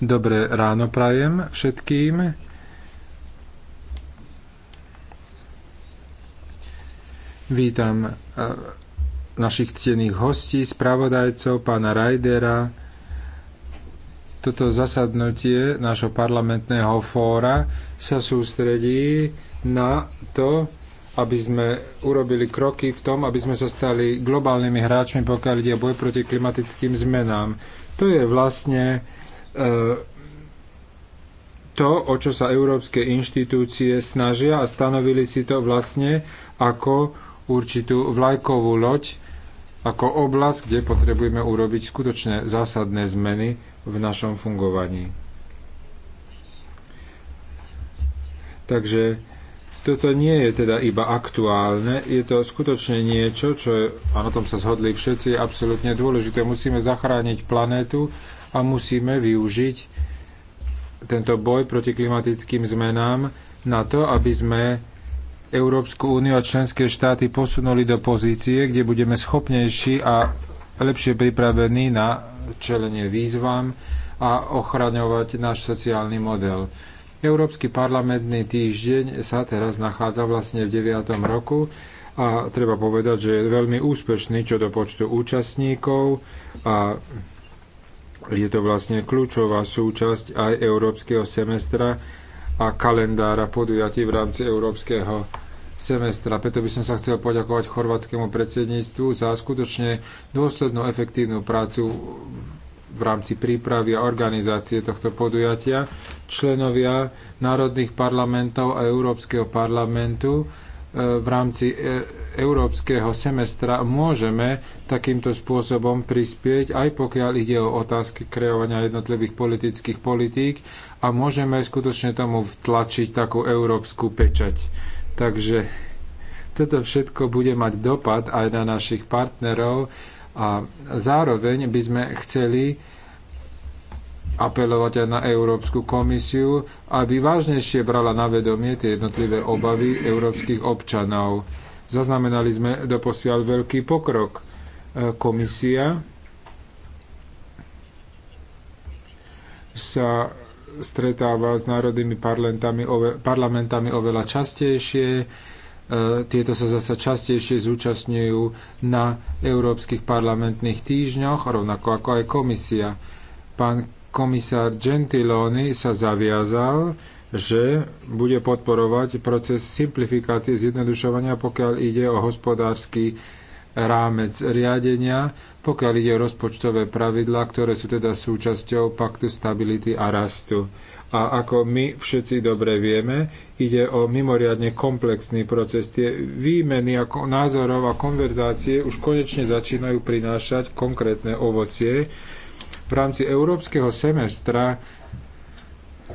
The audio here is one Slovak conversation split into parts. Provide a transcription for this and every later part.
Dobré ráno prajem všetkým. Vítam e, našich ctených hostí, spravodajcov, pána Rajdera. Toto zasadnutie nášho parlamentného fóra sa sústredí na to, aby sme urobili kroky v tom, aby sme sa stali globálnymi hráčmi, pokiaľ ide boj proti klimatickým zmenám. To je vlastne e, to, o čo sa európske inštitúcie snažia a stanovili si to vlastne ako určitú vlajkovú loď, ako oblasť, kde potrebujeme urobiť skutočne zásadné zmeny v našom fungovaní. Takže toto nie je teda iba aktuálne, je to skutočne niečo, čo, je, a na tom sa zhodli všetci, je absolútne dôležité. Musíme zachrániť planétu a musíme využiť tento boj proti klimatickým zmenám na to, aby sme Európsku úniu a členské štáty posunuli do pozície, kde budeme schopnejší a lepšie pripravení na čelenie výzvam a ochraňovať náš sociálny model. Európsky parlamentný týždeň sa teraz nachádza vlastne v 9. roku a treba povedať, že je veľmi úspešný čo do počtu účastníkov a je to vlastne kľúčová súčasť aj európskeho semestra a kalendára podujatí v rámci európskeho semestra. Preto by som sa chcel poďakovať chorvátskému predsedníctvu za skutočne dôslednú efektívnu prácu v rámci prípravy a organizácie tohto podujatia členovia národných parlamentov a Európskeho parlamentu e, v rámci e, európskeho semestra môžeme takýmto spôsobom prispieť, aj pokiaľ ide o otázky kreovania jednotlivých politických politík a môžeme skutočne tomu vtlačiť takú európsku pečať. Takže toto všetko bude mať dopad aj na našich partnerov a zároveň by sme chceli apelovať aj na Európsku komisiu, aby vážnejšie brala na vedomie tie jednotlivé obavy európskych občanov. Zaznamenali sme doposiaľ veľký pokrok. E, komisia sa stretáva s národnými parlamentami, parlamentami oveľa častejšie. E, tieto sa zasa častejšie zúčastňujú na európskych parlamentných týždňoch, rovnako ako aj komisia. Pán Komisár Gentiloni sa zaviazal, že bude podporovať proces simplifikácie zjednodušovania, pokiaľ ide o hospodársky rámec riadenia, pokiaľ ide o rozpočtové pravidlá, ktoré sú teda súčasťou Paktu stability a rastu. A ako my všetci dobre vieme, ide o mimoriadne komplexný proces. Tie výmeny ako názorov a konverzácie už konečne začínajú prinášať konkrétne ovocie v rámci európskeho semestra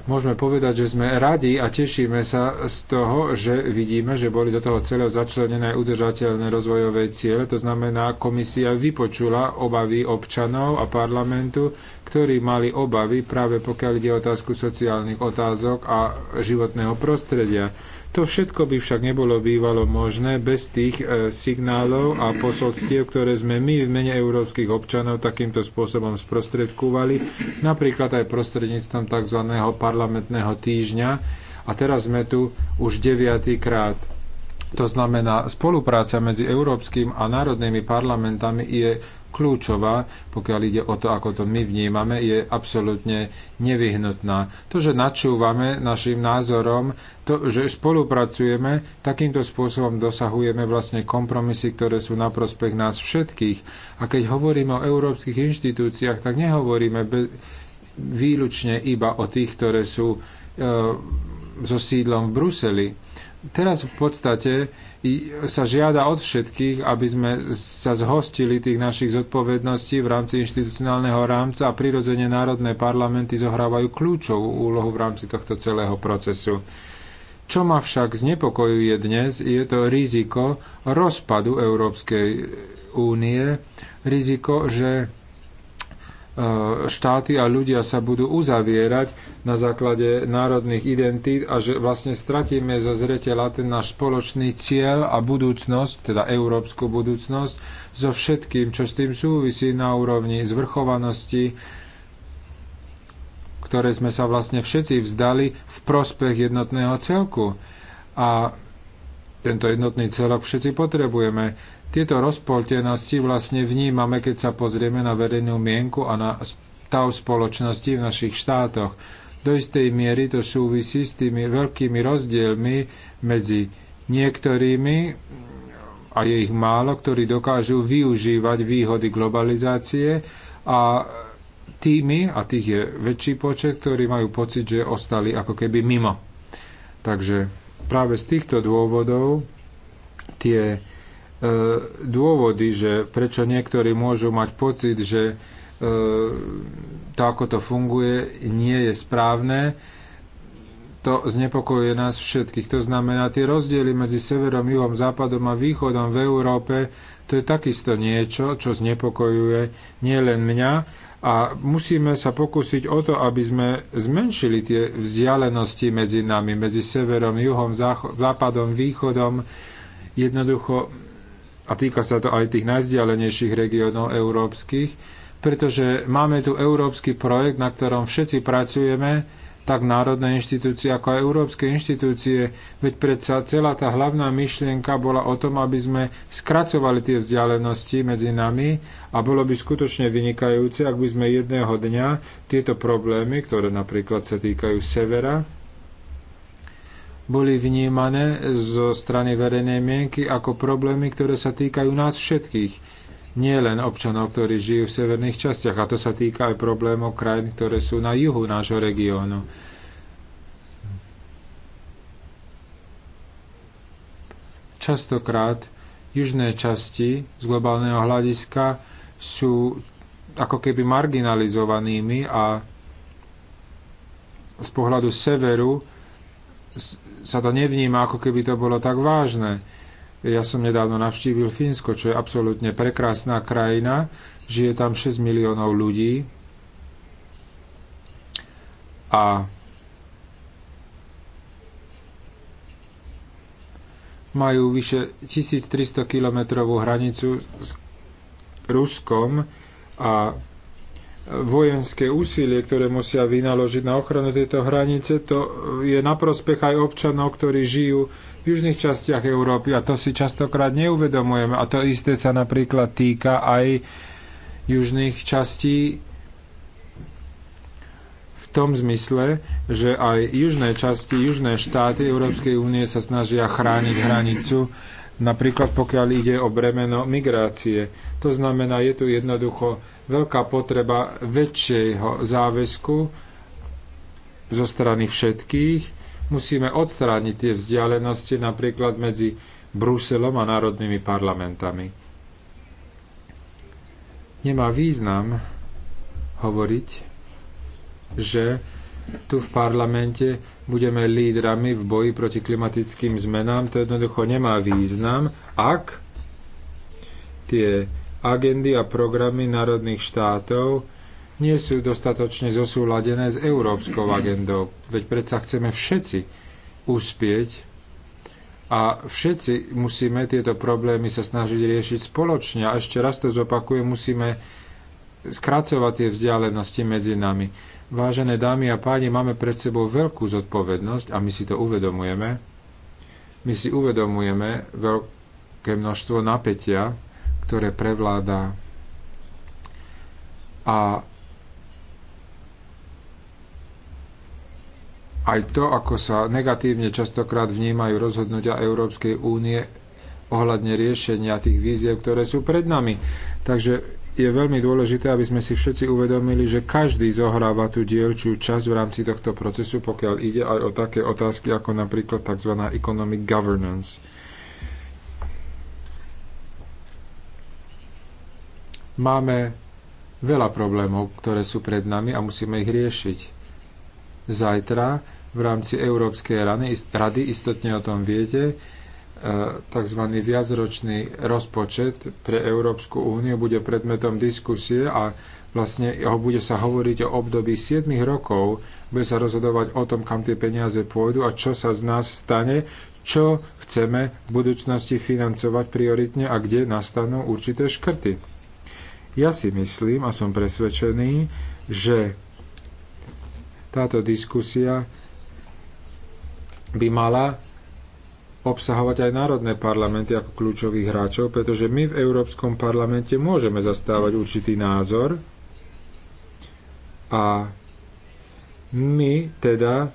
môžeme povedať, že sme radi a tešíme sa z toho, že vidíme, že boli do toho celého začlenené udržateľné rozvojové ciele. To znamená, komisia vypočula obavy občanov a parlamentu, ktorí mali obavy práve pokiaľ ide o otázku sociálnych otázok a životného prostredia. To všetko by však nebolo bývalo možné bez tých e, signálov a posolstiev, ktoré sme my v mene európskych občanov takýmto spôsobom sprostredkovali, napríklad aj prostredníctvom tzv. parlamentného týždňa. A teraz sme tu už deviatý krát. To znamená, spolupráca medzi európskym a národnými parlamentami je kľúčová, pokiaľ ide o to, ako to my vnímame, je absolútne nevyhnutná. To, že načúvame našim názorom, to, že spolupracujeme, takýmto spôsobom dosahujeme vlastne kompromisy, ktoré sú na prospech nás všetkých. A keď hovoríme o európskych inštitúciách, tak nehovoríme bez, výlučne iba o tých, ktoré sú e, so sídlom v Bruseli. Teraz v podstate sa žiada od všetkých, aby sme sa zhostili tých našich zodpovedností v rámci inštitucionálneho rámca a prirodzene národné parlamenty zohrávajú kľúčovú úlohu v rámci tohto celého procesu. Čo ma však znepokojuje dnes, je to riziko rozpadu Európskej únie, riziko, že E, štáty a ľudia sa budú uzavierať na základe národných identít a že vlastne stratíme zo zreteľa ten náš spoločný cieľ a budúcnosť, teda európsku budúcnosť, so všetkým, čo s tým súvisí na úrovni zvrchovanosti, ktoré sme sa vlastne všetci vzdali v prospech jednotného celku. A tento jednotný celok všetci potrebujeme tieto rozpoltenosti vlastne vnímame, keď sa pozrieme na verejnú mienku a na stav spoločnosti v našich štátoch. Do istej miery to súvisí s tými veľkými rozdielmi medzi niektorými, a je ich málo, ktorí dokážu využívať výhody globalizácie a tými, a tých je väčší počet, ktorí majú pocit, že ostali ako keby mimo. Takže práve z týchto dôvodov tie E, dôvody, že prečo niektorí môžu mať pocit, že e, to, ako to funguje, nie je správne, to znepokojuje nás všetkých. To znamená, tie rozdiely medzi severom, juhom, západom a východom v Európe, to je takisto niečo, čo znepokojuje nielen mňa. A musíme sa pokúsiť o to, aby sme zmenšili tie vzdialenosti medzi nami, medzi severom, juhom, západom, východom. Jednoducho a týka sa to aj tých najvzdialenejších regiónov európskych, pretože máme tu európsky projekt, na ktorom všetci pracujeme, tak národné inštitúcie ako aj európske inštitúcie, veď predsa celá tá hlavná myšlienka bola o tom, aby sme skracovali tie vzdialenosti medzi nami a bolo by skutočne vynikajúce, ak by sme jedného dňa tieto problémy, ktoré napríklad sa týkajú severa, boli vnímané zo strany verejnej mienky ako problémy, ktoré sa týkajú nás všetkých. Nie len občanov, ktorí žijú v severných častiach, a to sa týka aj problémov krajín, ktoré sú na juhu nášho regiónu. Častokrát južné časti z globálneho hľadiska sú ako keby marginalizovanými a z pohľadu severu sa to nevníma, ako keby to bolo tak vážne. Ja som nedávno navštívil Fínsko, čo je absolútne prekrásna krajina. Žije tam 6 miliónov ľudí. A majú vyše 1300 kilometrovú hranicu s Ruskom a vojenské úsilie, ktoré musia vynaložiť na ochranu tejto hranice, to je na prospech aj občanov, ktorí žijú v južných častiach Európy a to si častokrát neuvedomujeme. A to isté sa napríklad týka aj južných častí v tom zmysle, že aj južné časti, južné štáty Európskej únie sa snažia chrániť hranicu Napríklad pokiaľ ide o bremeno migrácie. To znamená, je tu jednoducho veľká potreba väčšieho záväzku zo strany všetkých. Musíme odstrániť tie vzdialenosti napríklad medzi Bruselom a národnými parlamentami. Nemá význam hovoriť, že tu v parlamente budeme lídrami v boji proti klimatickým zmenám, to jednoducho nemá význam, ak tie agendy a programy národných štátov nie sú dostatočne zosúladené s európskou agendou. Veď predsa chceme všetci uspieť a všetci musíme tieto problémy sa snažiť riešiť spoločne. A ešte raz to zopakujem, musíme skracovať tie vzdialenosti medzi nami. Vážené dámy a páni, máme pred sebou veľkú zodpovednosť a my si to uvedomujeme. My si uvedomujeme veľké množstvo napätia, ktoré prevláda a aj to, ako sa negatívne častokrát vnímajú rozhodnutia Európskej únie ohľadne riešenia tých víziev, ktoré sú pred nami. Takže je veľmi dôležité, aby sme si všetci uvedomili, že každý zohráva tú dielčiu časť v rámci tohto procesu, pokiaľ ide aj o také otázky ako napríklad tzv. economic governance. Máme veľa problémov, ktoré sú pred nami a musíme ich riešiť. Zajtra v rámci Európskej rady istotne o tom viete, tzv. viacročný rozpočet pre Európsku úniu bude predmetom diskusie a vlastne ho bude sa hovoriť o období 7 rokov, bude sa rozhodovať o tom, kam tie peniaze pôjdu a čo sa z nás stane, čo chceme v budúcnosti financovať prioritne a kde nastanú určité škrty. Ja si myslím a som presvedčený, že táto diskusia by mala obsahovať aj národné parlamenty ako kľúčových hráčov, pretože my v Európskom parlamente môžeme zastávať určitý názor a my teda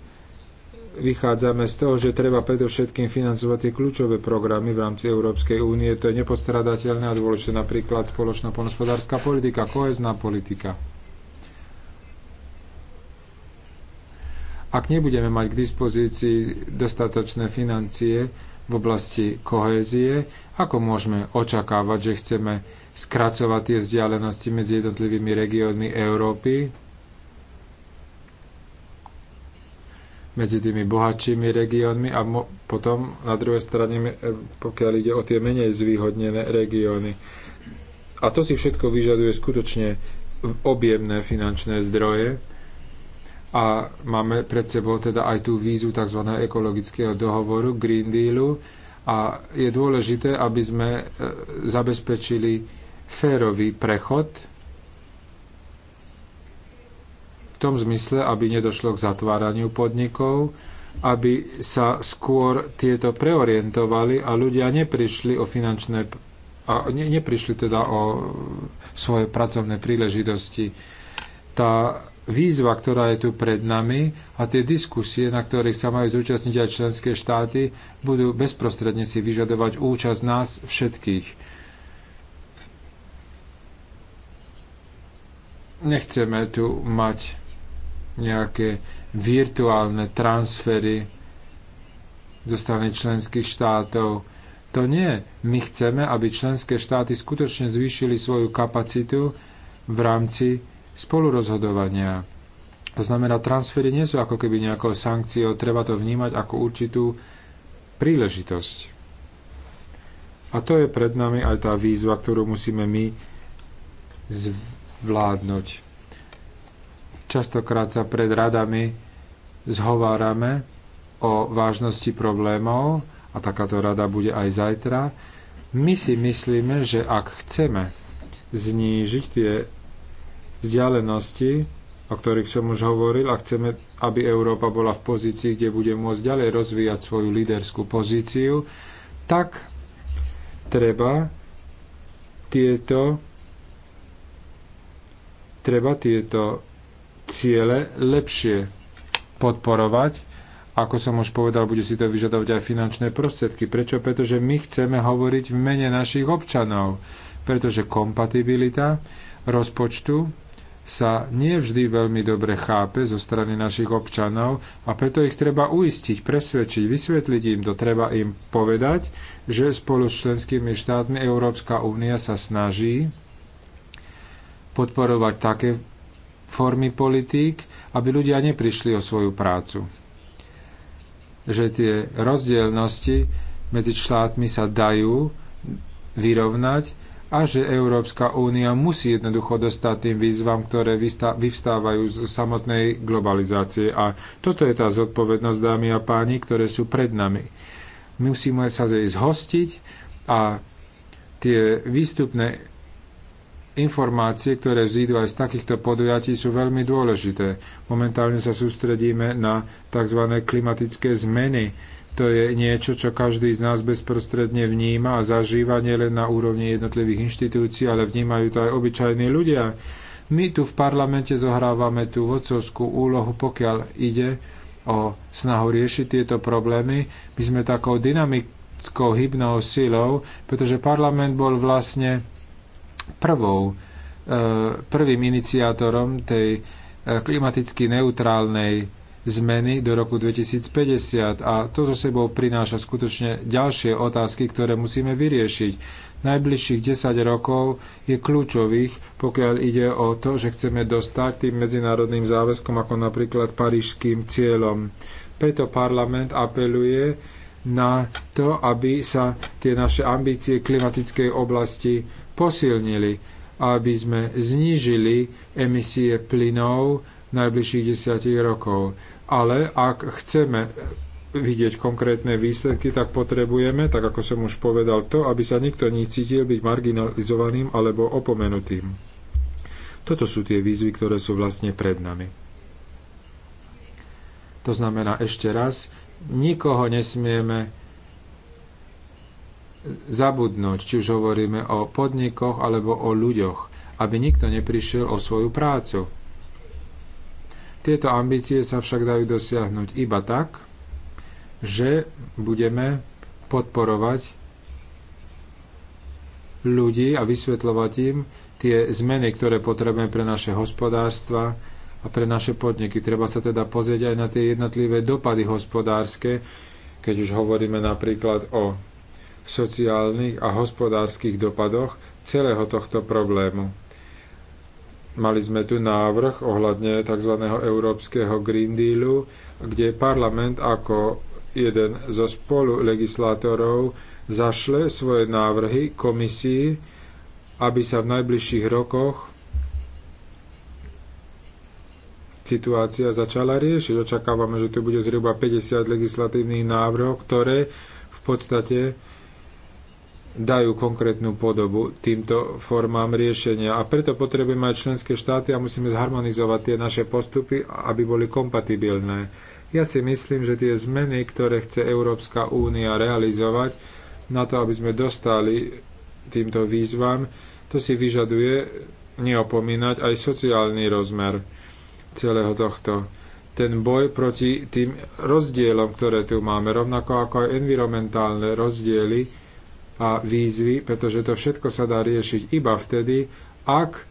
vychádzame z toho, že treba predovšetkým financovať tie kľúčové programy v rámci Európskej únie. To je nepostradateľné a dôležité napríklad spoločná poľnospodárska politika, kohezná politika. Ak nebudeme mať k dispozícii dostatočné financie v oblasti kohézie, ako môžeme očakávať, že chceme skracovať tie vzdialenosti medzi jednotlivými regiónmi Európy, medzi tými bohatšími regiónmi a potom na druhej strane, e, pokiaľ ide o tie menej zvýhodnené regióny. A to si všetko vyžaduje skutočne objemné finančné zdroje, a máme pred sebou teda aj tú vízu tzv. ekologického dohovoru, Green Dealu a je dôležité, aby sme e, zabezpečili férový prechod v tom zmysle, aby nedošlo k zatváraniu podnikov, aby sa skôr tieto preorientovali a ľudia neprišli o finančné a ne, neprišli teda o svoje pracovné príležitosti. Tá výzva, ktorá je tu pred nami a tie diskusie, na ktorých sa majú zúčastniť aj členské štáty, budú bezprostredne si vyžadovať účasť nás všetkých. Nechceme tu mať nejaké virtuálne transfery zo strany členských štátov. To nie. My chceme, aby členské štáty skutočne zvýšili svoju kapacitu v rámci spolurozhodovania. To znamená, transfery nie sú ako keby nejakou sankciou, treba to vnímať ako určitú príležitosť. A to je pred nami aj tá výzva, ktorú musíme my zvládnuť. Častokrát sa pred radami zhovárame o vážnosti problémov a takáto rada bude aj zajtra. My si myslíme, že ak chceme znížiť tie vzdialenosti, o ktorých som už hovoril, a chceme, aby Európa bola v pozícii, kde bude môcť ďalej rozvíjať svoju líderskú pozíciu, tak treba tieto treba tieto ciele lepšie podporovať. Ako som už povedal, bude si to vyžadovať aj finančné prostriedky. Prečo? Pretože my chceme hovoriť v mene našich občanov. Pretože kompatibilita rozpočtu sa nie vždy veľmi dobre chápe zo strany našich občanov a preto ich treba uistiť, presvedčiť, vysvetliť im to, treba im povedať, že spolu s členskými štátmi Európska únia sa snaží podporovať také formy politík, aby ľudia neprišli o svoju prácu. Že tie rozdielnosti medzi štátmi sa dajú vyrovnať a že Európska únia musí jednoducho dostať tým výzvam, ktoré vyvstávajú z samotnej globalizácie. A toto je tá zodpovednosť, dámy a páni, ktoré sú pred nami. Musíme sa z jej zhostiť a tie výstupné informácie, ktoré vzídu aj z takýchto podujatí, sú veľmi dôležité. Momentálne sa sústredíme na tzv. klimatické zmeny to je niečo, čo každý z nás bezprostredne vníma a zažíva nielen na úrovni jednotlivých inštitúcií, ale vnímajú to aj obyčajní ľudia. My tu v parlamente zohrávame tú vodcovskú úlohu, pokiaľ ide o snahu riešiť tieto problémy. My sme takou dynamickou hybnou silou, pretože parlament bol vlastne prvou, eh, prvým iniciátorom tej eh, klimaticky neutrálnej zmeny do roku 2050 a to so sebou prináša skutočne ďalšie otázky, ktoré musíme vyriešiť. Najbližších 10 rokov je kľúčových, pokiaľ ide o to, že chceme dostať tým medzinárodným záväzkom, ako napríklad parížským cieľom. Preto parlament apeluje na to, aby sa tie naše ambície klimatickej oblasti posilnili, aby sme znížili emisie plynov najbližších desiatich rokov ale ak chceme vidieť konkrétne výsledky, tak potrebujeme, tak ako som už povedal, to, aby sa nikto necítil byť marginalizovaným alebo opomenutým. Toto sú tie výzvy, ktoré sú vlastne pred nami. To znamená ešte raz, nikoho nesmieme zabudnúť, či už hovoríme o podnikoch alebo o ľuďoch, aby nikto neprišiel o svoju prácu. Tieto ambície sa však dajú dosiahnuť iba tak, že budeme podporovať ľudí a vysvetľovať im tie zmeny, ktoré potrebujeme pre naše hospodárstva a pre naše podniky. Treba sa teda pozrieť aj na tie jednotlivé dopady hospodárske, keď už hovoríme napríklad o sociálnych a hospodárskych dopadoch celého tohto problému. Mali sme tu návrh ohľadne tzv. Európskeho Green Dealu, kde parlament ako jeden zo spolu legislátorov zašle svoje návrhy komisii, aby sa v najbližších rokoch situácia začala riešiť. Očakávame, že tu bude zhruba 50 legislatívnych návrhov, ktoré v podstate dajú konkrétnu podobu týmto formám riešenia. A preto potrebujeme aj členské štáty a musíme zharmonizovať tie naše postupy, aby boli kompatibilné. Ja si myslím, že tie zmeny, ktoré chce Európska únia realizovať na to, aby sme dostali týmto výzvam, to si vyžaduje neopomínať aj sociálny rozmer celého tohto ten boj proti tým rozdielom, ktoré tu máme, rovnako ako aj environmentálne rozdiely, a výzvy, pretože to všetko sa dá riešiť iba vtedy, ak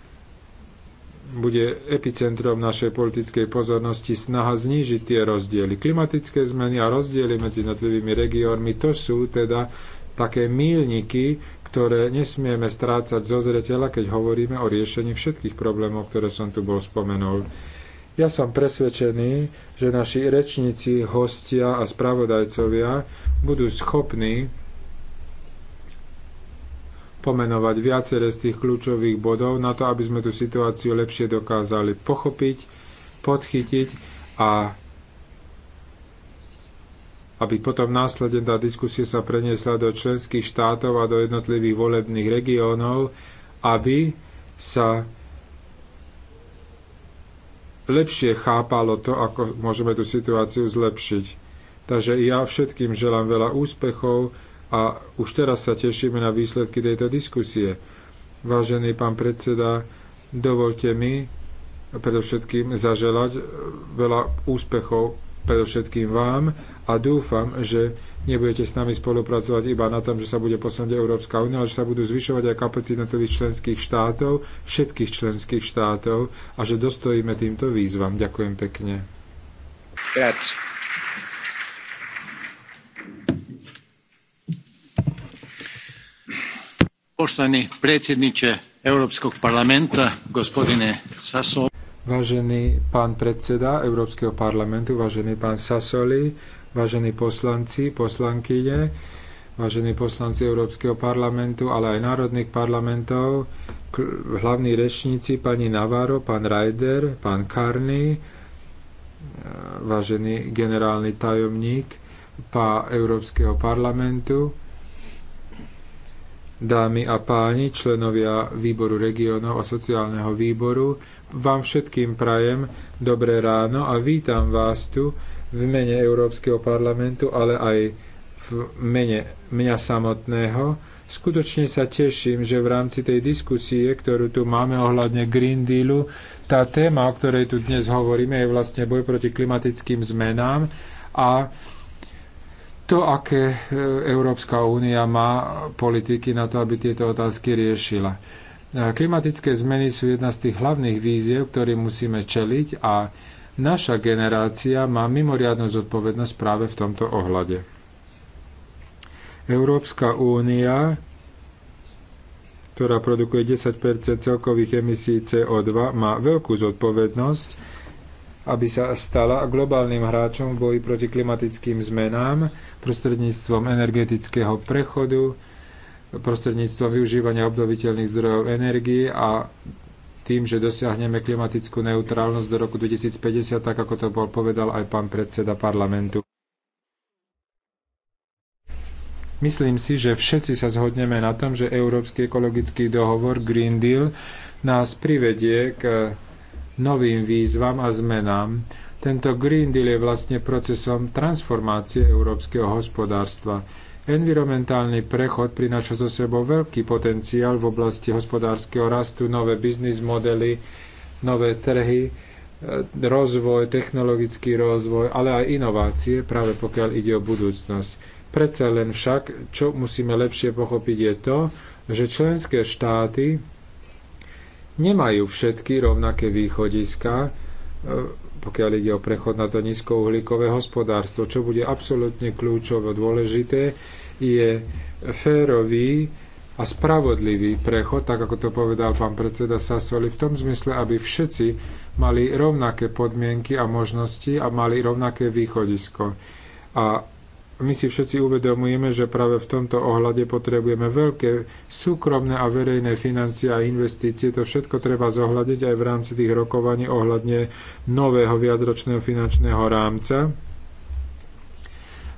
bude epicentrom našej politickej pozornosti snaha znížiť tie rozdiely. Klimatické zmeny a rozdiely medzi jednotlivými regiónmi to sú teda také mílniky, ktoré nesmieme strácať zo zreteľa, keď hovoríme o riešení všetkých problémov, ktoré som tu bol spomenul. Ja som presvedčený, že naši rečníci, hostia a spravodajcovia budú schopní pomenovať viaceré z tých kľúčových bodov na to, aby sme tú situáciu lepšie dokázali pochopiť, podchytiť a aby potom následne tá diskusia sa preniesla do členských štátov a do jednotlivých volebných regiónov, aby sa lepšie chápalo to, ako môžeme tú situáciu zlepšiť. Takže ja všetkým želám veľa úspechov, a už teraz sa tešíme na výsledky tejto diskusie. Vážený pán predseda, dovolte mi predovšetkým zaželať veľa úspechov predovšetkým vám a dúfam, že nebudete s nami spolupracovať iba na tom, že sa bude posunúť Európska únia, ale že sa budú zvyšovať aj kapacity jednotlivých členských štátov, všetkých členských štátov a že dostojíme týmto výzvam. Ďakujem pekne. Grazie. Poštovani predsjedniče parlamenta, gospodine Sassoli. Vážený pán predseda Európskeho parlamentu, vážený pán Sassoli, vážení poslanci, poslankyne, vážení poslanci Európskeho parlamentu, ale aj národných parlamentov, hlavní rečníci pani Navarro, pán Rajder, pán Karny, eh, vážený generálny tajomník pa Európskeho parlamentu, Dámy a páni, členovia výboru regionov a sociálneho výboru, vám všetkým prajem dobré ráno a vítam vás tu v mene Európskeho parlamentu, ale aj v mene mňa samotného. Skutočne sa teším, že v rámci tej diskusie, ktorú tu máme ohľadne Green Dealu, tá téma, o ktorej tu dnes hovoríme, je vlastne boj proti klimatickým zmenám a to, aké e, Európska únia má politiky na to, aby tieto otázky riešila. E, klimatické zmeny sú jedna z tých hlavných víziev, ktorým musíme čeliť a naša generácia má mimoriadnu zodpovednosť práve v tomto ohľade. Európska únia, ktorá produkuje 10 celkových emisí CO2, má veľkú zodpovednosť aby sa stala globálnym hráčom v boji proti klimatickým zmenám prostredníctvom energetického prechodu, prostredníctvom využívania obnoviteľných zdrojov energii a tým, že dosiahneme klimatickú neutrálnosť do roku 2050, tak ako to bol povedal aj pán predseda parlamentu. Myslím si, že všetci sa zhodneme na tom, že Európsky ekologický dohovor Green Deal nás privedie k novým výzvam a zmenám. Tento Green Deal je vlastne procesom transformácie európskeho hospodárstva. Environmentálny prechod prináša so sebou veľký potenciál v oblasti hospodárskeho rastu, nové biznis modely, nové trhy, e, rozvoj, technologický rozvoj, ale aj inovácie, práve pokiaľ ide o budúcnosť. Predsa len však, čo musíme lepšie pochopiť, je to, že členské štáty nemajú všetky rovnaké východiska, e, pokiaľ ide o prechod na to nízkouhlíkové hospodárstvo. Čo bude absolútne kľúčovo dôležité, je férový a spravodlivý prechod, tak ako to povedal pán predseda Sasoli, v tom zmysle, aby všetci mali rovnaké podmienky a možnosti a mali rovnaké východisko. A my si všetci uvedomujeme, že práve v tomto ohľade potrebujeme veľké súkromné a verejné financie a investície. To všetko treba zohľadiť aj v rámci tých rokovaní ohľadne nového viacročného finančného rámca.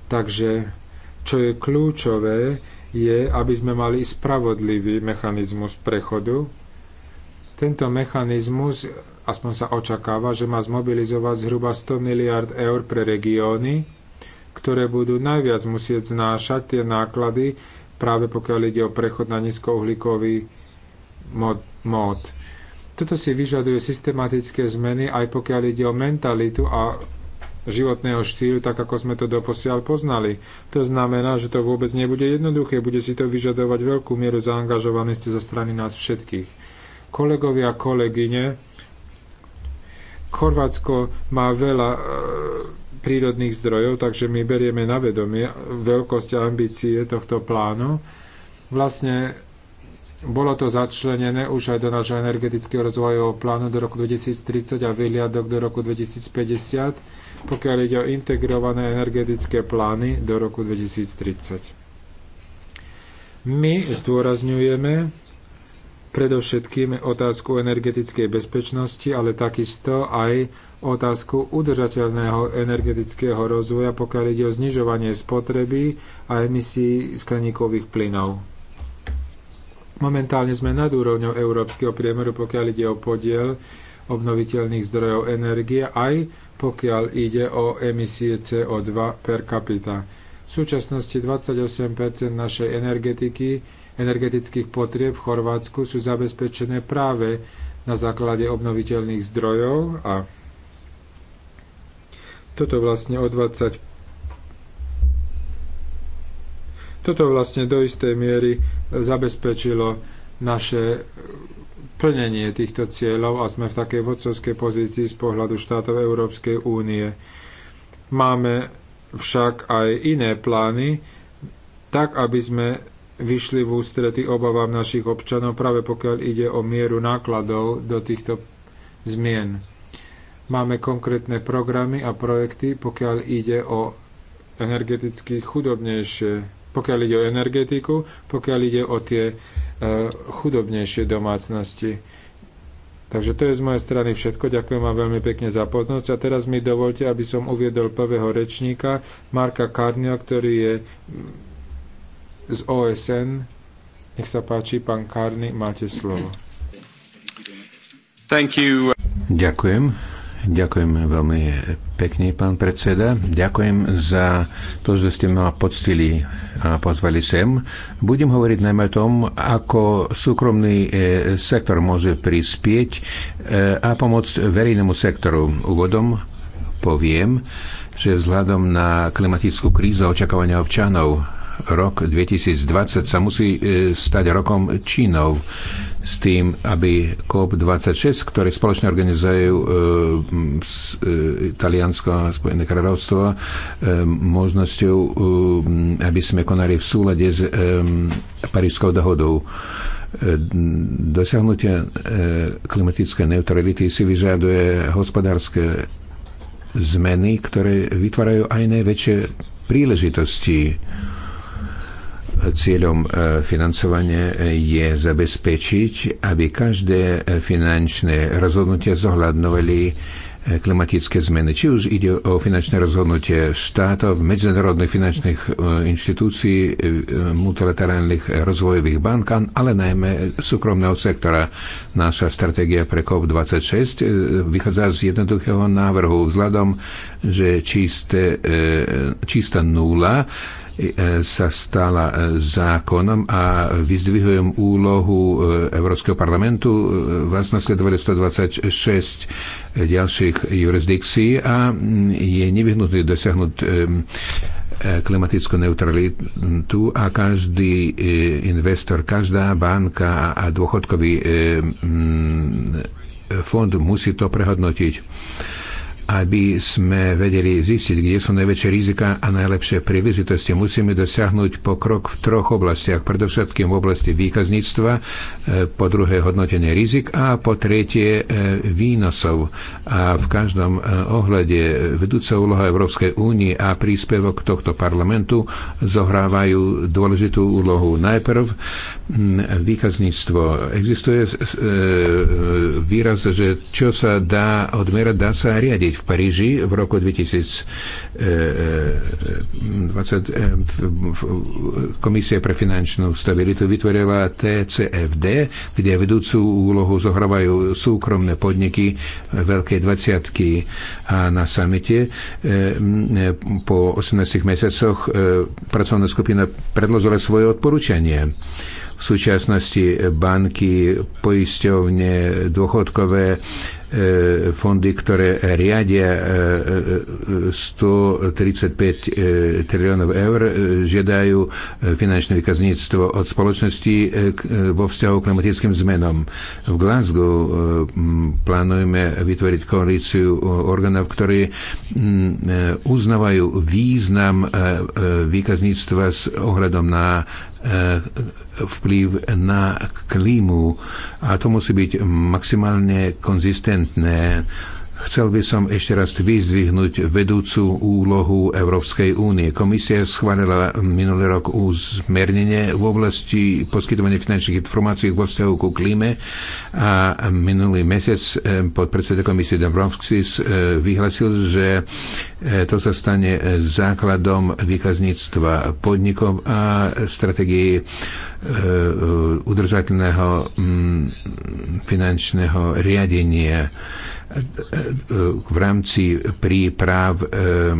Takže čo je kľúčové, je, aby sme mali spravodlivý mechanizmus prechodu. Tento mechanizmus, aspoň sa očakáva, že má zmobilizovať zhruba 100 miliard eur pre regióny, ktoré budú najviac musieť znášať tie náklady, práve pokiaľ ide o prechod na nízkouhlíkový mód. Toto si vyžaduje systematické zmeny, aj pokiaľ ide o mentalitu a životného štýlu, tak ako sme to doposiaľ poznali. To znamená, že to vôbec nebude jednoduché, bude si to vyžadovať veľkú mieru zaangažovanosti zo strany nás všetkých. Kolegovia a kolegyne, Chorvátsko má veľa e prírodných zdrojov, takže my berieme na vedomie veľkosť a ambície tohto plánu. Vlastne bolo to začlenené už aj do nášho energetického rozvojového plánu do roku 2030 a vyhliadok do roku 2050, pokiaľ ide o integrované energetické plány do roku 2030. My zdôrazňujeme predovšetkým otázku energetickej bezpečnosti, ale takisto aj otázku udržateľného energetického rozvoja, pokiaľ ide o znižovanie spotreby a emisí skleníkových plynov. Momentálne sme nad úrovňou európskeho priemeru, pokiaľ ide o podiel obnoviteľných zdrojov energie, aj pokiaľ ide o emisie CO2 per capita. V súčasnosti 28 našej energetiky, energetických potrieb v Chorvátsku sú zabezpečené práve na základe obnoviteľných zdrojov a toto vlastne o 20 toto vlastne do istej miery e, zabezpečilo naše e, plnenie týchto cieľov a sme v takej vodcovskej pozícii z pohľadu štátov Európskej únie. Máme však aj iné plány, tak aby sme vyšli v ústrety obavám našich občanov, práve pokiaľ ide o mieru nákladov do týchto zmien. Máme konkrétne programy a projekty, pokiaľ ide o energeticky chudobnejšie, pokiaľ ide o energetiku, pokiaľ ide o tie e, chudobnejšie domácnosti. Takže to je z mojej strany všetko. Ďakujem vám veľmi pekne za pozornosť. A teraz mi dovolte, aby som uviedol prvého rečníka, Marka Karnia, ktorý je z OSN. Nech sa páči, pán Karni, máte slovo. Thank you. Ďakujem. Ďakujem veľmi pekne, pán predseda. Ďakujem za to, že ste ma poctili a pozvali sem. Budem hovoriť najmä o tom, ako súkromný e, sektor môže prispieť e, a pomôcť verejnému sektoru. Úvodom poviem, že vzhľadom na klimatickú krízu očakávania občanov rok 2020 sa musí e, stať rokom činov s tým, aby COP26, ktorý spoločne organizujú e, e Taliansko a Spojené kráľovstvo, e, možnosťou, e, aby sme konali v súlade s e, Parížskou dohodou. E, dosiahnutie e, klimatické neutrality si vyžaduje hospodárske zmeny, ktoré vytvárajú aj najväčšie príležitosti. E, Cieľom e, financovania e, je zabezpečiť, aby každé e, finančné rozhodnutie zohľadnovali klimatické zmeny. Či už ide o finančné rozhodnutie štátov, medzinárodných finančných inštitúcií, multilaterálnych rozvojových bank, ale najmä súkromného sektora. Naša stratégia pre COP26 vychádza z jednoduchého návrhu vzhľadom, že čisté, čistá nula E, sa stala e, zákonom a vyzdvihujem úlohu e, Európskeho parlamentu. Vás nasledovali 126 ďalších jurisdikcií a je nevyhnutné dosiahnuť klimatickú neutralitu a každý investor, každá banka a dôchodkový fond musí to prehodnotiť aby sme vedeli zistiť, kde sú najväčšie rizika a najlepšie príležitosti. Musíme dosiahnuť pokrok v troch oblastiach. Predovšetkým v oblasti výkazníctva, e, po druhé hodnotenie rizik a po tretie e, výnosov. A v každom e, ohľade vedúca úloha Európskej únie a príspevok tohto parlamentu zohrávajú dôležitú úlohu. Najprv výkazníctvo. Existuje výraz, že čo sa dá odmerať, dá sa riadiť v Paríži v roku 2020 e, e, e, Komisia pre finančnú stabilitu vytvorila TCFD, kde vedúcu úlohu zohrávajú súkromné podniky veľkej dvaciatky a na samite po 18 mesiacoch pracovná skupina predložila svoje odporúčanie v súčasnosti banky, poisťovne, dôchodkové E, fondy, ktoré riadia 135 e, e, triliónov eur, žiadajú finančné vykazníctvo od spoločnosti vo vzťahu k klimatickým zmenom. V Glasgow plánujeme vytvoriť koalíciu orgánov, ktorí uznávajú význam výkazníctva s ohľadom na Eh, vplyv na klímu a to musí byť maximálne konzistentné Chcel by som ešte raz vyzvihnúť vedúcu úlohu Európskej únie. Komisia schválila minulý rok uzmernenie v oblasti poskytovania finančných informácií vo vzťahu ku klíme a minulý mesiac eh, predseda komisie Dombrovskis eh, vyhlasil, že eh, to sa stane základom výkazníctva podnikov a strategii udržateľného mm, finančného riadenia v rámci príprav ehm,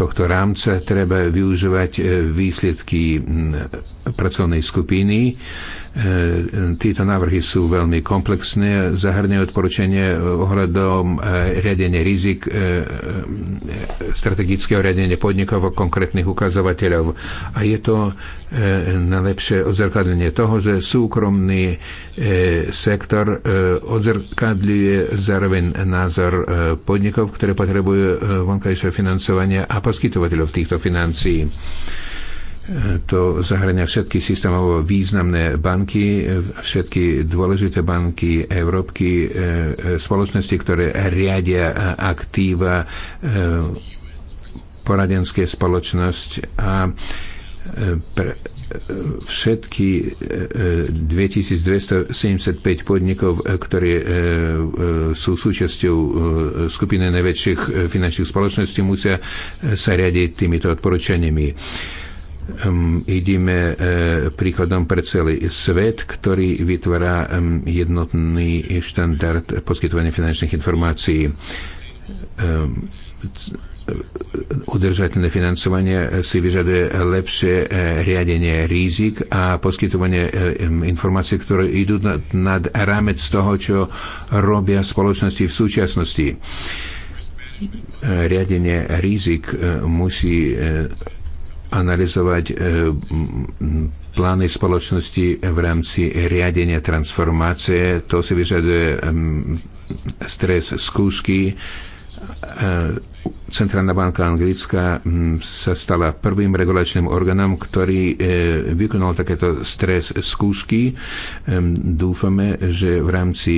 tohto rámca treba využívať eh, výsledky mm, pracovnej skupiny. Eh, Títo návrhy sú veľmi komplexné, zahrňajú odporúčanie ohľadom eh, riadenia rizik, strategického riadenia podnikov a konkrétnych ukazovateľov. A je to E, najlepšie odzrkadlenie toho, že súkromný e, sektor e, odzrkadľuje zároveň názor podnikov, ktoré potrebujú vonkajšie financovanie a poskytovateľov týchto financií to zahrania všetky systémovo významné banky, všetky dôležité banky Európky, spoločnosti, ktoré riadia aktíva, poradenské spoločnosť a e, pre e, všetky 2275 e, e, podnikov, ktoré sú súčasťou skupiny najväčších finančných spoločností, musia sa riadiť týmito odporúčaniami ideme príkladom pre celý svet, ktorý vytvára jednotný štandard poskytovania finančných informácií udržateľné financovanie si vyžaduje lepšie eh, riadenie rizik a poskytovanie eh, informácií, ktoré idú nad rámec toho, čo robia spoločnosti v súčasnosti. Eh, riadenie rizik musí analyzovať plány spoločnosti v rámci riadenia transformácie. To si vyžaduje mm, stres skúšky, E, Centrálna banka Anglická mm, sa stala prvým regulačným orgánom, ktorý e, vykonal takéto stres skúšky. E, dúfame, že v rámci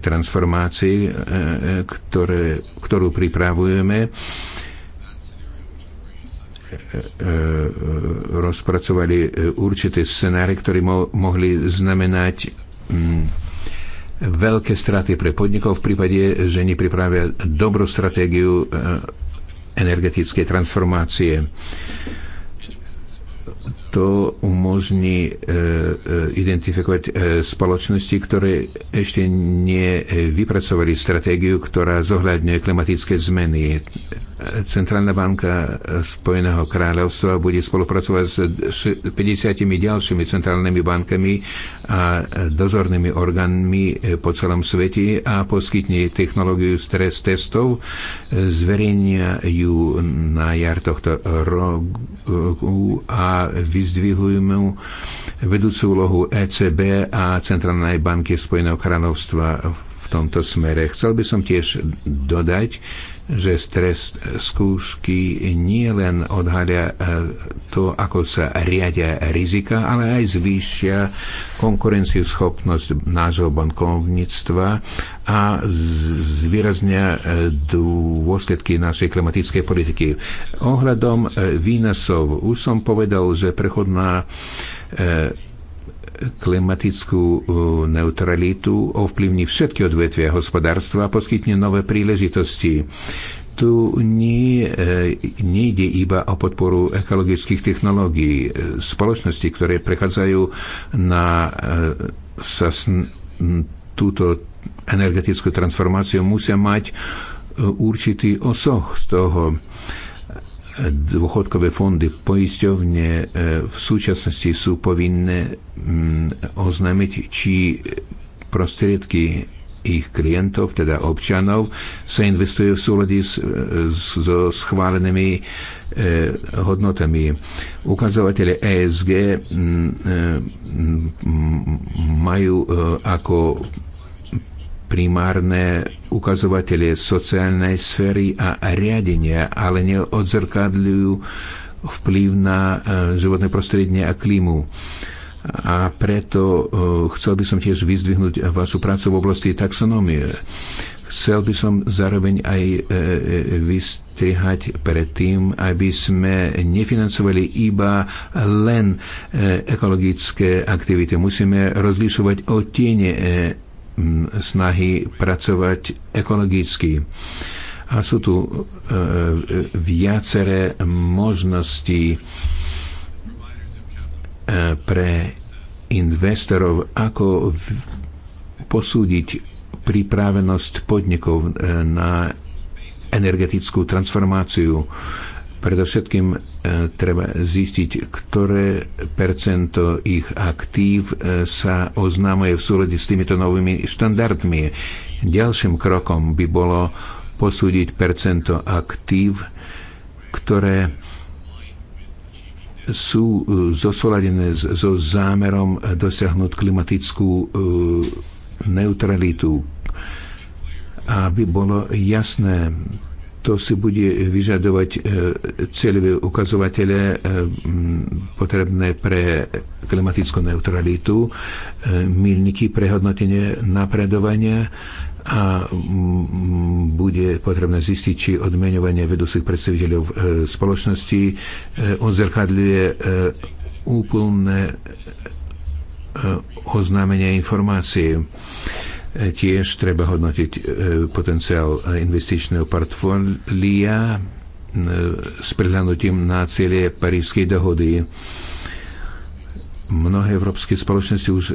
transformácie, ktoré, ktorú pripravujeme, rozpracovali určité scenáre, ktoré mo- mohli znamenať mm, veľké straty pre podnikov v prípade, že nepripravia dobrú stratégiu eh, energetickej transformácie to umožní e, e, identifikovať e, spoločnosti, ktoré ešte nevypracovali stratégiu, ktorá zohľadňuje klimatické zmeny. Centrálna banka Spojeného kráľovstva bude spolupracovať s 50 ďalšími centrálnymi bankami a dozornými orgánmi po celom svete a poskytne technológiu stres testov. Zverejnia ju na jar tohto roku a vyzdvihujeme vedúcu úlohu ECB a Centrálnej banky Spojeného kráľovstva v tomto smere. Chcel by som tiež dodať, že stres skúšky nie len odhalia e, to, ako sa riadia rizika, ale aj zvýšia konkurencieschopnosť nášho bankovníctva a zvýraznia e, dôsledky našej klimatickej politiky. Ohľadom e, výnosov už som povedal, že prechodná klimatickú e, neutralitu, ovplyvní všetky odvetvia hospodárstva a poskytne nové príležitosti. Tu e, nejde iba o podporu ekologických technológií. Spoločnosti, ktoré prechádzajú na e, sa sn, túto energetickú transformáciu, musia mať určitý osoch z toho dôchodkové fondy, poisťovne e, v súčasnosti sú povinné mm, oznámiť, či prostriedky ich klientov, teda občanov, sa investujú v súlade e, so schválenými e, hodnotami. Ukazovatele ESG mm, majú ako primárne ukazovatele sociálnej sféry a riadenia, ale neodzrkadľujú vplyv na e, životné prostredie a klímu. A preto e, chcel by som tiež vyzdvihnúť vašu prácu v oblasti taxonomie. Chcel by som zároveň aj e, vystrihať pred tým, aby sme nefinancovali iba len ekologické aktivity. Musíme rozlišovať o tiene snahy pracovať ekologicky. A sú tu e, viaceré možnosti e, pre investorov, ako posúdiť pripravenosť podnikov e, na energetickú transformáciu. Predovšetkým e, treba zistiť, ktoré percento ich aktív e, sa oznámuje v súlade s týmito novými štandardmi. Ďalším krokom by bolo posúdiť percento aktív, ktoré sú e, zosoladené so zámerom dosiahnuť klimatickú neutralitu. Aby bolo jasné, to si bude vyžadovať e, cieľové ukazovatele e, potrebné pre klimatickú neutralitu, e, milníky pre hodnotenie napredovania a bude potrebné zistiť, či odmenovanie vedúcich predstaviteľov spoločnosti odzrkadľuje úplné oznámenie informácií Tiež treba hodnotiť e, potenciál investičného portfólia e, s prihľadnutím na cieľe Parížskej dohody. Mnohé európske spoločnosti už e,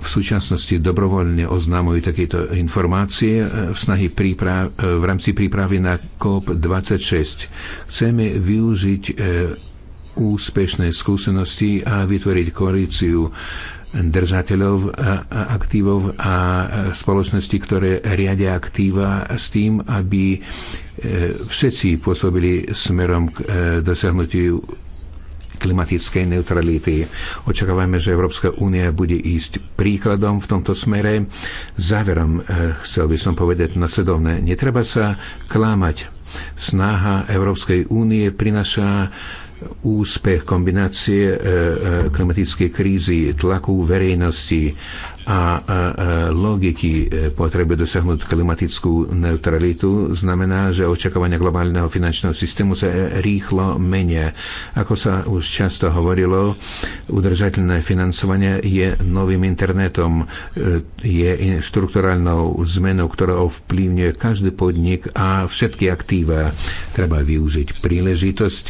v súčasnosti dobrovoľne oznámujú takéto informácie v, snahy príprav, v rámci prípravy na COP26. Chceme využiť úspešné skúsenosti a vytvoriť koalíciu držateľov aktívov a spoločnosti, ktoré riadia aktíva s tým, aby e, všetci pôsobili smerom k e, dosiahnutiu klimatickej neutrality. Očakávame, že Európska únia bude ísť príkladom v tomto smere. Záverom e, chcel by som povedať nasledovné. Netreba sa klamať. Snaha Európskej únie prináša úspech kombinácie e, e, klimatickej krízy, tlaku verejnosti a e, logiky potreby dosiahnuť klimatickú neutralitu znamená, že očakávania globálneho finančného systému sa rýchlo menia. Ako sa už často hovorilo, udržateľné financovanie je novým internetom, je štruktúralnou zmenou, ktorá ovplyvňuje každý podnik a všetky aktíva. Treba využiť príležitosť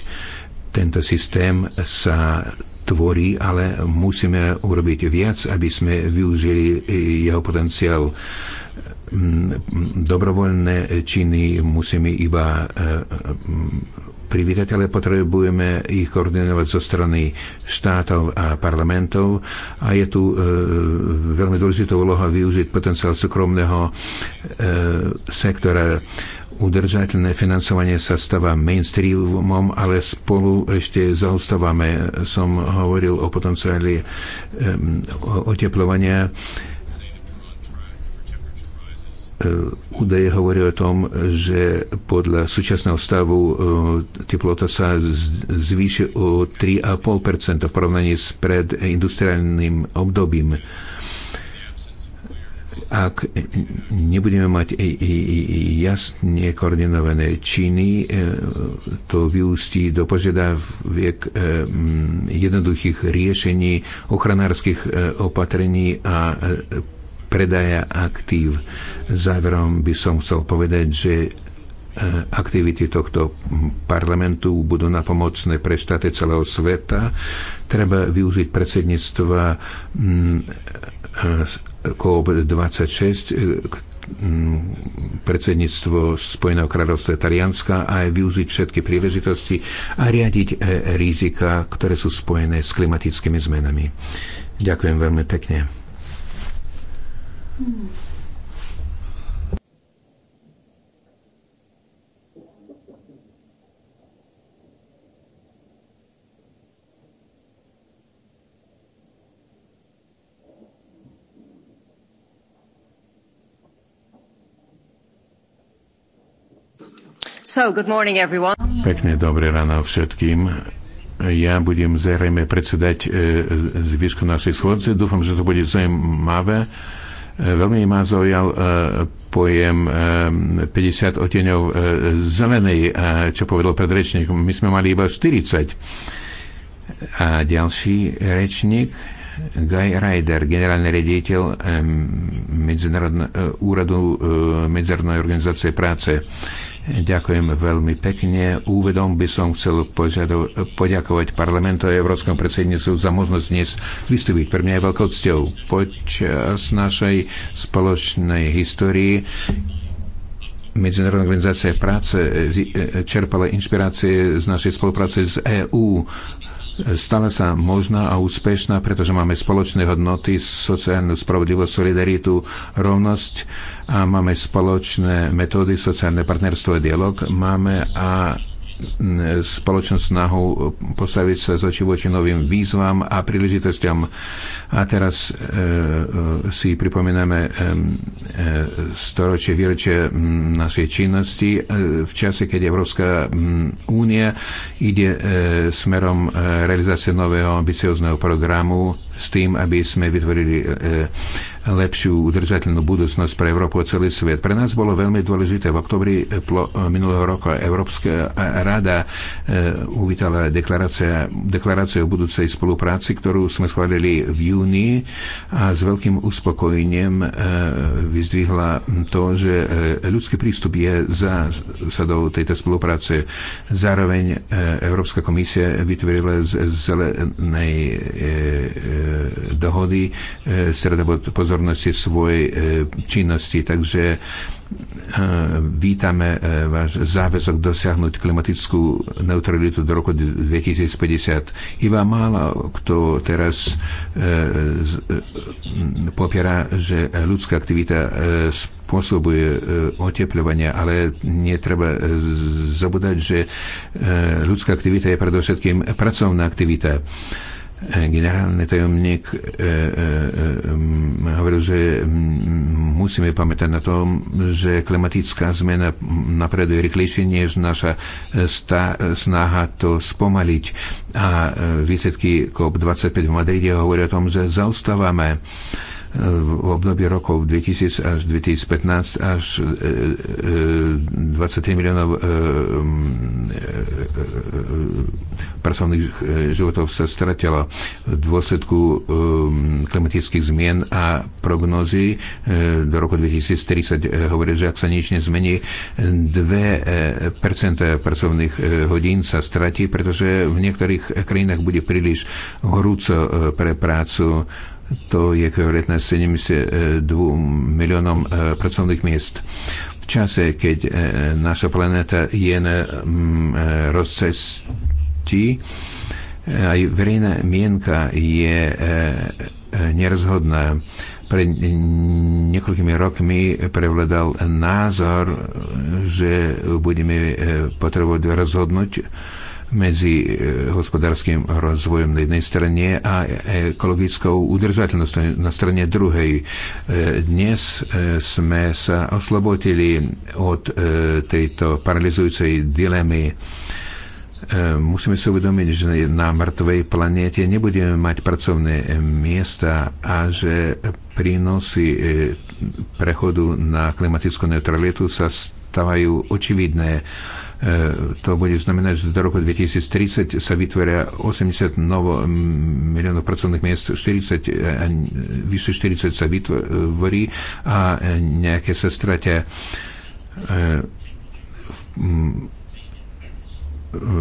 tento systém sa tvorí, ale musíme urobiť viac, aby sme využili jeho potenciál. Dobrovoľné činy musíme iba e, privítať, ale potrebujeme ich koordinovať zo strany štátov a parlamentov a je tu e, veľmi dôležitá úloha využiť potenciál súkromného e, sektora udržateľné financovanie sa stáva mainstreamom, ale spolu ešte zaostávame. Som hovoril o potenciáli um, oteplovania e, údaje hovorí o tom, že podľa súčasného stavu e, teplota sa zvýši o 3,5% v porovnaní s predindustriálnym obdobím ak nebudeme mať jasne koordinované činy, e, to vyústí do požiadaviek e, jednoduchých riešení, ochranárskych e, opatrení a predaja aktív. Záverom by som chcel povedať, že aktivity tohto parlamentu budú napomocné pre štáty celého sveta. Treba využiť predsedníctva COP26, e, predsedníctvo Spojeného kráľovstva Talianska a aj využiť všetky príležitosti a riadiť e, rizika, ktoré sú spojené s klimatickými zmenami. Ďakujem veľmi pekne. Hmm. Pekné dobré ráno všetkým. Ja budem zrejme predsedať e, e zvyšku našej schôdze. Dúfam, že to bude zaujímavé. E, veľmi ma zaujal e, pojem e, 50 oteňov e, zelenej, a e, čo povedal predrečník. My sme mali iba 40. A ďalší rečník, Guy Ryder, generálny rediteľ riaditeľ Úradu Medzinárodnej organizácie práce. Ďakujem veľmi pekne. Úvedom by som chcel požado- poďakovať parlamentu a Európskom predsedníctvu za možnosť dnes vystúpiť. Pre mňa je veľkou cťou. Počas našej spoločnej histórii Medzinárodná organizácia práce čerpala inšpirácie z našej spolupráce s EÚ stala sa možná a úspešná, pretože máme spoločné hodnoty, sociálnu spravodlivosť, solidaritu, rovnosť a máme spoločné metódy, sociálne partnerstvo a dialog. Máme a spoločnú snahu postaviť sa z oči voči novým výzvam a príležitostiam. A teraz e, e, si pripomíname e, e, storočie, výročie našej činnosti e, v čase, keď Európska únia ide e, smerom e, realizácie nového ambiciozného programu s tým, aby sme vytvorili e, lepšiu udržateľnú budúcnosť pre Európu a celý svet. Pre nás bolo veľmi dôležité. V oktobri eh, eh, minulého roka Európska eh, rada uvítala deklaráciu o budúcej spolupráci, ktorú sme schválili v júni a s veľkým uspokojením vyzdvihla to, že ľudský prístup je za sadou tejto spolupráce. Zároveň Európska komisia vytvorila z zelenej dohody stredobod pozornosti pozornosti svojej e, činnosti. Takže e, vítame e, váš záväzok dosiahnuť klimatickú neutralitu do roku 2050. Iba málo kto teraz popiera, že ľudská aktivita spôsobuje oteplovanie, ale netreba zabúdať, že ľudská aktivita je predovšetkým pracovná aktivita E, generálny tajomník e, e, hovoril, že musíme pamätať na tom, že klimatická zmena napreduje rýchlejšie než naša sta, snaha to spomaliť. A výsledky COP25 v Madride hovoria o tom, že zaostávame v období rokov 2000 až 2015 až 23 e, e, miliónov e, pracovných životov sa stratilo v dôsledku klimatických zmien a prognozy do roku 2030 hovorí, že ak sa nič nezmení, 2% pracovných hodín sa stratí, pretože v niektorých krajinách bude príliš horúco pre prácu to je ekvivalentné 72 miliónom eh, pracovných miest. V čase, keď eh, naša planéta je na mm, eh, rozcestí, aj verejná mienka je nerozhodná. Pred niekoľkými rokmi prevladal názor, že budeme potrebovať rozhodnúť medzi e, hospodárským rozvojom na jednej strane a ekologickou udržateľnosťou na strane druhej. E, dnes e, sme sa oslobodili od tejto paralizujúcej dilemy musíme si uvedomiť, že na mŕtvej planéte nebudeme mať pracovné miesta a že prínosy prechodu na klimatickú neutralitu sa stávajú očividné. E, to bude znamenať, že do roku 2030 sa vytvoria 80 novo miliónov pracovných miest, 40, e, vyše 40 sa vytvorí a nejaké sa stratia e, v,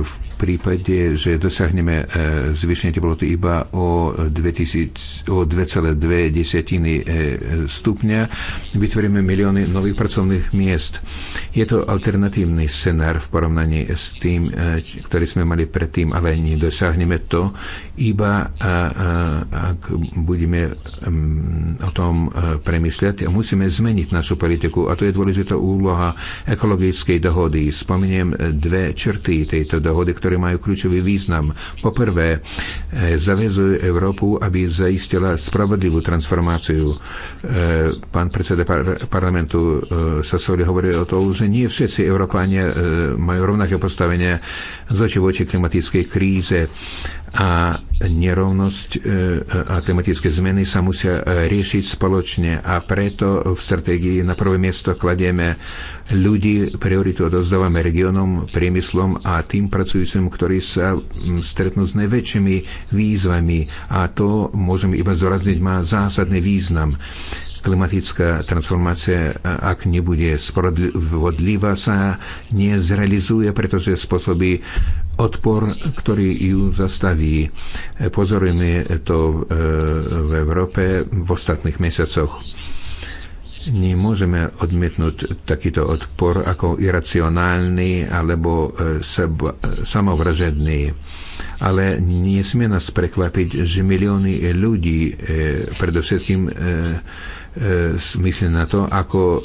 v prípade, že dosiahneme e, zvýšenie teploty iba o, 2000, o 2,2 e, stupňa, vytvoríme milióny nových pracovných miest. Je to alternatívny scenár v porovnaní s tým, e, ktorý sme mali predtým, ale nedosiahneme to iba ak budeme o tom premyšľať. a Musíme zmeniť našu politiku a to je dôležitá úloha ekologickej dohody. Spomeniem dve črty tejto dohody, ktoré ktoré majú kľúčový význam. Poprvé, e, zavezuje Európu, aby zaistila spravodlivú transformáciu. E, pán predseda par- parlamentu e, Sasoli hovorí o tom, že nie všetci Európania majú rovnaké postavenie zoči voči klimatickej kríze a nerovnosť e, a klimatické zmeny sa musia e, riešiť spoločne a preto v stratégii na prvé miesto kladieme ľudí, prioritu odozdávame regionom, priemyslom a tým pracujúcim, ktorí sa stretnú s najväčšími výzvami a to môžeme iba zdôrazniť, má zásadný význam klimatická transformácia, ak nebude spravodlivá, sa nezrealizuje, pretože spôsobí odpor, ktorý ju zastaví. Pozorujeme to e, v Európe v ostatných mesiacoch. Nemôžeme odmietnúť takýto odpor ako iracionálny alebo e, samovražedný. Ale nesmie nás prekvapiť, že milióny ľudí, e, predovšetkým myslí na to, ako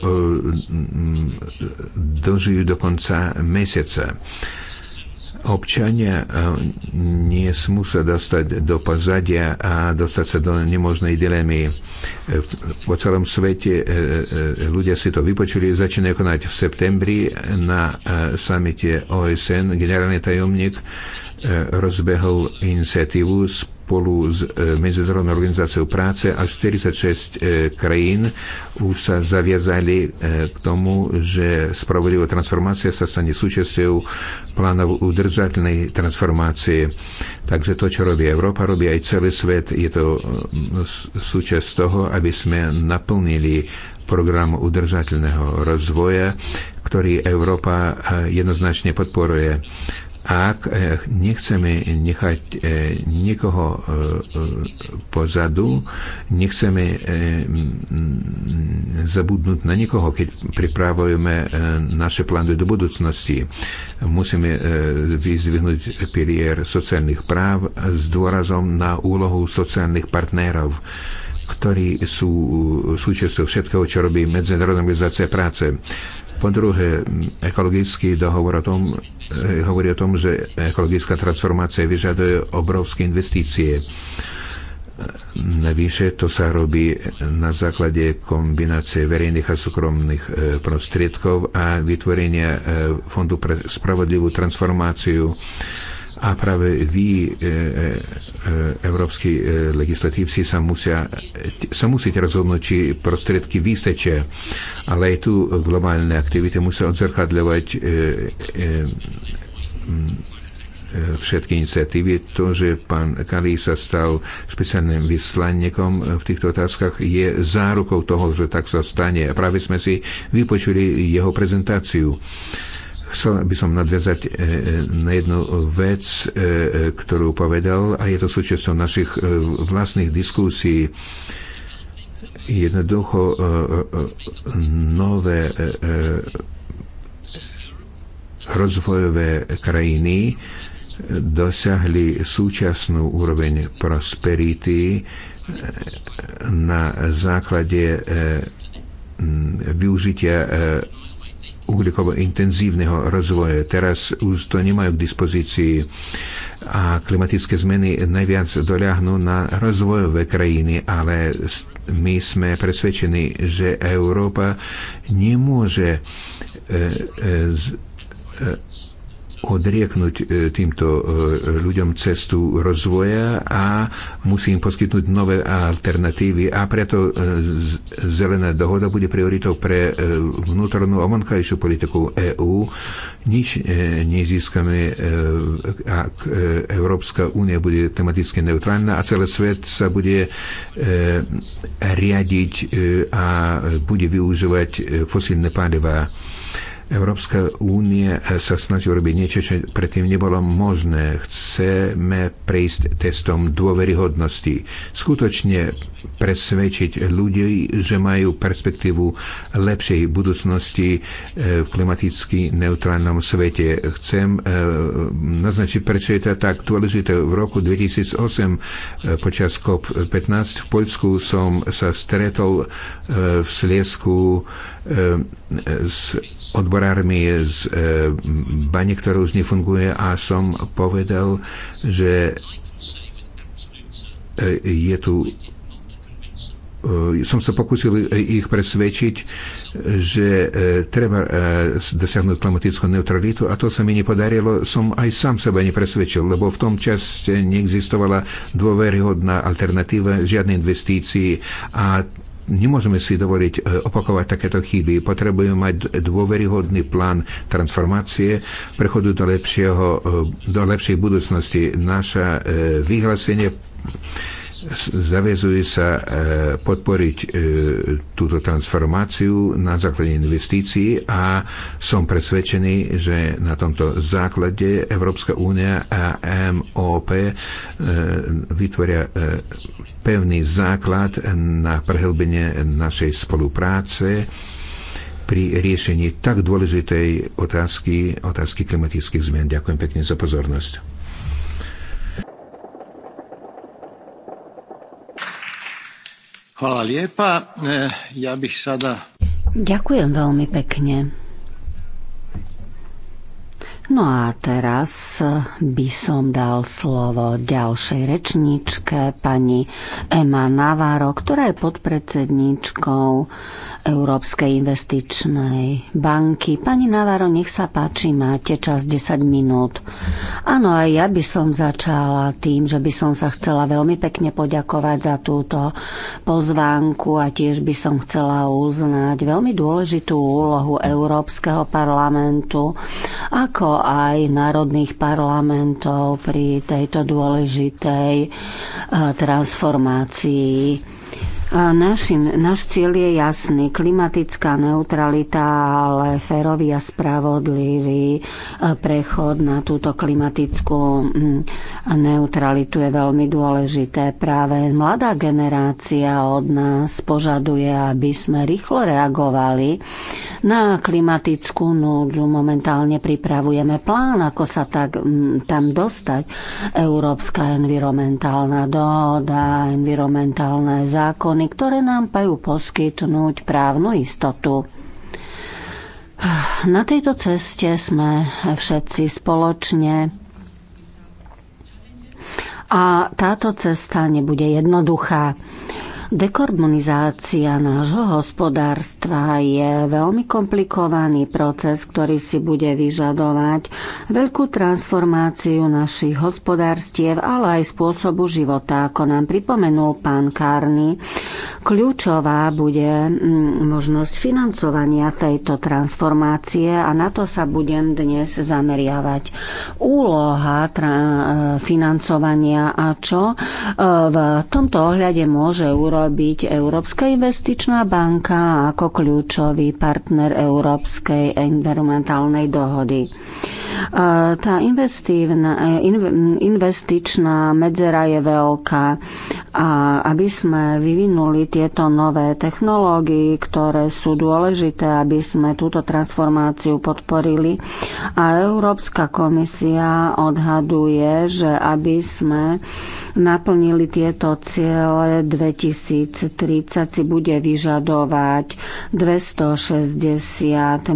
dožijú do konca mesiaca občania eh, nie smú sa dostať do pozadia a dostať sa do nemožnej dilemy. Eh, po celom svete eh, ľudia si to vypočuli, začínajú konať v septembri na samite OSN. Generálny tajomník E, rozbehol iniciatívu spolu s e, Medzinárodnou organizáciou práce a 46 e, krajín už sa zaviazali k tomu, že spravodlivá transformácia sa stane súčasťou plánov udržateľnej transformácie. Takže to, čo robí Európa, robí aj celý svet. Je to súčasť toho, aby sme naplnili program udržateľného rozvoja, ktorý Európa jednoznačne podporuje. Ak eh, nechceme nechať eh, nikoho eh, pozadu, nechceme zabudnúť na nikoho, keď pripravujeme naše plány do budúcnosti, musíme vyzvihnúť pilier sociálnych práv s dôrazom na úlohu sociálnych partnerov ktorí sú súčasťou všetkého, čo robí Medzinárodná organizácia práce. Po druhé, ekologický dohovor o tom, hovorí o tom, že ekologická transformácia vyžaduje obrovské investície. Navyše to sa robí na základe kombinácie verejných a súkromných e, prostriedkov a vytvorenia e, Fondu pre spravodlivú transformáciu a práve vy, e, e, e, európsky e, legislatívci, sa, musia, e, sa musíte rozhodnúť, či prostriedky vystačia. Ale aj tu globálne aktivity musia odzrkadľovať e, e, e, všetky iniciatívy. To, že pán Kali sa stal špeciálnym vyslanníkom v týchto otázkach, je zárukou toho, že tak sa stane. A Práve sme si vypočuli jeho prezentáciu. E, Chcel by som nadviazať e, e, na jednu vec, e, ktorú povedal, a je to súčasťou našich vlastných diskusí. Jednoducho nové rozvojové krajiny dosiahli súčasnú úroveň prosperity na základe využitia uhlíkovo intenzívneho rozvoja. Teraz už to nemajú k dispozícii a klimatické zmeny najviac doľahnú na rozvojové krajiny, ale my sme presvedčení, že Európa nemôže e, e, e, odrieknúť e, týmto e, ľuďom cestu rozvoja a musí im poskytnúť nové alternatívy a preto e, zelená dohoda bude prioritou pre vnútornú a vonkajšiu politiku EÚ. Nič nezískame, ak Európska únia bude tematicky neutrálna a celý svet sa bude riadiť a bude využívať fosílne paliva Európska únie sa snaží urobiť niečo, čo predtým nebolo možné. Chceme prejsť testom dôveryhodnosti. Skutočne presvedčiť ľudí, že majú perspektívu lepšej budúcnosti eh, v klimaticky neutrálnom svete. Chcem eh, naznačiť, prečo je to tak dôležité. V roku 2008 eh, počas COP15 v Poľsku som sa stretol v Sliesku s odborármi z e, bane, ktorá už nefunguje a som povedal, že e, je tu e, som sa pokusil ich presvedčiť, že treba dosiahnuť klimatickú neutralitu a to sa mi nepodarilo. Som aj sám seba nepresvedčil, lebo v tom čase neexistovala dôveryhodná alternatíva, žiadne investície a nemôžeme si dovoliť e, opakovať takéto chyby. Potrebujeme mať dôveryhodný plán transformácie, prechodu do, lepšieho, e, do lepšej budúcnosti. Naša e, vyhlásenie zavezuje sa e, podporiť e, túto transformáciu na základe investícií a som presvedčený, že na tomto základe Európska únia a MOP e, vytvoria pevný základ na prehlbenie našej spolupráce pri riešení tak dôležitej otázky, otázky klimatických zmien. Ďakujem pekne za pozornosť. Hvala lijepa. E, ja bych sada... Ďakujem veľmi pekne. No a teraz by som dal slovo ďalšej rečníčke, pani Ema Navaro, ktorá je podpredsedníčkou Európskej investičnej banky. Pani Navaro, nech sa páči, máte čas 10 minút. Áno, aj ja by som začala tým, že by som sa chcela veľmi pekne poďakovať za túto pozvánku a tiež by som chcela uznať veľmi dôležitú úlohu Európskeho parlamentu, ako aj národných parlamentov pri tejto dôležitej eh, transformácii Našim, náš cieľ je jasný. Klimatická neutralita, ale férový a spravodlivý e, prechod na túto klimatickú mm, neutralitu je veľmi dôležité. Práve mladá generácia od nás požaduje, aby sme rýchlo reagovali na klimatickú núdzu. Momentálne pripravujeme plán, ako sa tak, mm, tam dostať. Európska environmentálna dohoda, environmentálne zákony, zákony, ktoré nám majú poskytnúť právnu istotu. Na tejto ceste sme všetci spoločne a táto cesta nebude jednoduchá. Dekarbonizácia nášho hospodárstva je veľmi komplikovaný proces, ktorý si bude vyžadovať veľkú transformáciu našich hospodárstiev, ale aj spôsobu života, ako nám pripomenul pán Karny. Kľúčová bude mm, možnosť financovania tejto transformácie a na to sa budem dnes zameriavať. Úloha e, financovania a čo e, v tomto ohľade môže urobiť urobiť Európska investičná banka ako kľúčový partner Európskej environmentálnej dohody. E, tá e, investičná medzera je veľká a aby sme vyvinuli tieto nové technológie, ktoré sú dôležité, aby sme túto transformáciu podporili a Európska komisia odhaduje, že aby sme naplnili tieto ciele 2000 2030 si bude vyžadovať 260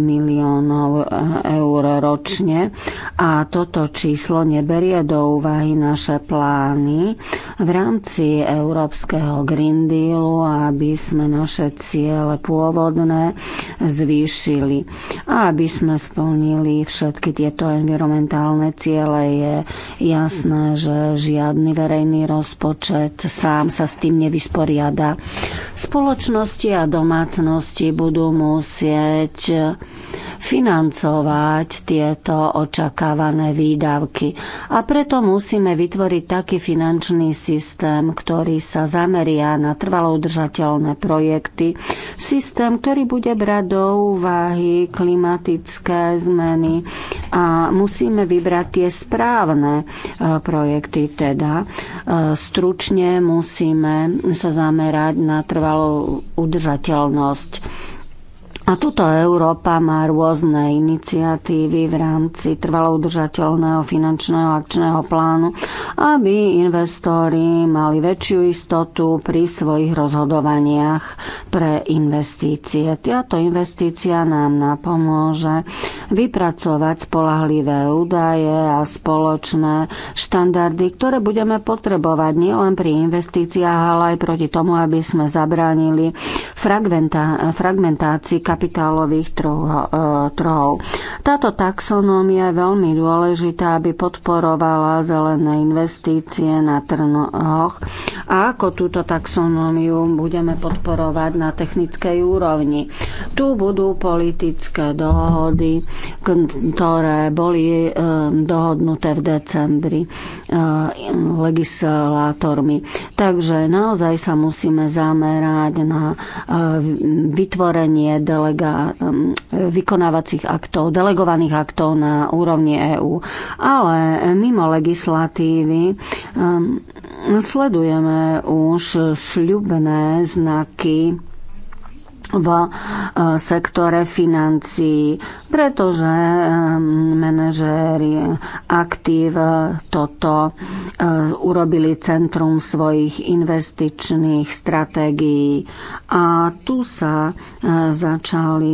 miliónov eh, eur ročne a toto číslo neberie do úvahy naše plány v rámci Európskeho Green Dealu, aby sme naše ciele pôvodné zvýšili a aby sme splnili všetky tieto environmentálne ciele je jasné, že žiadny verejný rozpočet sám sa s tým nevysporia žiada. Spoločnosti a domácnosti budú musieť financovať tieto očakávané výdavky. A preto musíme vytvoriť taký finančný systém, ktorý sa zameria na trvalo udržateľné projekty. Systém, ktorý bude brať do úvahy klimatické zmeny a musíme vybrať tie správne e, projekty. Teda e, stručne musíme sa zamerať zamerať na trvalú udržateľnosť. A tuto Európa má rôzne iniciatívy v rámci trvalo udržateľného finančného akčného plánu, aby investóri mali väčšiu istotu pri svojich rozhodovaniach pre investície. Táto investícia nám napomôže vypracovať spolahlivé údaje a spoločné štandardy, ktoré budeme potrebovať nielen pri investíciách, ale aj proti tomu, aby sme zabránili fragmentácii kapitálových e, trhov. Táto taxonómia je veľmi dôležitá, aby podporovala zelené investície na trhoch a ako túto taxonómiu budeme podporovať na technickej úrovni. Tu budú politické dohody, ktoré boli ehm, dohodnuté v decembri ehm, legislátormi. Takže naozaj sa musíme zamerať na ehm, vytvorenie delega, vykonávacích aktov, delegovaných aktov na úrovni EÚ. Ale mimo legislatívy sledujeme už sľubné znaky v e, sektore financií, pretože manažéri aktív toto e, urobili centrum svojich investičných stratégií a tu sa e, začali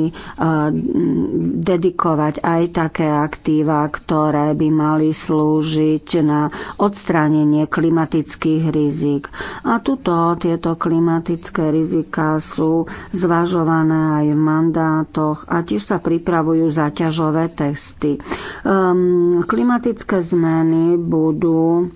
dedikovať aj také aktíva, ktoré by mali slúžiť na odstránenie klimatických rizik. A tuto tieto klimatické rizika sú zvážené zvažované aj v mandátoch a tiež sa pripravujú zaťažové testy. Um, klimatické zmeny budú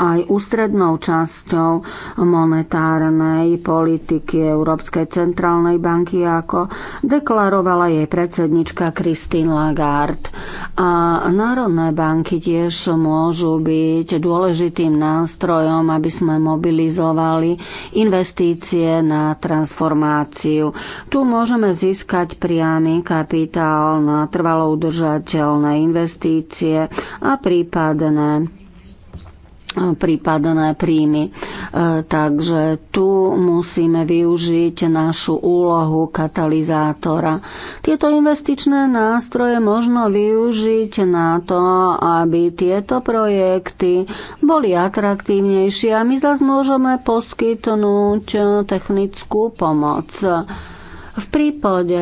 aj ústrednou časťou monetárnej politiky Európskej centrálnej banky, ako deklarovala jej predsednička Christine Lagarde. A národné banky tiež môžu byť dôležitým nástrojom, aby sme mobilizovali investície na transformáciu. Tu môžeme získať priamy kapitál na trvalo udržateľné investície a prípadné prípadné príjmy. E, takže tu musíme využiť našu úlohu katalizátora. Tieto investičné nástroje možno využiť na to, aby tieto projekty boli atraktívnejšie a my zase môžeme poskytnúť technickú pomoc. V prípade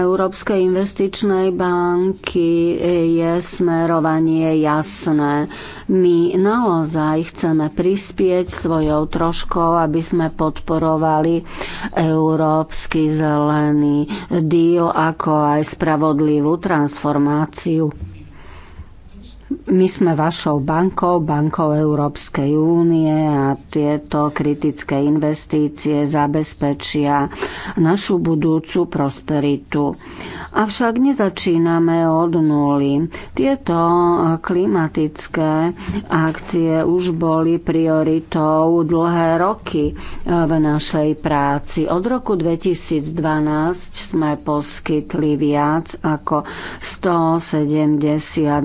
Európskej investičnej banky je smerovanie jasné. My naozaj chceme prispieť svojou troškou, aby sme podporovali európsky zelený díl, ako aj spravodlivú transformáciu my sme vašou bankou, bankou Európskej únie a tieto kritické investície zabezpečia našu budúcu prosperitu. Avšak nezačíname od nuly. Tieto klimatické akcie už boli prioritou dlhé roky v našej práci. Od roku 2012 sme poskytli viac ako 170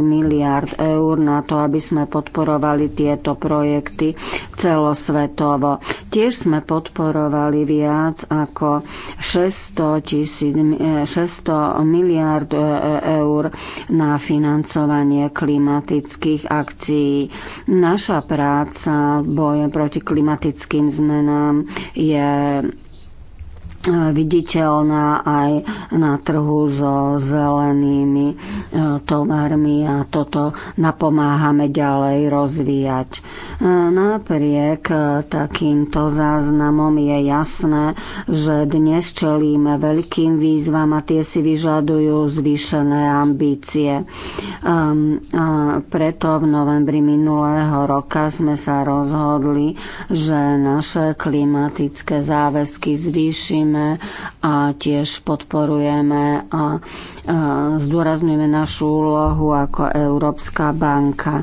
miliard eur na to, aby sme podporovali tieto projekty celosvetovo. Tiež sme podporovali viac ako 600, 600 miliard eur na financovanie klimatických akcií. Naša práca v boje proti klimatickým zmenám je viditeľná aj na trhu so zelenými e, tovarmi a toto napomáhame ďalej rozvíjať. E, napriek e, takýmto záznamom je jasné, že dnes čelíme veľkým výzvam a tie si vyžadujú zvýšené ambície. Preto v novembri minulého roka sme sa rozhodli, že naše klimatické záväzky zvýšime a tiež podporujeme a Eh, zdôrazňujeme našu úlohu ako Európska banka.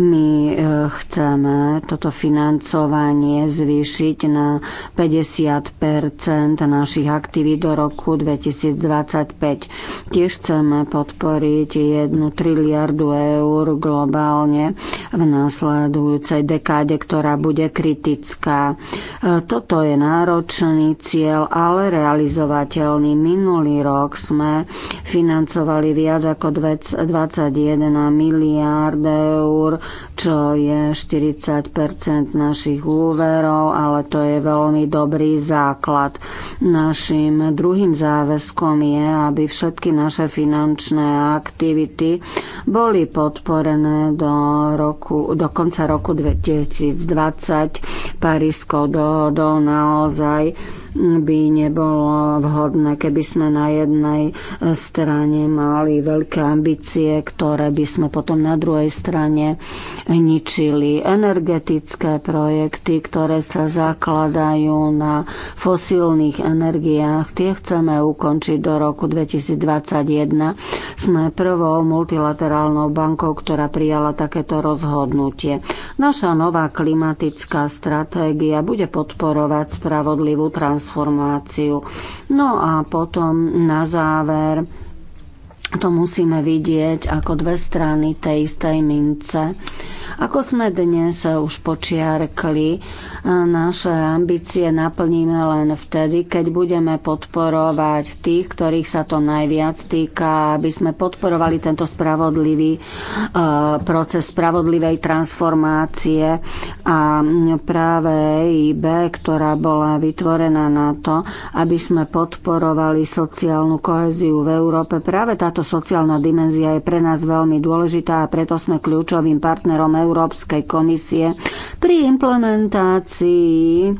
My eh, chceme toto financovanie zvýšiť na 50 našich aktivít do roku 2025. Tiež chceme podporiť 1 triliardu eur globálne v následujúcej dekáde, ktorá bude kritická. Eh, toto je náročný cieľ, ale realizovateľný. Minulý rok sme financovali viac ako 21 miliárd eur, čo je 40 našich úverov, ale to je veľmi dobrý základ. Našim druhým záväzkom je, aby všetky naše finančné aktivity boli podporené do, roku, do konca roku 2020 Parískou dohodou naozaj by nebolo vhodné, keby sme na jednej strane strane mali veľké ambície, ktoré by sme potom na druhej strane ničili. Energetické projekty, ktoré sa zakladajú na fosílnych energiách, tie chceme ukončiť do roku 2021. Sme prvou multilaterálnou bankou, ktorá prijala takéto rozhodnutie. Naša nová klimatická stratégia bude podporovať spravodlivú transformáciu. No a potom na záver to musíme vidieť ako dve strany tej istej mince. Ako sme dnes už počiarkli, e, naše ambície naplníme len vtedy, keď budeme podporovať tých, ktorých sa to najviac týka, aby sme podporovali tento spravodlivý e, proces spravodlivej transformácie a práve IB, ktorá bola vytvorená na to, aby sme podporovali sociálnu koheziu v Európe. Práve táto táto sociálna dimenzia je pre nás veľmi dôležitá a preto sme kľúčovým partnerom Európskej komisie pri implementácii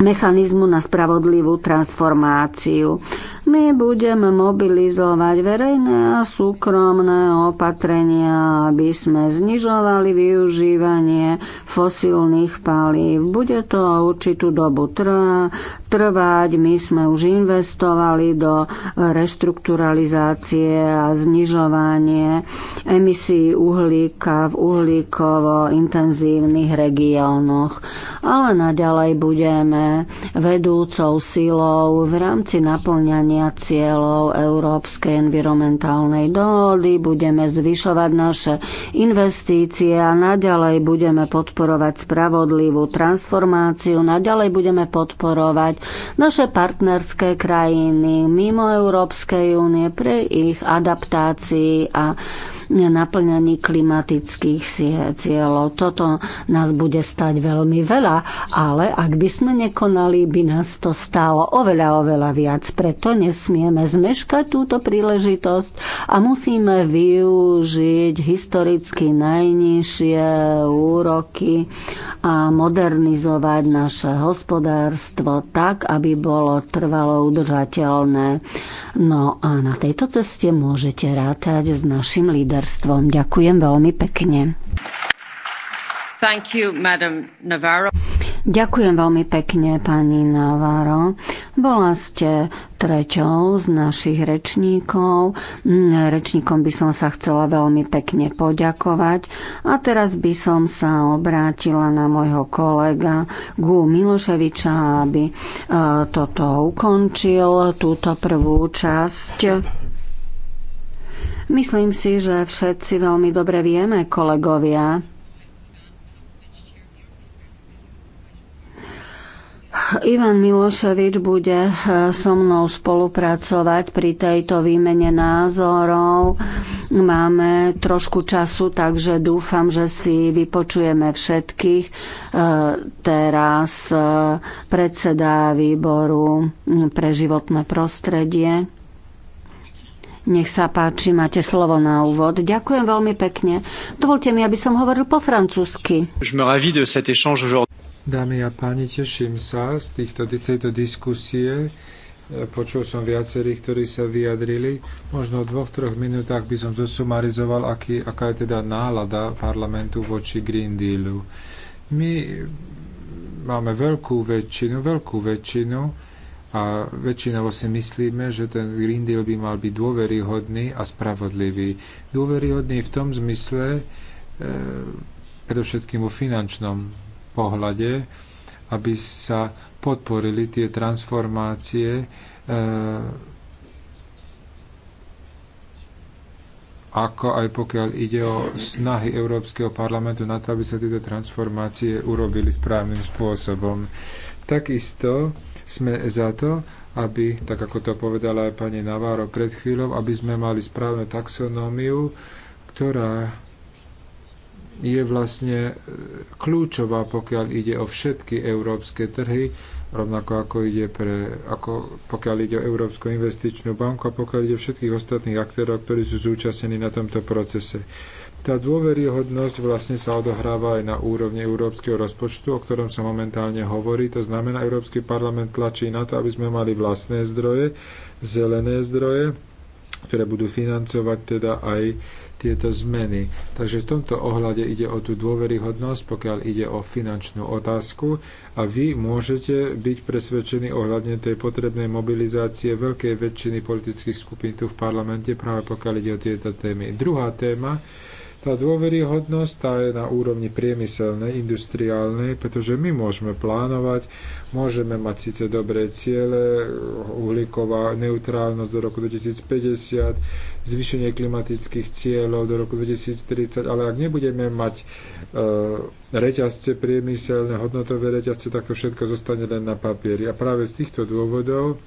mechanizmu na spravodlivú transformáciu. My budeme mobilizovať verejné a súkromné opatrenia, aby sme znižovali využívanie fosílnych palív. Bude to určitú dobu trvať. My sme už investovali do reštrukturalizácie a znižovanie emisí uhlíka v uhlíkovo intenzívnych regiónoch. Ale naďalej budeme vedúcou silou v rámci naplňania plnenia cieľov Európskej environmentálnej dohody, budeme zvyšovať naše investície a naďalej budeme podporovať spravodlivú transformáciu, naďalej budeme podporovať naše partnerské krajiny mimo Európskej únie pre ich adaptácii a naplňaní klimatických cieľov. Toto nás bude stať veľmi veľa, ale ak by sme nekonali, by nás to stálo oveľa, oveľa viac. Preto nesmieme zmeškať túto príležitosť a musíme využiť historicky najnižšie úroky a modernizovať naše hospodárstvo tak, aby bolo trvalo udržateľné. No a na tejto ceste môžete rátať s našim líderom hospodárstvo. Ďakujem veľmi pekne. Thank you, Madam Navarro. Ďakujem veľmi pekne, pani Navarro. Bola ste treťou z našich rečníkov. Mm, rečníkom by som sa chcela veľmi pekne poďakovať. A teraz by som sa obrátila na môjho kolega Gú Miloševiča, aby e, toto ukončil, túto prvú časť. Myslím si, že všetci veľmi dobre vieme, kolegovia, Ivan Miloševič bude eh, so mnou spolupracovať pri tejto výmene názorov. Máme trošku času, takže dúfam, že si vypočujeme všetkých. Eh, teraz eh, predseda výboru pre životné prostredie. Nech sa páči, máte slovo na úvod. Ďakujem veľmi pekne. Dovolte mi, aby som hovoril po francúzsky. Dámy a páni, teším sa z týchto, tejto diskusie. Počul som viacerých, ktorí sa vyjadrili. Možno v dvoch, troch minútach by som zosumarizoval, aký, aká je teda nálada parlamentu voči Green Dealu. My máme veľkú väčšinu, veľkú väčšinu, a väčšinou si vlastne myslíme, že ten Green Deal by mal byť dôveryhodný a spravodlivý. Dôveryhodný v tom zmysle, e, predovšetkým vo finančnom pohľade, aby sa podporili tie transformácie e, ako aj pokiaľ ide o snahy Európskeho parlamentu na to, aby sa tieto transformácie urobili správnym spôsobom. Takisto sme za to, aby, tak ako to povedala aj pani Naváro pred chvíľou, aby sme mali správnu taxonómiu, ktorá je vlastne e, kľúčová, pokiaľ ide o všetky európske trhy, rovnako ako ide pre, ako, pokiaľ ide o Európsku investičnú banku a pokiaľ ide o všetkých ostatných aktérov, ktorí sú zúčastnení na tomto procese. Tá dôveryhodnosť vlastne sa odohráva aj na úrovni európskeho rozpočtu, o ktorom sa momentálne hovorí. To znamená, Európsky parlament tlačí na to, aby sme mali vlastné zdroje, zelené zdroje, ktoré budú financovať teda aj tieto zmeny. Takže v tomto ohľade ide o tú dôveryhodnosť, pokiaľ ide o finančnú otázku a vy môžete byť presvedčení ohľadne tej potrebnej mobilizácie veľkej väčšiny politických skupín tu v parlamente práve pokiaľ ide o tieto témy. Druhá téma, tá dôveryhodnosť tá je na úrovni priemyselnej, industriálnej, pretože my môžeme plánovať, môžeme mať síce dobré ciele, uhlíková neutrálnosť do roku 2050, zvýšenie klimatických cieľov do roku 2030, ale ak nebudeme mať e, reťazce priemyselné, hodnotové reťazce, tak to všetko zostane len na papieri. A práve z týchto dôvodov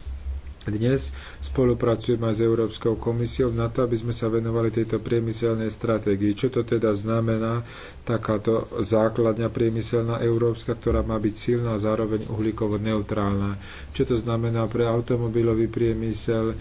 dnes spolupracujeme s Európskou komisiou na to, aby sme sa venovali tejto priemyselnej stratégii. Čo to teda znamená takáto základňa priemyselná európska, ktorá má byť silná a zároveň uhlíkovo neutrálna? Čo to znamená pre automobilový priemysel,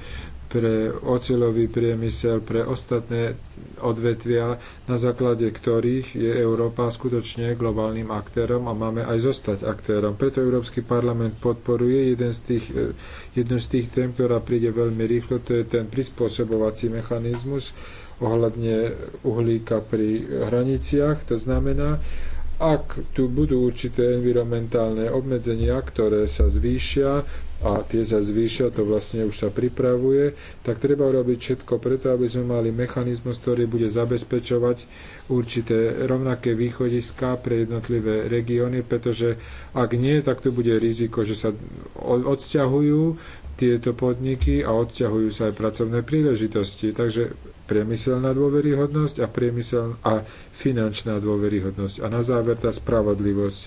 pre oceľový priemysel, pre ostatné odvetvia, na základe ktorých je Európa skutočne globálnym aktérom a máme aj zostať aktérom. Preto Európsky parlament podporuje jeden z tých, eh, jednu z tých tém, ktorá príde veľmi rýchlo, to je ten prispôsobovací mechanizmus ohľadne uhlíka pri hraniciach. To znamená, ak tu budú určité environmentálne obmedzenia, ktoré sa zvýšia, a tie sa zvýšia, to vlastne už sa pripravuje, tak treba robiť všetko preto, aby sme mali mechanizmus, ktorý bude zabezpečovať určité rovnaké východiska pre jednotlivé regióny, pretože ak nie, tak tu bude riziko, že sa odsťahujú tieto podniky a odsťahujú sa aj pracovné príležitosti. Takže priemyselná dôveryhodnosť a, priemysel a finančná dôveryhodnosť. A na záver tá spravodlivosť.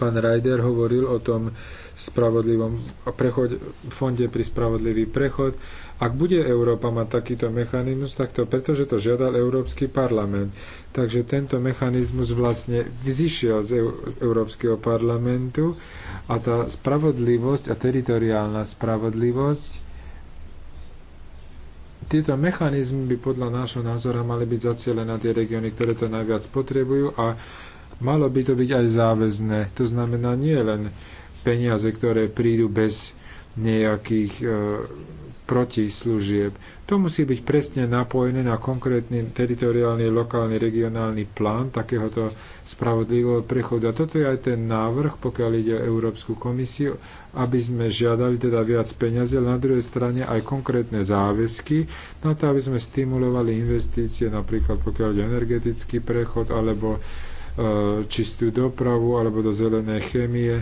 Pán Rajder hovoril o tom, spravodlivom prechod, fonde pri spravodlivý prechod. Ak bude Európa mať takýto mechanizmus, tak to pretože to žiadal Európsky parlament. Takže tento mechanizmus vlastne vyzišiel z Európskeho parlamentu a tá spravodlivosť a teritoriálna spravodlivosť tieto mechanizmy by podľa nášho názora mali byť zacielené na tie regióny, ktoré to najviac potrebujú a malo by to byť aj záväzné. To znamená nie len peniaze, ktoré prídu bez nejakých e, protislužieb. To musí byť presne napojené na konkrétny teritoriálny, lokálny, regionálny plán takéhoto spravodlivého prechodu. A toto je aj ten návrh, pokiaľ ide o Európsku komisiu, aby sme žiadali teda viac peniaze, ale na druhej strane aj konkrétne záväzky, na to, aby sme stimulovali investície, napríklad pokiaľ ide o energetický prechod, alebo e, čistú dopravu, alebo do zelenej chémie,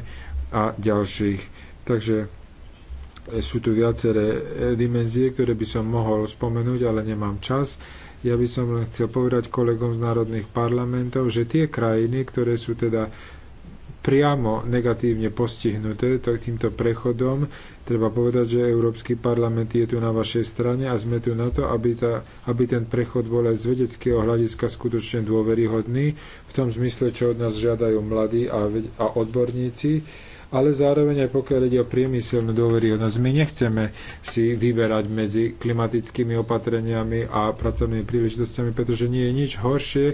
a ďalších. Takže e, sú tu viaceré e, dimenzie, ktoré by som mohol spomenúť, ale nemám čas. Ja by som len chcel povedať kolegom z národných parlamentov, že tie krajiny, ktoré sú teda priamo negatívne postihnuté týmto prechodom. Treba povedať, že Európsky parlament je tu na vašej strane a sme tu na to, aby, ta, aby ten prechod bol aj z vedeckého hľadiska skutočne dôveryhodný, v tom zmysle, čo od nás žiadajú mladí a, a odborníci ale zároveň aj pokiaľ ide o priemyselnú dôveryhodnosť. My nechceme si vyberať medzi klimatickými opatreniami a pracovnými príležitostiami, pretože nie je nič horšie,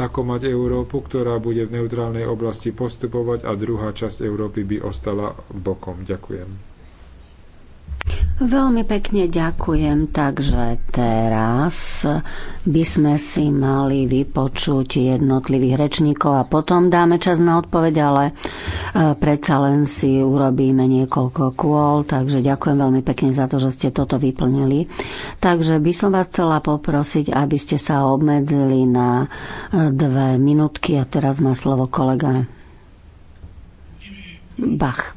ako mať Európu, ktorá bude v neutrálnej oblasti postupovať a druhá časť Európy by ostala bokom. Ďakujem. Veľmi pekne ďakujem, takže teraz by sme si mali vypočuť jednotlivých rečníkov a potom dáme čas na odpoveď, ale e, predsa len si urobíme niekoľko kôl, takže ďakujem veľmi pekne za to, že ste toto vyplnili. Takže by som vás chcela poprosiť, aby ste sa obmedzili na e, dve minútky a teraz má slovo kolega Bach.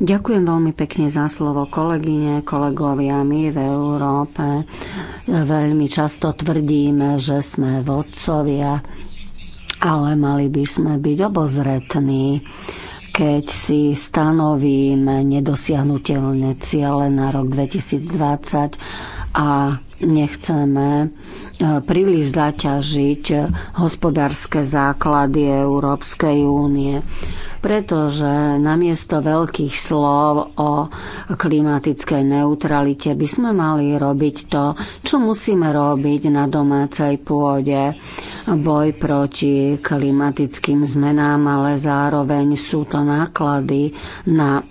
Ďakujem veľmi pekne za slovo kolegyne, kolegovia. My v Európe veľmi často tvrdíme, že sme vodcovia, ale mali by sme byť obozretní keď si stanovíme nedosiahnutelné ciele na rok 2020 a nechceme eh, príliš zaťažiť eh, hospodárske základy Európskej únie, pretože namiesto veľkých slov o klimatickej neutralite by sme mali robiť to, čo musíme robiť na domácej pôde. Boj proti klimatickým zmenám, ale zároveň sú to náklady na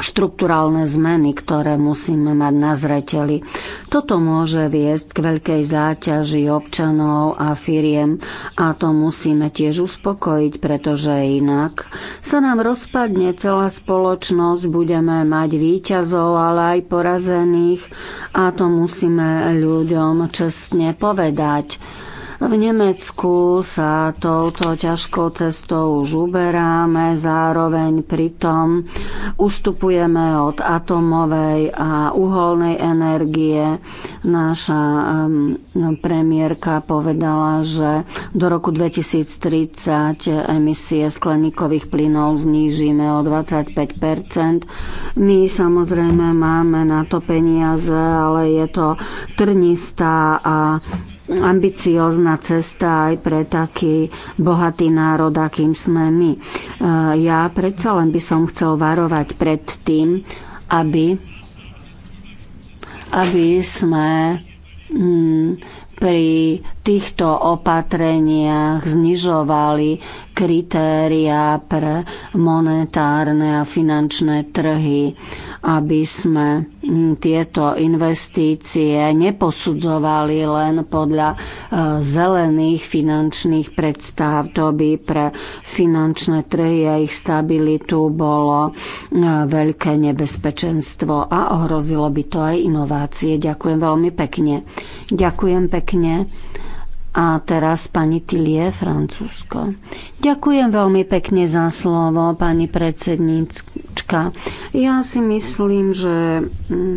štruktúrálne zmeny, ktoré musíme mať na zreteli. Toto môže viesť k veľkej záťaži občanov a firiem a to musíme tiež uspokojiť, pretože inak sa nám rozpadne celá spoločnosť, budeme mať výťazov, ale aj porazených a to musíme ľuďom čestne povedať v Nemecku sa touto ťažkou cestou už uberáme, zároveň pritom ustupujeme od atomovej a uholnej energie. Naša premiérka povedala, že do roku 2030 emisie skleníkových plynov znížime o 25 My samozrejme máme na to peniaze, ale je to trnistá a ambiciózna cesta aj pre taký bohatý národ, akým sme my. E, ja predsa len by som chcel varovať pred tým, aby, aby sme mm, pri týchto opatreniach znižovali kritéria pre monetárne a finančné trhy, aby sme hm, tieto investície neposudzovali len podľa e, zelených finančných predstav. To by pre finančné trhy a ich stabilitu bolo e, veľké nebezpečenstvo a ohrozilo by to aj inovácie. Ďakujem veľmi pekne. Ďakujem pekne. A teraz pani Tilie, Francúzsko. Ďakujem veľmi pekne za slovo, pani predsedníčka. Ja si myslím, že mm,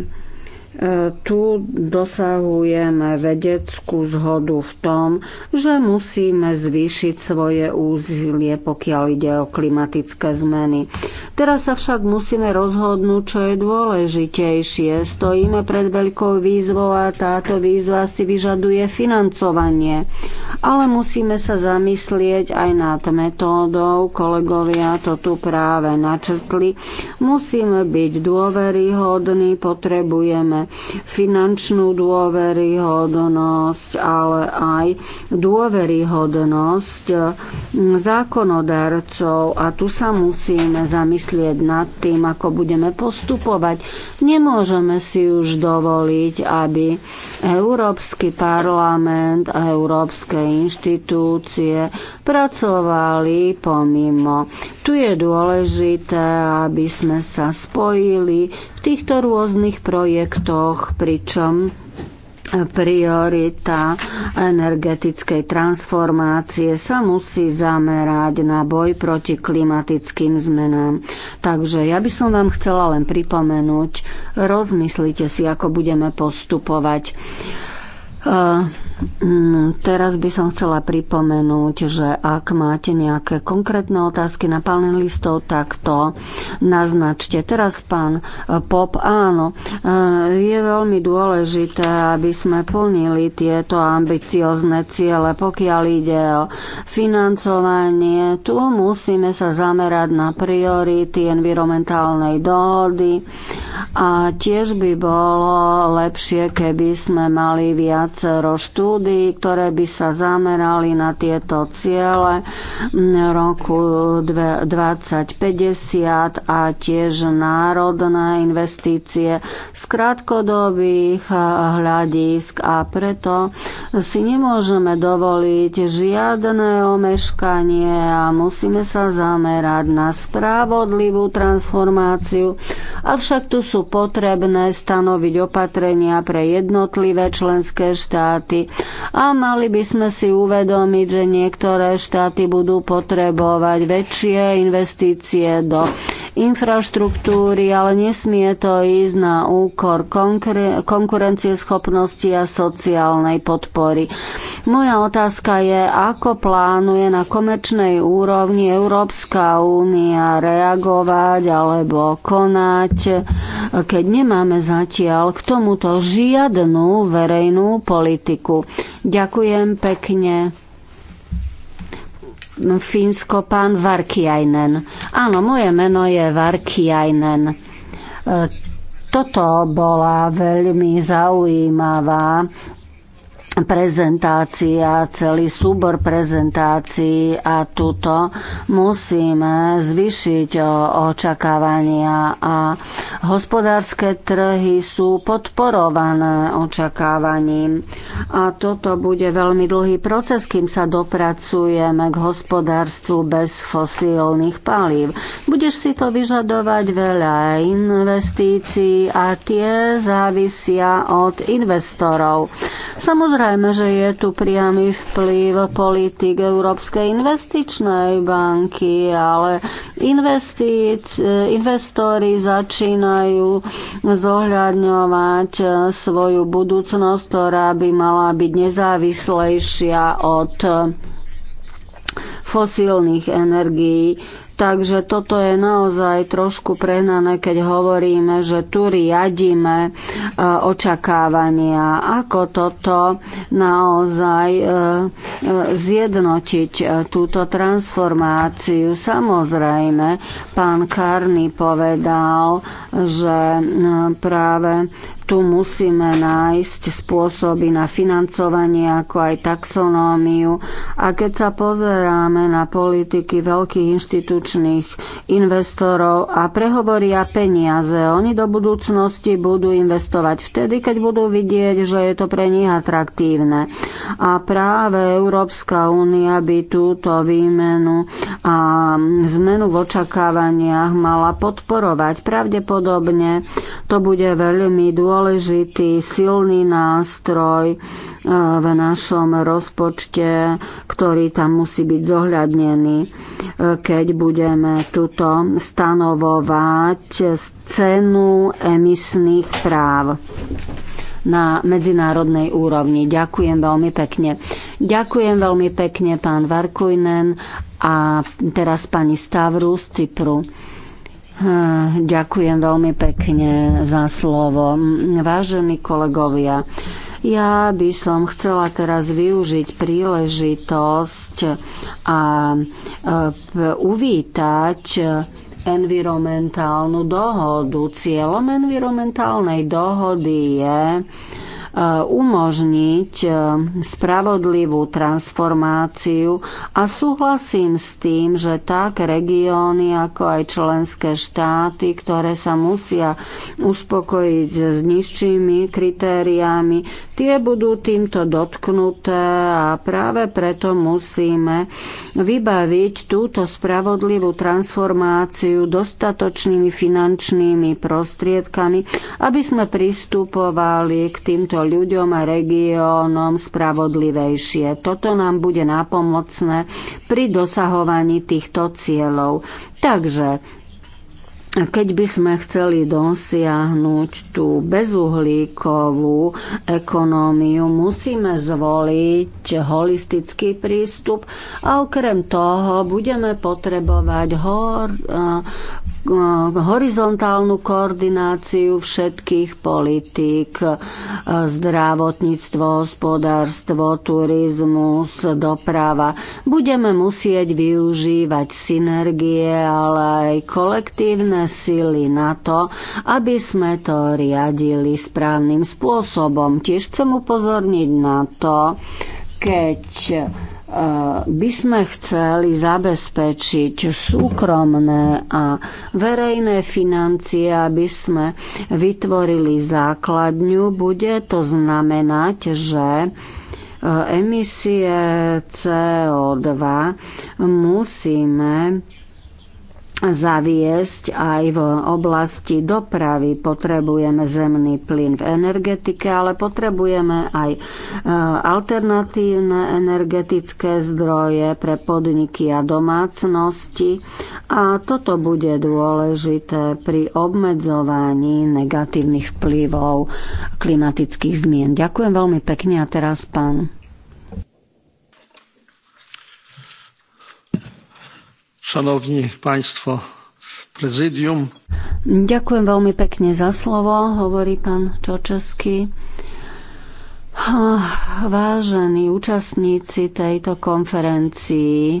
tu dosahujeme vedeckú zhodu v tom, že musíme zvýšiť svoje úzilie, pokiaľ ide o klimatické zmeny. Teraz sa však musíme rozhodnúť, čo je dôležitejšie. Stojíme pred veľkou výzvou a táto výzva si vyžaduje financovanie. Ale musíme sa zamyslieť aj nad metódou. Kolegovia to tu práve načrtli. Musíme byť dôveryhodní, potrebujeme finančnú dôveryhodnosť, ale aj dôveryhodnosť mm, zákonodarcov a tu sa musíme zamyslieť nad tým, ako budeme postupovať. Nemôžeme si už dovoliť, aby Európsky parlament a európske inštitúcie pracovali pomimo. Tu je dôležité, aby sme sa spojili, týchto rôznych projektoch, pričom priorita energetickej transformácie sa musí zamerať na boj proti klimatickým zmenám. Takže ja by som vám chcela len pripomenúť, rozmyslite si, ako budeme postupovať. Uh, Mm, teraz by som chcela pripomenúť, že ak máte nejaké konkrétne otázky na panelistov, tak to naznačte. Teraz pán e, Pop, áno, e, je veľmi dôležité, aby sme plnili tieto ambiciozne ciele. Pokiaľ ide o financovanie, tu musíme sa zamerať na priority environmentálnej dohody a tiež by bolo lepšie, keby sme mali viac roštu štúdií, ktoré by sa zamerali na tieto ciele roku 2050 a tiež národné investície z krátkodobých e, hľadisk a preto si nemôžeme dovoliť žiadne omeškanie a musíme sa zamerať na spravodlivú transformáciu. Avšak tu sú potrebné stanoviť opatrenia pre jednotlivé členské štáty a mali by sme si uvedomiť, že niektoré štáty budú potrebovať väčšie investície do infraštruktúry, ale nesmie to ísť na úkor konkurencieschopnosti a sociálnej podpory. Moja otázka je, ako plánuje na komerčnej úrovni Európska únia reagovať alebo konať, keď nemáme zatiaľ k tomuto žiadnu verejnú politiku. Ďakujem pekne. Fínsko, pán Varkiajnen. Áno, moje meno je Varkiajnen. E, toto bola veľmi zaujímavá prezentácia, celý súbor prezentácií a tuto musíme zvýšiť očakávania a hospodárske trhy sú podporované očakávaním. A toto bude veľmi dlhý proces, kým sa dopracujeme k hospodárstvu bez fosílnych palív. Budeš si to vyžadovať veľa investícií a tie závisia od investorov. Samozrejme, Samozrejme, že je tu priamy vplyv politik Európskej investičnej banky, ale investíc, investori začínajú zohľadňovať svoju budúcnosť, ktorá by mala byť nezávislejšia od fosílnych energií. Takže toto je naozaj trošku prehnané, keď hovoríme, že tu riadíme e, očakávania. Ako toto naozaj e, e, zjednotiť túto transformáciu? Samozrejme, pán Karny povedal, že práve tu musíme nájsť spôsoby na financovanie, ako aj taxonómiu. A keď sa pozeráme na politiky veľkých inštitučných investorov a prehovoria peniaze, oni do budúcnosti budú investovať vtedy, keď budú vidieť, že je to pre nich atraktívne. A práve Európska únia by túto výmenu a zmenu v očakávaniach mala podporovať. Pravdepodobne to bude veľmi dôležité dôležitý, silný nástroj e, v našom rozpočte, ktorý tam musí byť zohľadnený, e, keď budeme tuto stanovovať cenu emisných práv na medzinárodnej úrovni. Ďakujem veľmi pekne. Ďakujem veľmi pekne pán Varkujnen a teraz pani Stavru z Cypru. Ďakujem veľmi pekne za slovo. Vážení kolegovia, ja by som chcela teraz využiť príležitosť a e, uvítať environmentálnu dohodu. Cieľom environmentálnej dohody je umožniť eh, spravodlivú transformáciu a súhlasím s tým, že tak regióny ako aj členské štáty, ktoré sa musia uspokojiť s nižšími kritériami, tie budú týmto dotknuté a práve preto musíme vybaviť túto spravodlivú transformáciu dostatočnými finančnými prostriedkami, aby sme pristupovali k týmto ľuďom a regiónom spravodlivejšie. Toto nám bude nápomocné pri dosahovaní týchto cieľov. Takže keď by sme chceli dosiahnuť tú bezuhlíkovú ekonómiu, musíme zvoliť holistický prístup a okrem toho budeme potrebovať hor, horizontálnu koordináciu všetkých politík, e, zdravotníctvo, hospodárstvo, turizmus, doprava. Budeme musieť využívať synergie, ale aj kolektívne sily na to, aby sme to riadili správnym spôsobom. Tiež chcem upozorniť na to, keď by sme chceli zabezpečiť súkromné a verejné financie, aby sme vytvorili základňu, bude to znamenať, že e, emisie CO2 musíme zaviesť aj v oblasti dopravy. Potrebujeme zemný plyn v energetike, ale potrebujeme aj e, alternatívne energetické zdroje pre podniky a domácnosti. A toto bude dôležité pri obmedzovaní negatívnych vplyvov klimatických zmien. Ďakujem veľmi pekne a teraz pán Szanowni Państwo, prezydium. Ďakujem veľmi pekne za slovo, hovorí pán Čočeský. Vážení účastníci tejto konferencii, e,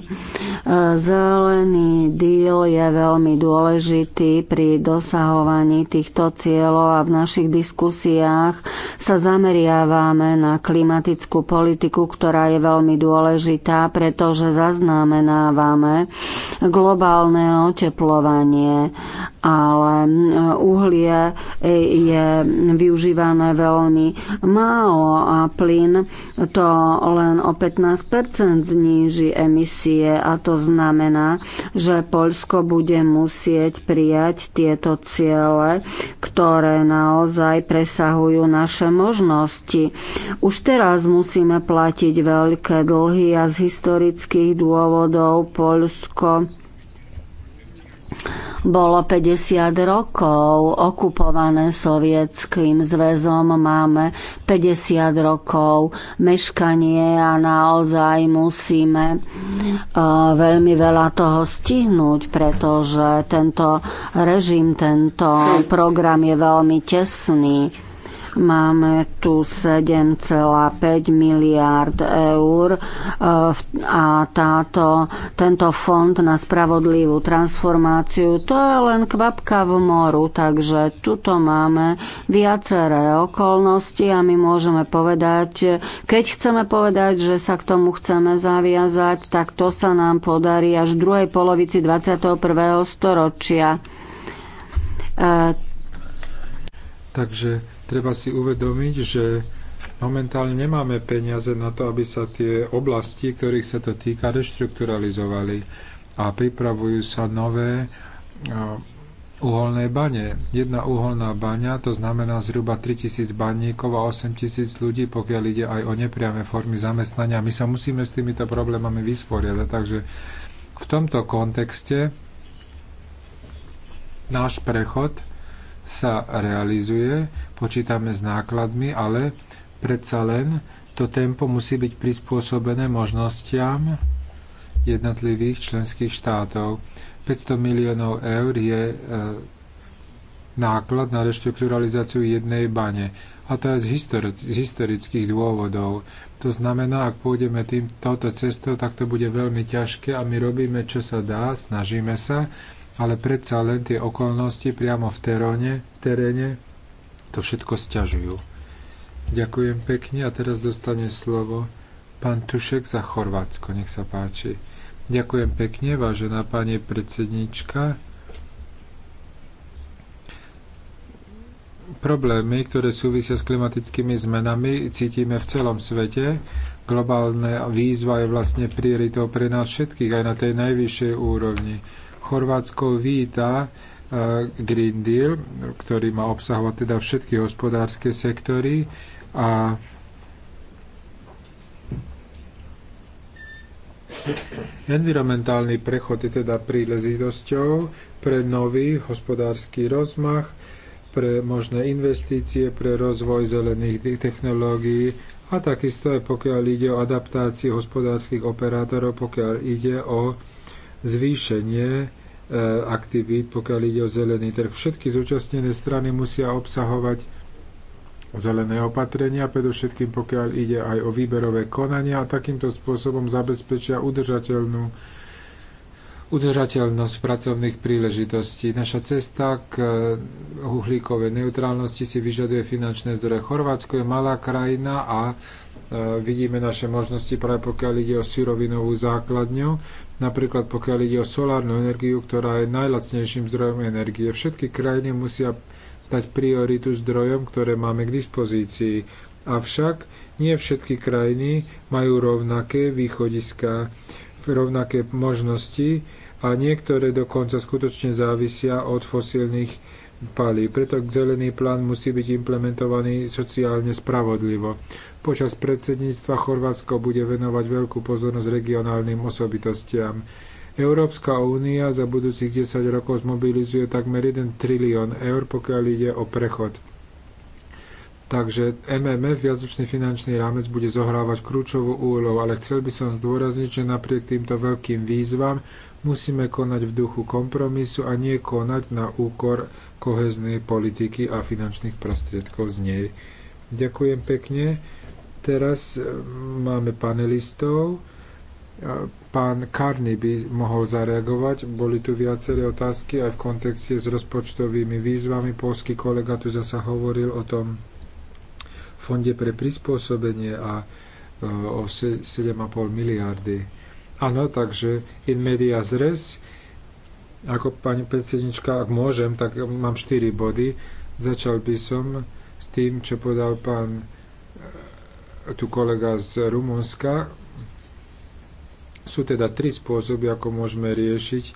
zelený díl je veľmi dôležitý pri dosahovaní týchto cieľov a v našich diskusiách sa zameriavame na klimatickú politiku, ktorá je veľmi dôležitá, pretože zaznamenávame globálne oteplovanie ale e, uhlie e, je využívané veľmi málo a plyn to len o 15 zníži emisie a to znamená, že Poľsko bude musieť prijať tieto ciele, ktoré naozaj presahujú naše možnosti. Už teraz musíme platiť veľké dlhy a z historických dôvodov Poľsko bolo 50 rokov okupované sovietským zväzom, máme 50 rokov meškanie a naozaj musíme eh, veľmi veľa toho stihnúť, pretože tento režim, tento program je veľmi tesný Máme tu 7,5 miliárd eur e, a táto, tento fond na spravodlivú transformáciu to je len kvapka v moru, takže tuto máme viaceré okolnosti a my môžeme povedať, keď chceme povedať, že sa k tomu chceme zaviazať, tak to sa nám podarí až v druhej polovici 21. storočia. E, takže Treba si uvedomiť, že momentálne nemáme peniaze na to, aby sa tie oblasti, ktorých sa to týka, reštrukturalizovali a pripravujú sa nové uholné bane. Jedna uholná baňa, to znamená zhruba 3000 baníkov a 8000 ľudí, pokiaľ ide aj o nepriame formy zamestnania. My sa musíme s týmito problémami vysporiadať, takže v tomto kontexte náš prechod sa realizuje, počítame s nákladmi, ale predsa len to tempo musí byť prispôsobené možnostiam jednotlivých členských štátov. 500 miliónov eur je e, náklad na reštrukturalizáciu jednej bane. A to aj z, histori- z historických dôvodov. To znamená, ak pôjdeme týmto cestou, tak to bude veľmi ťažké a my robíme, čo sa dá, snažíme sa, ale predsa len tie okolnosti priamo v teróne, v teréne to všetko sťažujú. Ďakujem pekne a teraz dostane slovo pán Tušek za Chorvátsko. Nech sa páči. Ďakujem pekne, vážená pani predsednička. Problémy, ktoré súvisia s klimatickými zmenami, cítime v celom svete. Globálna výzva je vlastne prioritou pre nás všetkých aj na tej najvyššej úrovni Chorvátsko víta e, Green Deal, ktorý má obsahovať teda všetky hospodárske sektory a Environmentálny prechod je teda príležitosťou pre nový hospodársky rozmach, pre možné investície, pre rozvoj zelených technológií a takisto aj pokiaľ ide o adaptáciu hospodárskych operátorov, pokiaľ ide o zvýšenie e, aktivít, pokiaľ ide o zelený trh. Všetky zúčastnené strany musia obsahovať zelené opatrenia, predovšetkým pokiaľ ide aj o výberové konania a takýmto spôsobom zabezpečia udržateľnú udržateľnosť pracovných príležitostí. Naša cesta k e, uhlíkovej neutrálnosti si vyžaduje finančné zdroje. Chorvátsko je malá krajina a E, vidíme naše možnosti práve pokiaľ ide o syrovinovú základňu, napríklad pokiaľ ide o solárnu energiu, ktorá je najlacnejším zdrojom energie. Všetky krajiny musia dať prioritu zdrojom, ktoré máme k dispozícii. Avšak nie všetky krajiny majú rovnaké východiska, rovnaké možnosti a niektoré dokonca skutočne závisia od fosílnych palí. Preto zelený plán musí byť implementovaný sociálne spravodlivo. Počas predsedníctva Chorvátsko bude venovať veľkú pozornosť regionálnym osobitostiam. Európska únia za budúcich 10 rokov zmobilizuje takmer 1 trilión eur, pokiaľ ide o prechod. Takže MMF, jazyčný finančný rámec, bude zohrávať kľúčovú úlohu, ale chcel by som zdôrazniť, že napriek týmto veľkým výzvam musíme konať v duchu kompromisu a nie konať na úkor koheznej politiky a finančných prostriedkov z nej. Ďakujem pekne. Teraz e, máme panelistov. E, pán Karny by mohol zareagovať. Boli tu viaceré otázky aj v kontexte s rozpočtovými výzvami. Polský kolega tu zasa hovoril o tom fonde pre prispôsobenie a e, o 7,5 miliardy. Áno, takže in media zres. Ako pani predsednička, ak môžem, tak mám 4 body. Začal by som s tým, čo podal pán tu kolega z Rumunska. Sú teda tri spôsoby, ako môžeme riešiť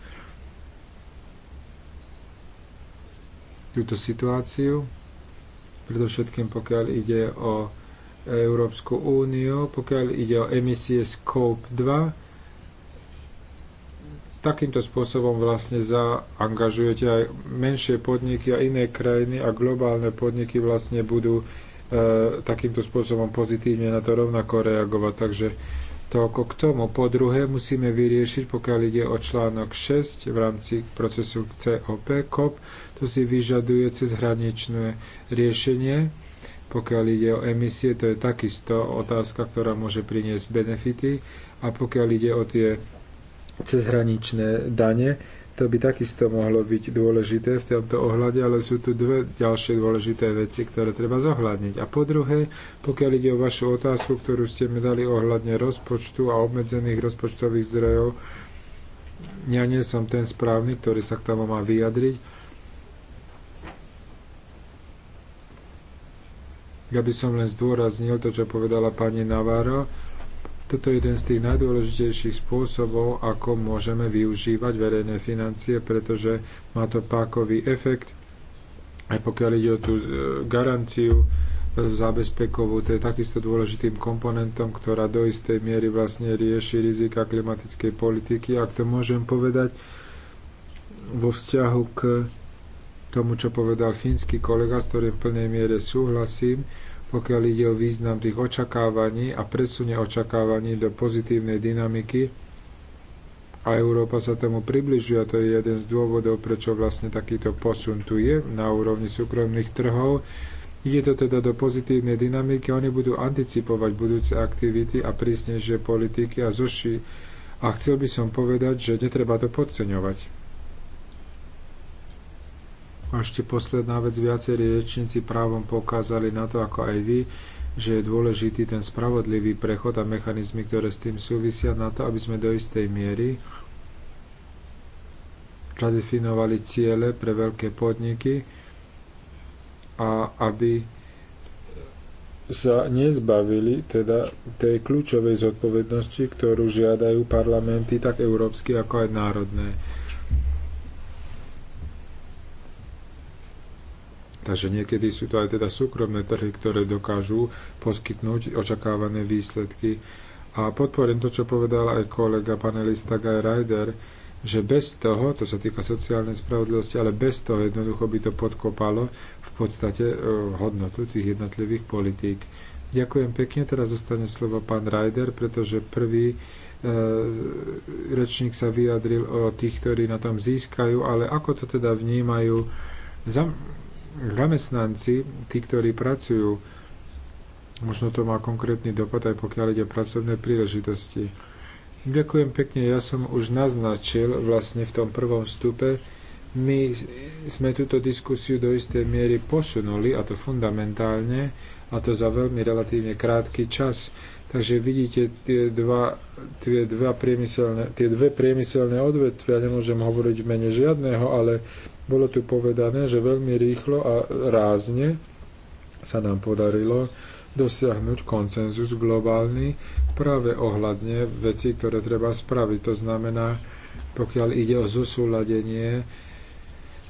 túto situáciu. Predovšetkým pokiaľ ide o Európsku úniu, pokiaľ ide o emisie Scope 2, takýmto spôsobom vlastne zaangažujete aj menšie podniky a iné krajiny a globálne podniky vlastne budú E, takýmto spôsobom pozitívne na to rovnako reagovať. Takže toľko k tomu. Po druhé musíme vyriešiť, pokiaľ ide o článok 6 v rámci procesu COP, COP, to si vyžaduje cezhraničné riešenie. Pokiaľ ide o emisie, to je takisto otázka, ktorá môže priniesť benefity. A pokiaľ ide o tie cezhraničné dane, to by takisto mohlo byť dôležité v tomto ohľade, ale sú tu dve ďalšie dôležité veci, ktoré treba zohľadniť. A po druhé, pokiaľ ide o vašu otázku, ktorú ste mi dali ohľadne rozpočtu a obmedzených rozpočtových zdrojov, ja nie som ten správny, ktorý sa k tomu má vyjadriť. Ja by som len zdôraznil to, čo povedala pani Navarro, toto je jeden z tých najdôležitejších spôsobov, ako môžeme využívať verejné financie, pretože má to pákový efekt. Aj pokiaľ ide o tú e, garanciu e, zábezpekovú, to je takisto dôležitým komponentom, ktorá do istej miery vlastne rieši rizika klimatickej politiky. Ak to môžem povedať vo vzťahu k tomu, čo povedal fínsky kolega, s ktorým v plnej miere súhlasím, pokiaľ ide o význam tých očakávaní a presune očakávaní do pozitívnej dynamiky. A Európa sa tomu približuje a to je jeden z dôvodov, prečo vlastne takýto posun tu je na úrovni súkromných trhov. Ide to teda do pozitívnej dynamiky, oni budú anticipovať budúce aktivity a prísnejšie politiky a zoši. A chcel by som povedať, že netreba to podceňovať. A ešte posledná vec, viacerí rečníci právom poukázali na to, ako aj vy, že je dôležitý ten spravodlivý prechod a mechanizmy, ktoré s tým súvisia na to, aby sme do istej miery radefinovali ciele pre veľké podniky a aby sa nezbavili teda tej kľúčovej zodpovednosti, ktorú žiadajú parlamenty, tak európsky ako aj národné Takže niekedy sú to aj teda súkromné trhy, ktoré dokážu poskytnúť očakávané výsledky. A podporím to, čo povedal aj kolega panelista Guy Ryder, že bez toho, to sa týka sociálnej spravodlivosti, ale bez toho jednoducho by to podkopalo v podstate e, hodnotu tých jednotlivých politík. Ďakujem pekne, teraz zostane slovo pán Ryder, pretože prvý e, rečník sa vyjadril o tých, ktorí na tom získajú, ale ako to teda vnímajú zam- zamestnanci, tí, ktorí pracujú, možno to má konkrétny dopad aj pokiaľ ide o pracovné príležitosti. Ďakujem pekne, ja som už naznačil vlastne v tom prvom vstupe, my sme túto diskusiu do istej miery posunuli, a to fundamentálne, a to za veľmi relatívne krátky čas. Takže vidíte tie, dva, tie, dva priemyselné, tie dve priemyselné odvetvia, nemôžem hovoriť v mene žiadného, ale bolo tu povedané, že veľmi rýchlo a rázne sa nám podarilo dosiahnuť konsenzus globálny práve ohľadne veci, ktoré treba spraviť. To znamená, pokiaľ ide o zosúladenie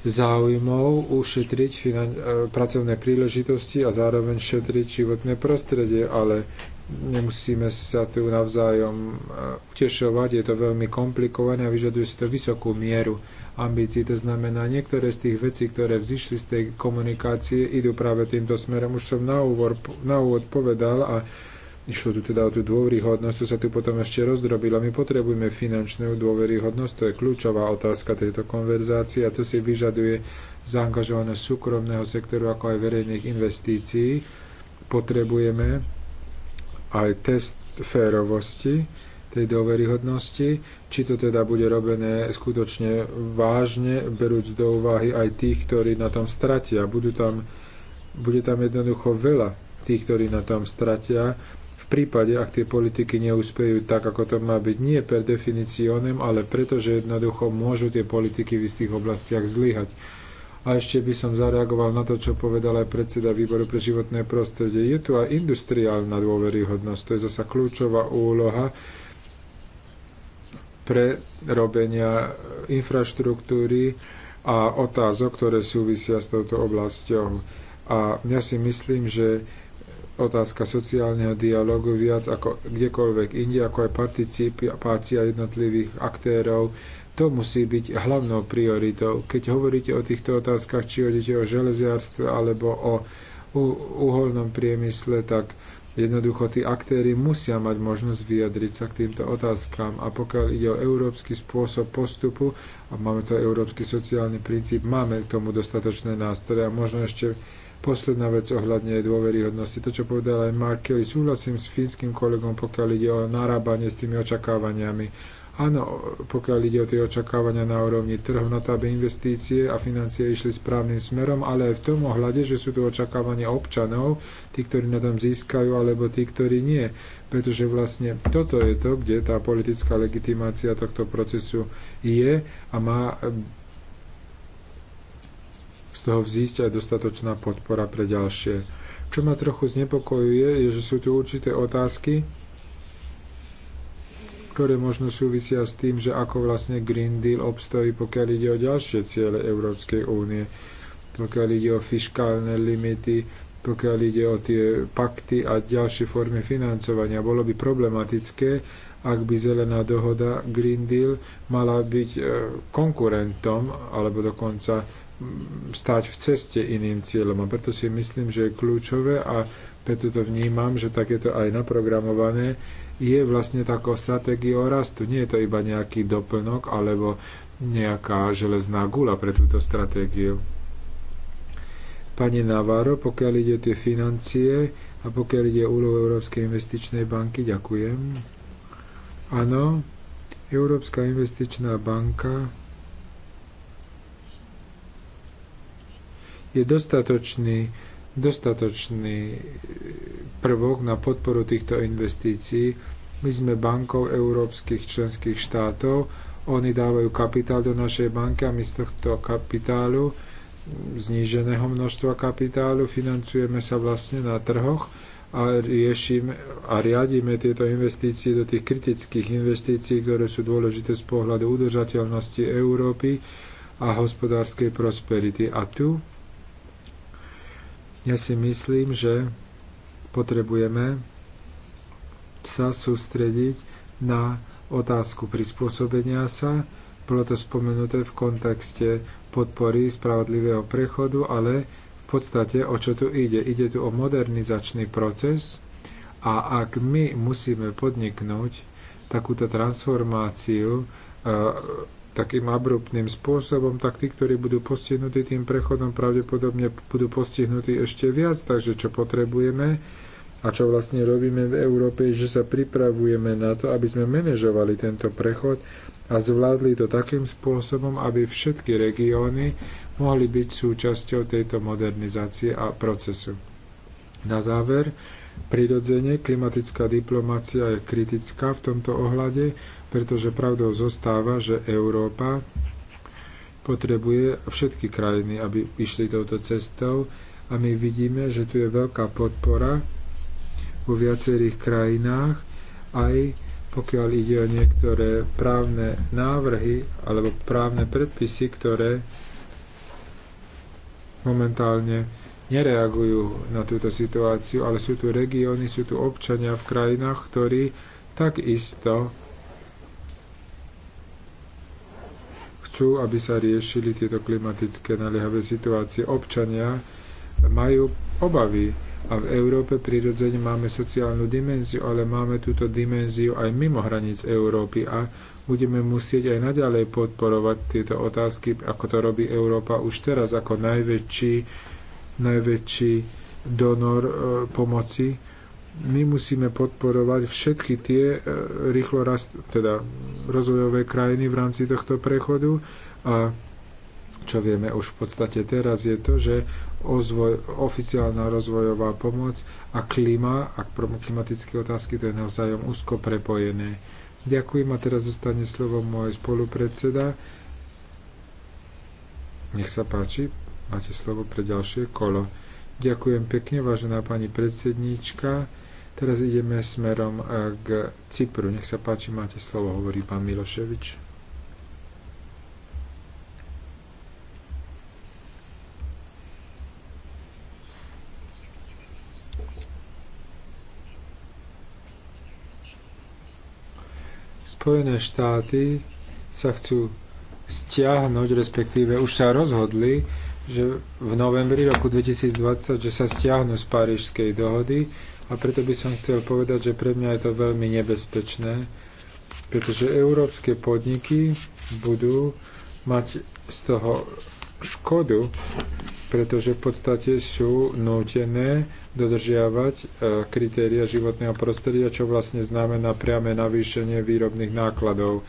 záujmov, ušetriť finan- e, pracovné príležitosti a zároveň šetriť životné prostredie, ale nemusíme sa tu navzájom e, utešovať, je to veľmi komplikované a vyžaduje si to vysokú mieru ambícií. To znamená, niektoré z tých vecí, ktoré vzýšli z tej komunikácie, idú práve týmto smerom. Už som na, úvor, na úvod povedal a Išlo tu teda o tú dôveryhodnosť, to sa tu potom ešte rozdrobilo. My potrebujeme finančnú dôveryhodnosť, to je kľúčová otázka tejto konverzácie a to si vyžaduje zaangažované súkromného sektoru ako aj verejných investícií. Potrebujeme aj test férovosti, tej dôveryhodnosti, či to teda bude robené skutočne vážne, berúc do úvahy aj tých, ktorí na tom stratia. Budú tam, bude tam jednoducho veľa tých, ktorí na tom stratia. V prípade, ak tie politiky neúspejú tak, ako to má byť, nie per definicionem, ale preto, že jednoducho môžu tie politiky v istých oblastiach zlyhať. A ešte by som zareagoval na to, čo povedal aj predseda výboru pre životné prostredie. Je tu aj industriálna dôveryhodnosť, to je zasa kľúčová úloha prerobenia infraštruktúry a otázok, ktoré súvisia s touto oblasťou. A ja si myslím, že otázka sociálneho dialogu viac ako kdekoľvek inde, ako aj participácia jednotlivých aktérov, to musí byť hlavnou prioritou. Keď hovoríte o týchto otázkach, či idete o železiarstve alebo o uholnom priemysle, tak Jednoducho tí aktéry musia mať možnosť vyjadriť sa k týmto otázkam a pokiaľ ide o európsky spôsob postupu a máme to európsky sociálny princíp, máme k tomu dostatočné nástroje a možno ešte Posledná vec ohľadne dôveryhodnosti. To, čo povedal aj Mark Kelly, súhlasím s fínskym kolegom, pokiaľ ide o narábanie s tými očakávaniami. Áno, pokiaľ ide o tie očakávania na úrovni trhu, na to, aby investície a financie išli správnym smerom, ale aj v tom ohľade, že sú tu očakávania občanov, tí, ktorí na tom získajú, alebo tí, ktorí nie. Pretože vlastne toto je to, kde tá politická legitimácia tohto procesu je a má ehm, z toho vzísť aj dostatočná podpora pre ďalšie. Čo ma trochu znepokojuje, je, že sú tu určité otázky, ktoré možno súvisia s tým, že ako vlastne Green Deal obstojí, pokiaľ ide o ďalšie ciele Európskej únie, pokiaľ ide o fiskálne limity, pokiaľ ide o tie pakty a ďalšie formy financovania. Bolo by problematické, ak by zelená dohoda Green Deal mala byť e, konkurentom alebo dokonca mm, stať v ceste iným cieľom. A preto si myslím, že je kľúčové a preto to vnímam, že tak je to aj naprogramované, je vlastne takou stratégiou rastu. Nie je to iba nejaký doplnok alebo nejaká železná gula pre túto stratégiu. Pani Navaro, pokiaľ ide o tie financie a pokiaľ ide o úlohu Európskej investičnej banky, ďakujem. Áno, Európska investičná banka je dostatočný dostatočný e, prvok na podporu týchto investícií. My sme bankou európskych členských štátov, oni dávajú kapitál do našej banky a my z tohto kapitálu, zníženého množstva kapitálu, financujeme sa vlastne na trhoch a riešime a riadíme tieto investície do tých kritických investícií, ktoré sú dôležité z pohľadu udržateľnosti Európy a hospodárskej prosperity. A tu ja si myslím, že potrebujeme sa sústrediť na otázku prispôsobenia sa. Bolo to spomenuté v kontexte podpory spravodlivého prechodu, ale v podstate o čo tu ide? Ide tu o modernizačný proces a ak my musíme podniknúť takúto transformáciu e, takým abruptným spôsobom, tak tí, ktorí budú postihnutí tým prechodom, pravdepodobne budú postihnutí ešte viac. Takže čo potrebujeme a čo vlastne robíme v Európe, že sa pripravujeme na to, aby sme manažovali tento prechod a zvládli to takým spôsobom, aby všetky regióny mohli byť súčasťou tejto modernizácie a procesu. Na záver, prirodzene klimatická diplomácia je kritická v tomto ohľade, pretože pravdou zostáva, že Európa potrebuje všetky krajiny, aby išli touto cestou a my vidíme, že tu je veľká podpora vo viacerých krajinách, aj pokiaľ ide o niektoré právne návrhy alebo právne predpisy, ktoré momentálne nereagujú na túto situáciu, ale sú tu regióny, sú tu občania v krajinách, ktorí takisto chcú, aby sa riešili tieto klimatické naliehavé situácie. Občania majú obavy a v Európe prirodzene máme sociálnu dimenziu, ale máme túto dimenziu aj mimo hraníc Európy a budeme musieť aj naďalej podporovať tieto otázky, ako to robí Európa už teraz ako najväčší, najväčší donor e, pomoci my musíme podporovať všetky tie e, rýchlo rast, teda rozvojové krajiny v rámci tohto prechodu a čo vieme už v podstate teraz je to, že ozvoj, oficiálna rozvojová pomoc a klíma a klimatické otázky to je navzájom úzko prepojené. Ďakujem a teraz zostane slovo môj spolupredseda. Nech sa páči, máte slovo pre ďalšie kolo. Ďakujem pekne, vážená pani predsedníčka. Teraz ideme smerom e, k Cypru. Nech sa páči, máte slovo, hovorí pán Miloševič. Spojené štáty sa chcú stiahnuť, respektíve už sa rozhodli, že v novembri roku 2020, že sa stiahnu z Parížskej dohody a preto by som chcel povedať, že pre mňa je to veľmi nebezpečné, pretože európske podniky budú mať z toho škodu, pretože v podstate sú nútené dodržiavať e, kritéria životného prostredia, čo vlastne znamená priame navýšenie výrobných nákladov.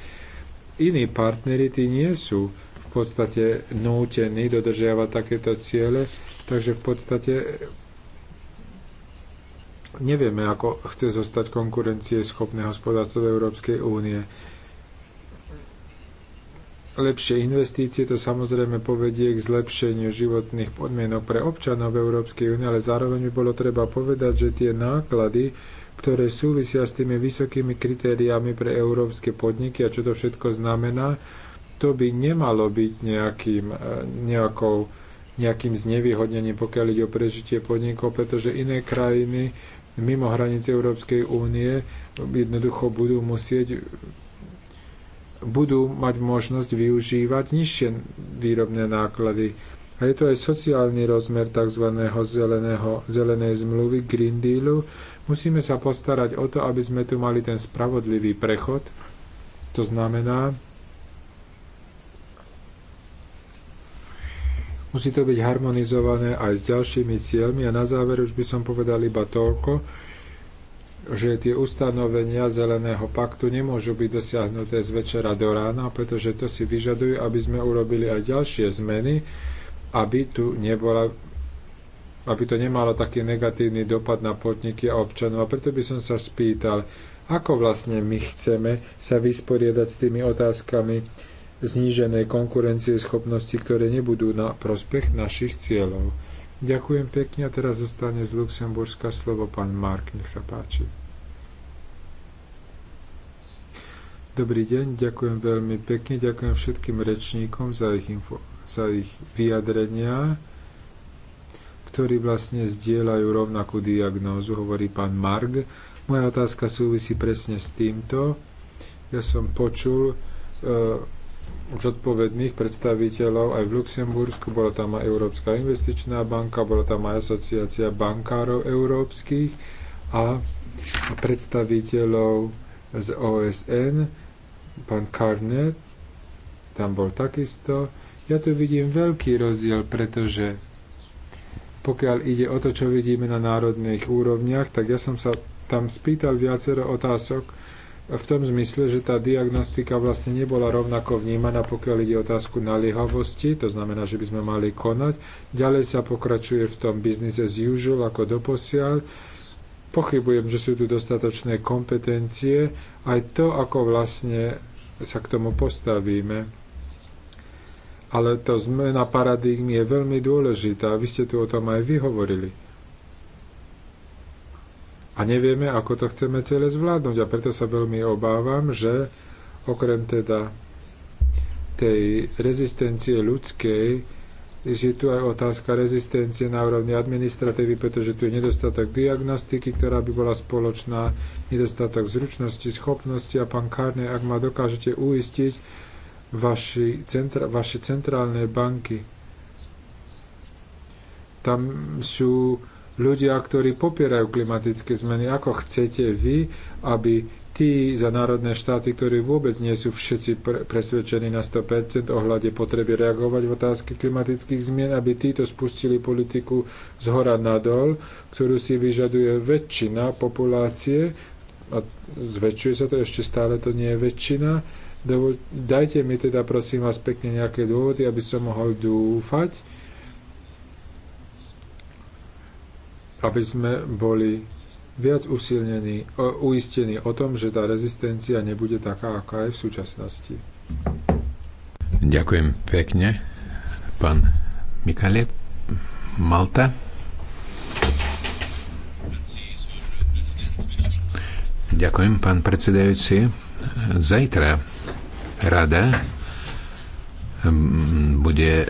Iní partnery tí nie sú v podstate nútení dodržiavať takéto ciele, takže v podstate nevieme, ako chce zostať konkurencieschopné hospodárstvo Európskej únie. Lepšie investície to samozrejme povedie k zlepšeniu životných podmienok pre občanov Európskej únie, ale zároveň by bolo treba povedať, že tie náklady, ktoré súvisia s tými vysokými kritériami pre európske podniky a čo to všetko znamená, to by nemalo byť nejakým, e, nejakou, nejakým znevýhodnením, pokiaľ ide o prežitie podnikov, pretože iné krajiny mimo hranice Európskej únie jednoducho budú musieť budú mať možnosť využívať nižšie výrobné náklady. A je to aj sociálny rozmer tzv. Zeleného, zelenej zmluvy Green Dealu. Musíme sa postarať o to, aby sme tu mali ten spravodlivý prechod. To znamená, Musí to byť harmonizované aj s ďalšími cieľmi a na záver už by som povedal iba toľko, že tie ustanovenia zeleného paktu nemôžu byť dosiahnuté z večera do rána, pretože to si vyžadujú, aby sme urobili aj ďalšie zmeny, aby tu nebola aby to nemalo taký negatívny dopad na podniky a občanov. A preto by som sa spýtal, ako vlastne my chceme sa vysporiadať s tými otázkami Znížené konkurencie schopnosti, ktoré nebudú na prospech našich cieľov. Ďakujem pekne a teraz zostane z Luxemburska slovo pán Mark, nech sa páči. Dobrý deň, ďakujem veľmi pekne, ďakujem všetkým rečníkom za ich, info, za ich vyjadrenia, ktorí vlastne zdieľajú rovnakú diagnózu, hovorí pán Marg. Moja otázka súvisí presne s týmto. Ja som počul e, zodpovedných predstaviteľov aj v Luxembursku, bola tam aj Európska investičná banka, bola tam aj asociácia bankárov európskych a predstaviteľov z OSN, pán Karnet, tam bol takisto. Ja tu vidím veľký rozdiel, pretože pokiaľ ide o to, čo vidíme na národných úrovniach, tak ja som sa tam spýtal viacero otázok, v tom zmysle, že tá diagnostika vlastne nebola rovnako vnímaná, pokiaľ ide otázku naliehavosti, to znamená, že by sme mali konať. Ďalej sa pokračuje v tom business as usual ako doposiaľ. Pochybujem, že sú tu dostatočné kompetencie, aj to, ako vlastne sa k tomu postavíme. Ale to zmena paradigmy je veľmi dôležitá. Vy ste tu o tom aj vyhovorili a nevieme, ako to chceme celé zvládnuť. A preto sa veľmi obávam, že okrem teda tej rezistencie ľudskej, je tu aj otázka rezistencie na úrovni administratívy, pretože tu je nedostatok diagnostiky, ktorá by bola spoločná, nedostatok zručnosti, schopnosti a pán Kárnej, ak ma dokážete uistiť, vaši centra, vaše centrálne banky tam sú ľudia, ktorí popierajú klimatické zmeny. Ako chcete vy, aby tí za národné štáty, ktorí vôbec nie sú všetci presvedčení na 100% ohľade potreby reagovať v otázky klimatických zmien, aby títo spustili politiku z hora nadol, ktorú si vyžaduje väčšina populácie, a zväčšuje sa to, ešte stále to nie je väčšina, Dajte mi teda prosím vás pekne nejaké dôvody, aby som mohol dúfať, aby sme boli viac usilnení, uistení o tom, že tá rezistencia nebude taká, aká je v súčasnosti. Ďakujem pekne. Pán Mikale, Malta. Ďakujem, pán predsedajúci. Zajtra rada bude e,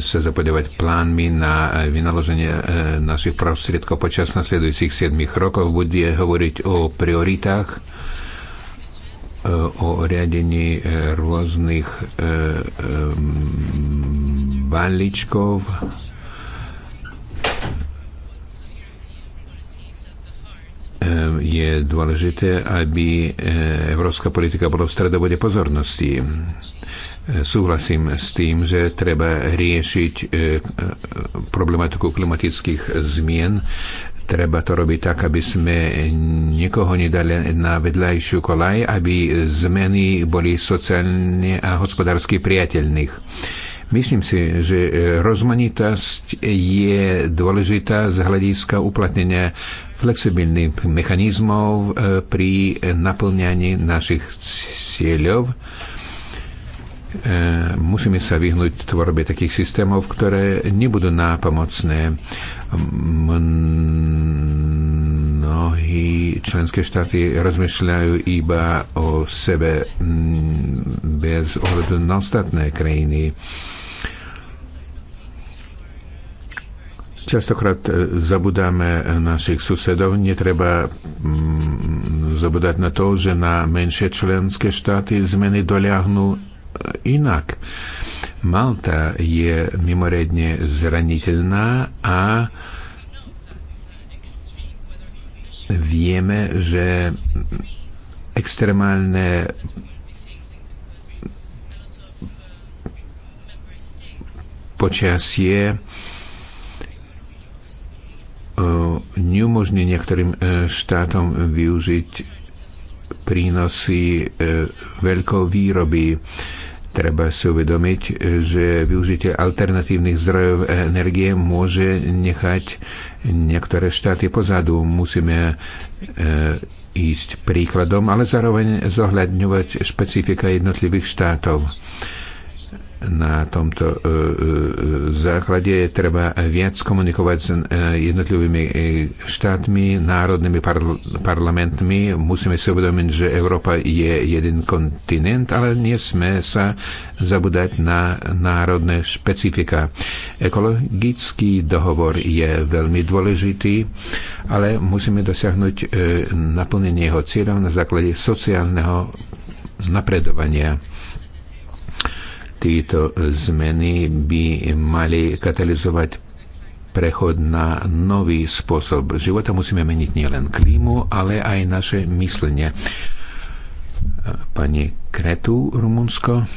sa zapodevať plánmi na e, vynaloženie e, našich prostriedkov počas nasledujúcich 7 rokov, bude hovoriť o prioritách, o riadení rôznych balíčkov, je dôležité, aby európska politika bola v stredobode pozornosti Súhlasím s tým, že treba riešiť e, e, problematiku klimatických zmien. Treba to robiť tak, aby sme nikoho nedali na vedľajšiu kolaj, aby zmeny boli sociálne a hospodársky priateľných. Myslím si, že rozmanitosť je dôležitá z hľadiska uplatnenia flexibilných mechanizmov e, pri naplňaní našich cieľov E, musíme sa vyhnúť tvorbe takých systémov, ktoré nebudú nápomocné. Mnohí členské štáty rozmýšľajú iba o sebe bez ohľadu na ostatné krajiny. Častokrát e, zabudáme našich susedov. Netreba zabúdať na to, že na menšie členské štáty zmeny doľahnú inak. Malta je mimoriadne zraniteľná a vieme, že extrémálne počasie e, neumožní niektorým e, štátom využiť prínosy e, veľkou výroby. Treba si uvedomiť, že využitie alternatívnych zdrojov energie môže nechať niektoré štáty pozadu. Musíme e, ísť príkladom, ale zároveň zohľadňovať špecifika jednotlivých štátov na tomto e, e, základe treba viac komunikovať s e, jednotlivými štátmi, národnými parl- parlamentmi. Musíme si uvedomiť, že Európa je jeden kontinent, ale nesme sa zabúdať na národné špecifika. Ekologický dohovor je veľmi dôležitý, ale musíme dosiahnuť naplnenie jeho cieľov na základe sociálneho napredovania tieto zmeny by mali katalizovať prechod na nový spôsob života. Musíme meniť nielen klímu, ale aj naše myslenie. Pani Kretu, Rumunsko.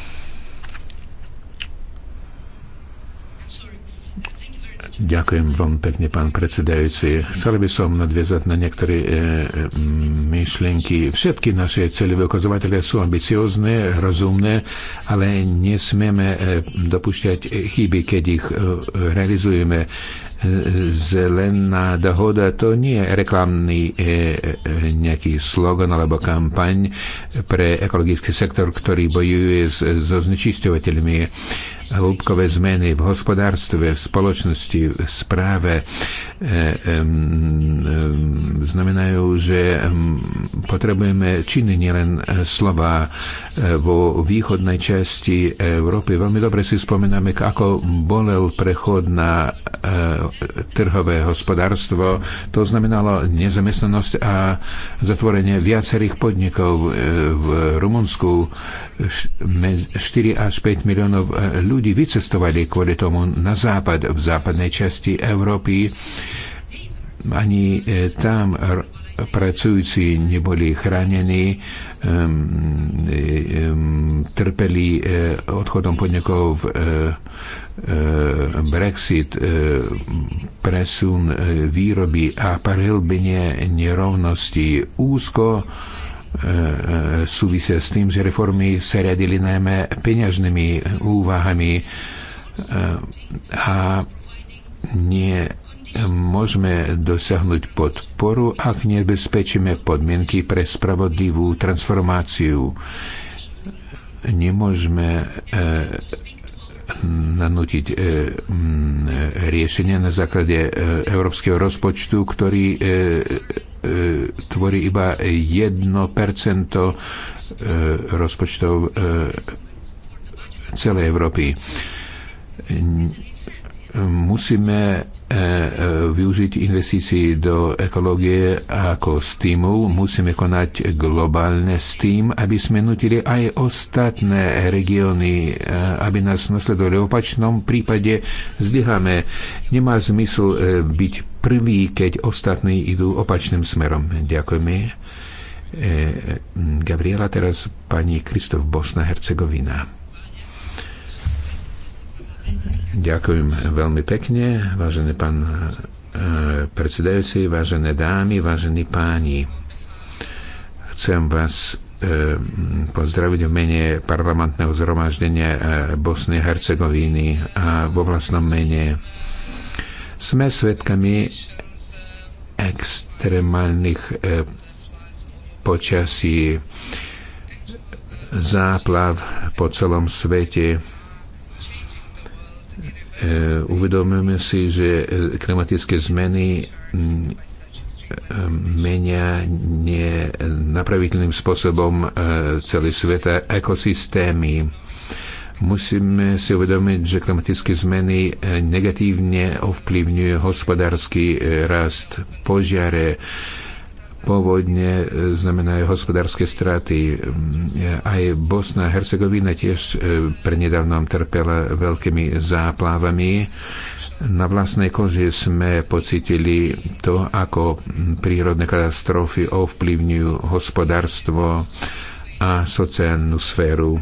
Ďakujem vám pekne, pán predsedajúci. Chcel by som nadviezať na niektoré e, e myšlienky. Všetky naše celé ukazovatele sú ambiciozne, rozumné, ale nesmieme e, dopúšťať chyby, keď ich e, realizujeme zelená dohoda to nie je reklamný e, e, nejaký slogan alebo kampaň pre ekologický sektor, ktorý bojuje so znečistovateľmi. Hĺbkové zmeny v hospodárstve, v spoločnosti, v správe e, e, e, znamenajú, že potrebujeme činy, nielen e, slova. E, vo východnej časti Európy veľmi dobre si spomíname, ako bolel prechod na e, trhové hospodárstvo. To znamenalo nezamestnanosť a zatvorenie viacerých podnikov e, v Rumunsku. 4 až 5 miliónov e, ľudí vycestovali kvôli tomu na západ, v západnej časti Európy. Ani e, tam pracujúci neboli chránení, trpeli eh, odchodom podnikov eh, eh, Brexit, presun výroby a prehlbenie nerovnosti úzko súvisia s tým, že reformy sa riadili najmä peňažnými úvahami a nie môžeme dosiahnuť podporu, ak nebezpečíme podmienky pre spravodlivú transformáciu. Nemôžeme e, nanútiť e, riešenia na základe e, európskeho rozpočtu, ktorý e, e, tvorí iba 1% e, rozpočtov celej Európy musíme e, e, využiť investícií do ekológie ako stimul, musíme konať globálne s tým, aby sme nutili aj ostatné regióny, e, aby nás nasledovali. V opačnom prípade zdyháme. Nemá zmysl byť prvý, keď ostatní idú opačným smerom. Ďakujeme. Gabriela, teraz pani Kristof Bosna-Hercegovina. Ďakujem veľmi pekne, vážený pán e, predsedajúci, vážené dámy, vážení páni. Chcem vás e, pozdraviť v mene parlamentného zhromaždenia e, Bosny a Hercegoviny a vo vlastnom mene. Sme svedkami extrémnych počasí, záplav po celom svete, E, uvedomujeme si, že e, klimatické zmeny e, menia nenapraviteľným spôsobom celý svet a ekosystémy. Musíme si uvedomiť, že klimatické zmeny negatívne ovplyvňujú hospodársky rast, požiare, povodne znamená aj hospodárske straty. E, aj Bosna a Hercegovina tiež e, prednedávnom trpela veľkými záplavami. Na vlastnej koži sme pocitili to, ako prírodné katastrofy ovplyvňujú hospodárstvo a sociálnu sféru.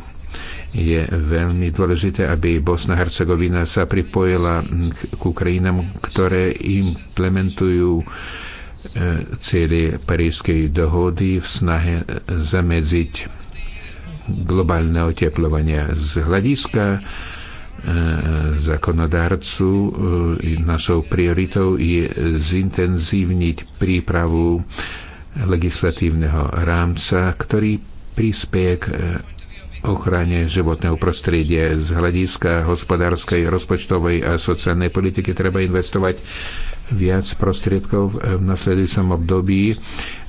Je veľmi dôležité, aby Bosna a Hercegovina sa pripojila k Ukrajinám, ktoré implementujú cieľe Parížskej dohody v snahe zamedziť globálne oteplovanie. Z hľadiska e, zákonodárcu e, našou prioritou je zintenzívniť prípravu legislatívneho rámca, ktorý prispieje k e, ochrane životného prostredia. Z hľadiska hospodárskej, rozpočtovej a sociálnej politiky treba investovať viac prostriedkov eh, v nasledujúcom období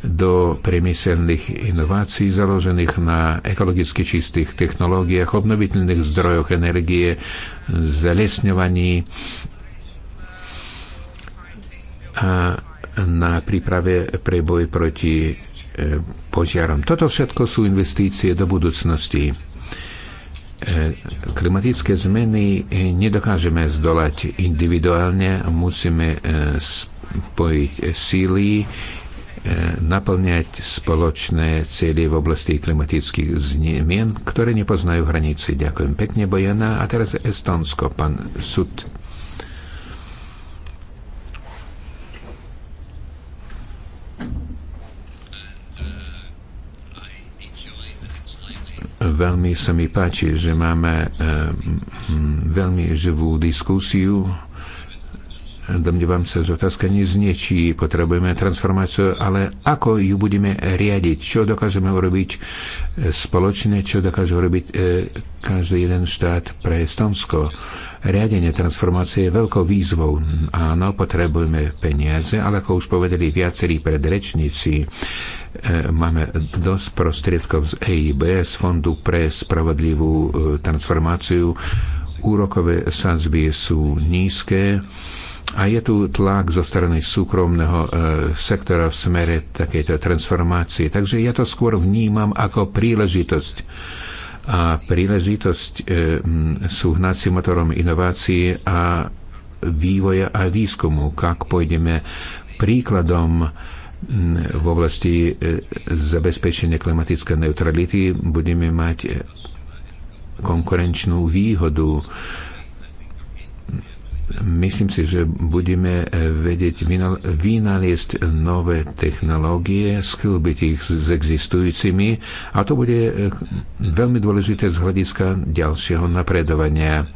do priemyselných inovácií založených na ekologicky čistých technológiách, obnoviteľných zdrojoch energie, zalesňovaní a na príprave pre boj proti eh, požiarom. Toto všetko sú investície do budúcnosti. E, klimatické zmeny e, nedokážeme zdolať individuálne, musíme e, spojiť síly, naplňať spoločné cieľe v oblasti klimatických zmien, ktoré nepoznajú hranici. Ďakujem pekne, Bojana. A teraz Estonsko, pán Sud. Veľmi sa mi páči, že máme e, veľmi živú diskusiu. Domnievam sa, že otázka neznie, či potrebujeme transformáciu, ale ako ju budeme riadiť, čo dokážeme urobiť e, spoločne, čo dokáže urobiť e, každý jeden štát pre Estonsko Riadenie transformácie je veľkou výzvou. Áno, potrebujeme peniaze, ale ako už povedali viacerí predrečníci, e, máme dosť prostriedkov z EIB, z Fondu pre spravodlivú e, transformáciu. Úrokové sadzby sú nízke. A je tu tlak zo strany súkromného e, sektora v smere takejto transformácie. Takže ja to skôr vnímam ako príležitosť a príležitosť e, sú hnacím motorom inovácií a vývoja a výskumu, ak pôjdeme príkladom v oblasti e, zabezpečenia klimatické neutrality budeme mať e, konkurenčnú výhodu Myslím si, že budeme eh, vedieť vynaliesť nové technológie, sklbiť ich s existujúcimi a to bude eh, veľmi dôležité z hľadiska ďalšieho napredovania.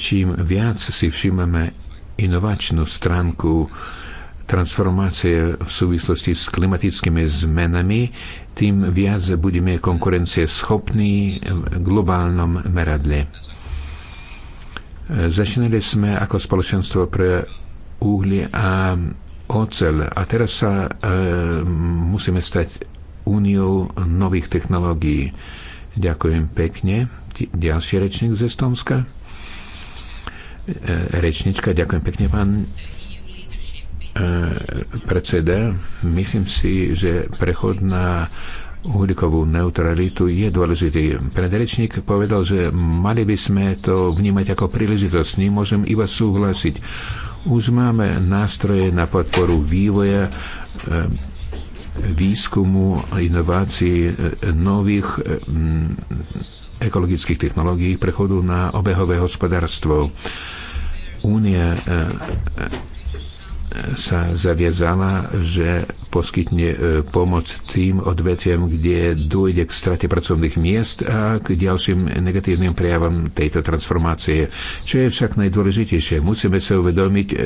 Čím viac si všímame inovačnú stránku transformácie v súvislosti s klimatickými zmenami, tým viac budeme konkurencie schopní v globálnom meradle. Začínali sme ako spoločenstvo pre uhlie a ocel a teraz sa e, musíme stať úniou nových technológií. Ďakujem pekne. Ďalší rečník z Estonska. E, rečnička, ďakujem pekne, pán e, predseda. Myslím si, že prechod na uhlíkovú neutralitu je dôležitý. Predrečník povedal, že mali by sme to vnímať ako príležitosť. Nemôžem iba súhlasiť. Už máme nástroje na podporu vývoja, eh, výskumu, inovácií eh, nových eh, ekologických technológií, prechodu na obehové hospodárstvo. Únia sa zaviazala, že poskytne e, pomoc tým odvetiam, kde dôjde k strate pracovných miest a k ďalším negatívnym prejavom tejto transformácie. Čo je však najdôležitejšie? Musíme sa uvedomiť e,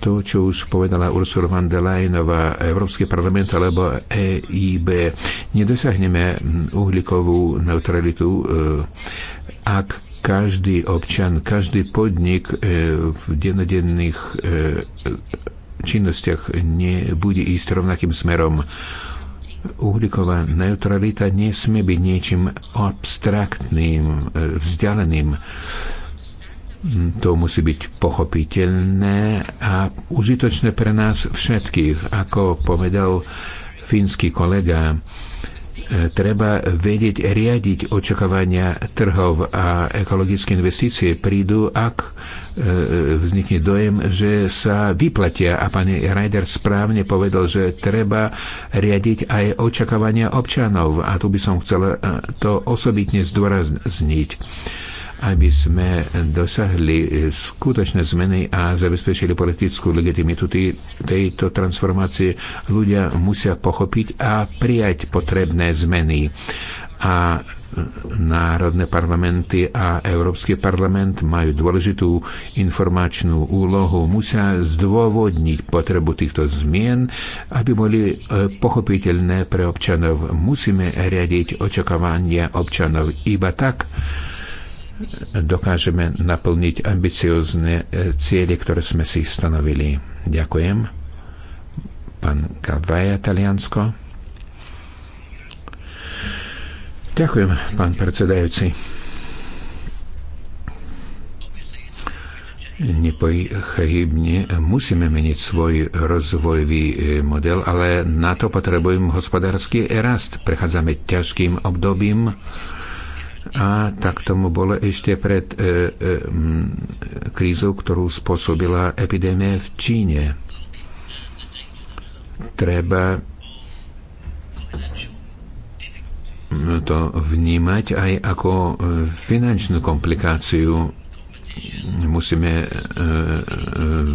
to, čo už povedala Ursula von der Leyenová, Európsky parlament alebo EIB. Nedosiahneme uhlíkovú neutralitu, e, ak každý občan, každý podnik e, v denodenných e, činnostiach nebude ísť rovnakým smerom. Uhlíková neutralita nesmie byť niečím abstraktným, e, vzdialeným. To musí byť pochopiteľné a užitočné pre nás všetkých. Ako povedal fínsky kolega, Treba vedieť riadiť očakávania trhov a ekologické investície prídu, ak e, vznikne dojem, že sa vyplatia. A pani Ryder správne povedal, že treba riadiť aj očakávania občanov. A tu by som chcel e, to osobitne zdôrazniť aby sme dosahli e, skutočné zmeny a zabezpečili politickú legitimitu tejto transformácie, ľudia musia pochopiť a prijať potrebné zmeny. A národné parlamenty a Európsky parlament majú dôležitú informačnú úlohu. Musia zdôvodniť potrebu týchto zmien, aby boli e, pochopiteľné pre občanov. Musíme riadiť očakávania občanov iba tak, dokážeme naplniť ambiciozne e, cieľe, ktoré sme si stanovili. Ďakujem. Pán Calvaja, Taliansko. Ďakujem, pán predsedajúci. Nepochybne musíme meniť svoj rozvojový e, model, ale na to potrebujem hospodársky rast. Prechádzame ťažkým obdobím a tak tomu bolo ešte pred e, e, krízou, ktorú spôsobila epidémia v Číne. Treba to vnímať aj ako e, finančnú komplikáciu musíme e, e,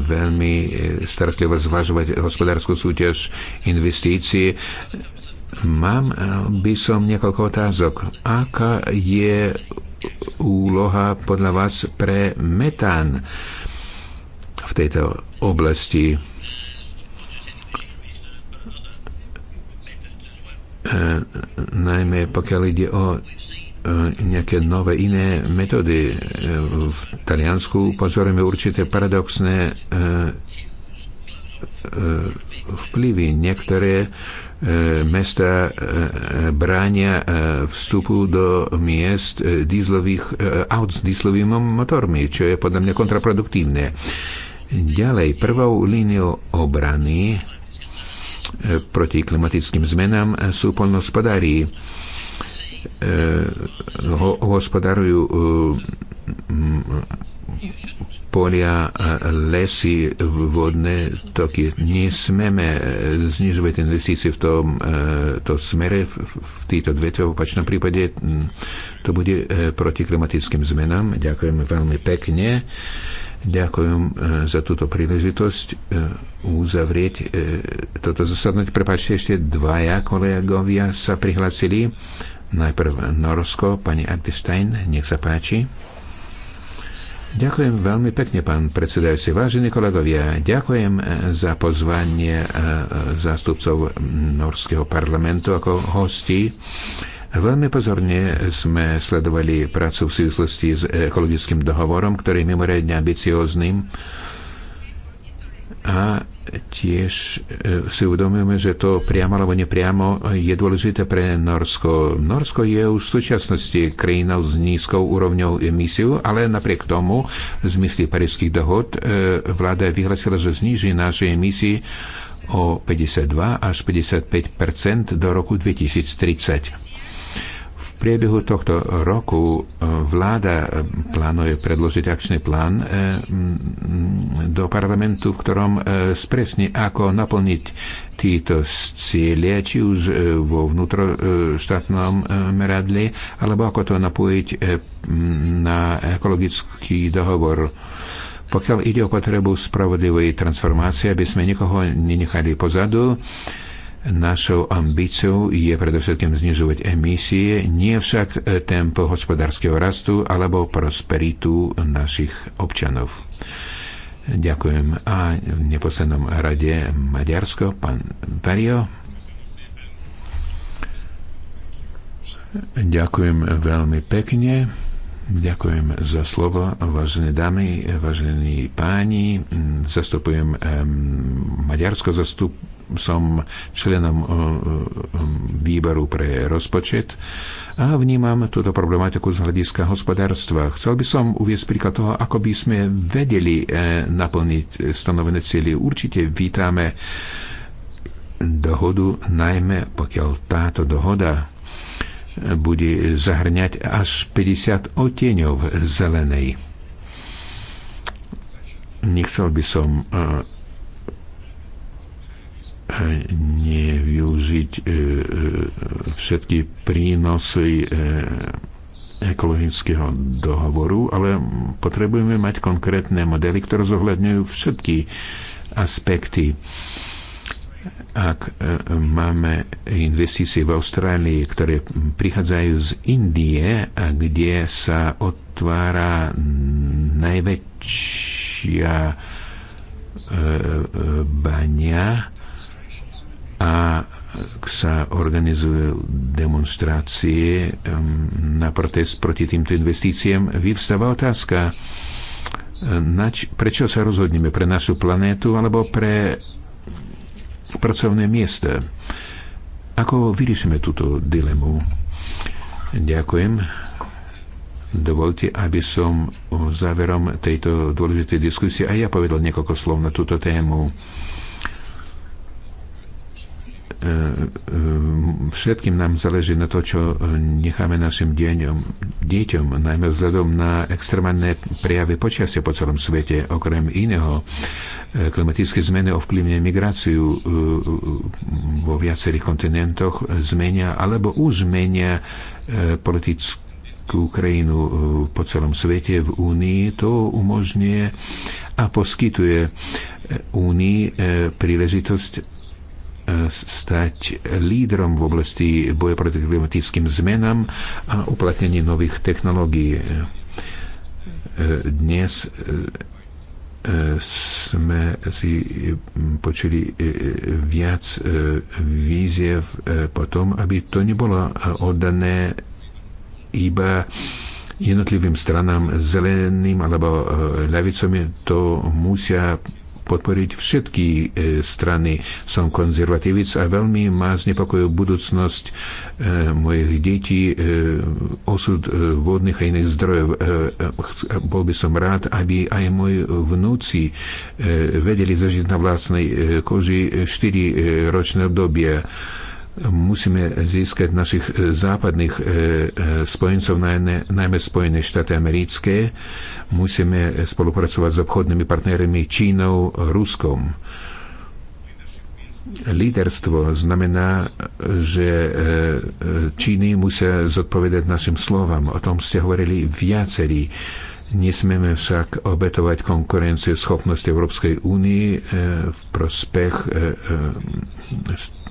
veľmi starostlivo zvažovať hospodárskú súťaž, investície, Mám eh, by som niekoľko otázok. Aká je úloha podľa vás pre metán v tejto oblasti? E, najmä pokiaľ ide o e, nejaké nové iné metódy. E, v Taliansku pozorujeme určité paradoxné e, e, vplyvy. Niektoré e, E, mesta e, e, brania vstupu do miest dieslových aut s dieslovými motormi, čo je podľa mňa kontraproduktívne. Ďalej, prvou líniou obrany proti klimatickým zmenám sú polnospodári. hospodarujú polia, e, lesy, vodné toky. Nesmeme e, znižovať investície v tom e, to smere, v týto dve V opačnom prípade to bude proti klimatickým zmenám. Ďakujem veľmi pekne. Ďakujem za túto príležitosť uzavrieť toto zasadnutie. Prepačte, ešte dvaja kolegovia sa prihlasili. Najprv Norsko, pani Agdestein, nech sa páči. Ďakujem veľmi pekne, pán predsedajúci. Vážení kolegovia, ďakujem eh, za pozvanie eh, eh, zástupcov mm, Norského parlamentu ako hostí. Veľmi pozorne sme sledovali prácu v súvislosti s ekologickým dohovorom, ktorý je mimoriadne ambiciózny a tiež e, si uvedomujeme, že to priamo alebo nepriamo je dôležité pre Norsko. Norsko je už v súčasnosti krajinou s nízkou úrovňou emisiu, ale napriek tomu v zmysle parížských dohod e, vláda vyhlasila, že zniží naše emisie o 52 až 55 do roku 2030 priebehu tohto roku e, vláda e, plánuje predložiť akčný plán e, do parlamentu, v ktorom spresní, ako naplniť títo cieľe, či už vo vnútroštátnom meradli, alebo ako to napojiť na ekologický dohovor. Pokiaľ ide o potrebu spravodlivej transformácie, aby sme nikoho nenechali pozadu, Našou ambíciou je predovšetkým znižovať emisie, nie však e, tempo hospodárskeho rastu alebo prosperitu našich občanov. Ďakujem. A v neposlednom rade Maďarsko, pán Perio. Ďakujem veľmi pekne. Ďakujem za slovo, vážené dámy, vážení páni. Zastupujem Maďarsko, zastupujem som členom e, e, výboru pre rozpočet a vnímam túto problematiku z hľadiska hospodárstva. Chcel by som uviesť príklad toho, ako by sme vedeli e, naplniť stanovené cieľy. Určite vítame dohodu, najmä pokiaľ táto dohoda bude zahrňať až 50 oteňov zelenej. Nechcel by som nevyužiť e, e, všetky prínosy e, ekologického dohovoru, ale potrebujeme mať konkrétne modely, ktoré zohľadňujú všetky aspekty. Ak máme investície v Austrálii, ktoré prichádzajú z Indie a kde sa otvára najväčšia bania, a sa organizujú demonstrácie na protest proti týmto investíciám, vyvstáva otázka, nač, prečo sa rozhodneme pre našu planétu alebo pre pracovné miesta. Ako vyriešime túto dilemu? Ďakujem. Dovolte, aby som záverom tejto dôležitej diskusie aj ja povedal niekoľko slov na túto tému. E, e, všetkým nám záleží na to, čo necháme našim deňom, deťom, najmä vzhľadom na extrémne prejavy počasia po celom svete. Okrem iného, e, klimatické zmeny ovplyvňujú migráciu vo viacerých kontinentoch, zmenia alebo už zmenia politické Ukrajinu po celom svete v Únii, to umožňuje a poskytuje Únii príležitosť stať lídrom v oblasti boja proti klimatickým zmenám a uplatnení nových technológií. E, dnes e, sme si počuli e, viac víziev po tom, aby to nebolo oddané iba jednotlivým stranám zeleným alebo ľavicom. To musia podporiť všetky e, strany. Som konzervatívec a veľmi ma znepokojú budúcnosť e, mojich detí, e, osud vodných a iných zdrojov. Bol by som rád, aby aj moji vnúci vedeli zažiť na vlastnej koži 4 ročné obdobie. Musíme získať našich e, západných e, e, spojencov, najmä Spojené štáty americké. Musíme spolupracovať s obchodnými partnermi Čínou, Ruskom. Líderstvo znamená, že Číny musia zodpovedať našim slovám. O tom ste hovorili viacerí. Nesmieme však obetovať konkurencie schopnosti Európskej únie v prospech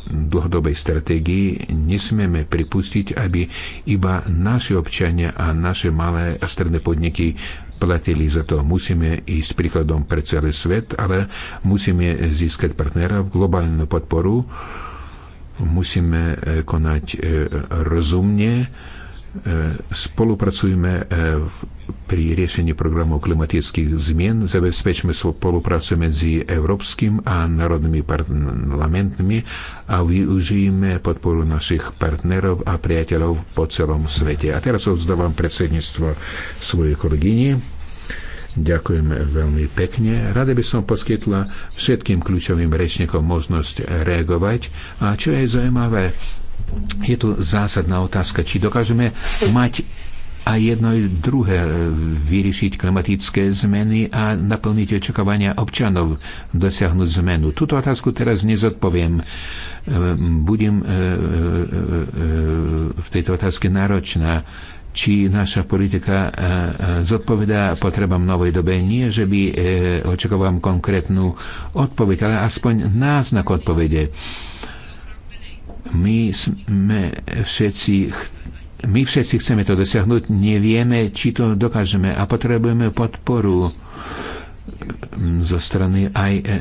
dlhodobej stratégii nesmieme pripustiť, aby iba naši občania a naše malé a stredné podniky platili za to. Musíme ísť príkladom pre celý svet, ale musíme získať partnera v globálnu podporu, musíme eh, konať eh, rozumne, E, spolupracujme e, pri riešení programov klimatických zmien, zabezpečme spoluprácu medzi európskym a národnými parlamentmi a využijeme podporu našich partnerov a priateľov po celom svete. A teraz odzdávam predsedníctvo svojej kolegyni. Ďakujem veľmi pekne. Rada by som poskytla všetkým kľúčovým rečníkom možnosť reagovať. A čo je zaujímavé, je to zásadná otázka, či dokážeme mať a jedno i druhé e, vyriešiť klimatické zmeny a naplniť očakávania občanov, dosiahnuť zmenu. Tuto otázku teraz nezodpoviem. E, budem e, v tejto otázke náročná či naša politika zodpovedá potrebám novej dobe. Nie, že by očakávam konkrétnu odpoveď, ale aspoň náznak odpovede. My sme všetci my všetci chceme to dosiahnuť, nevieme, či to dokážeme a potrebujeme podporu zo strany aj e, e,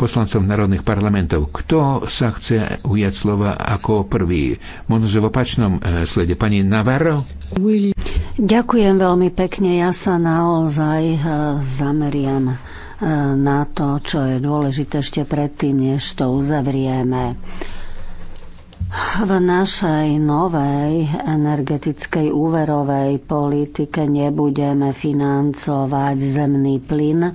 poslancov národných parlamentov. Kto sa chce ujať slova ako prvý? Možno, že v opačnom e, slede. Pani Navarro? Ďakujem veľmi pekne. Ja sa naozaj e, zameriam E, na to, čo je dôležité ešte predtým, než to uzavrieme. V našej novej energetickej úverovej politike nebudeme financovať zemný plyn.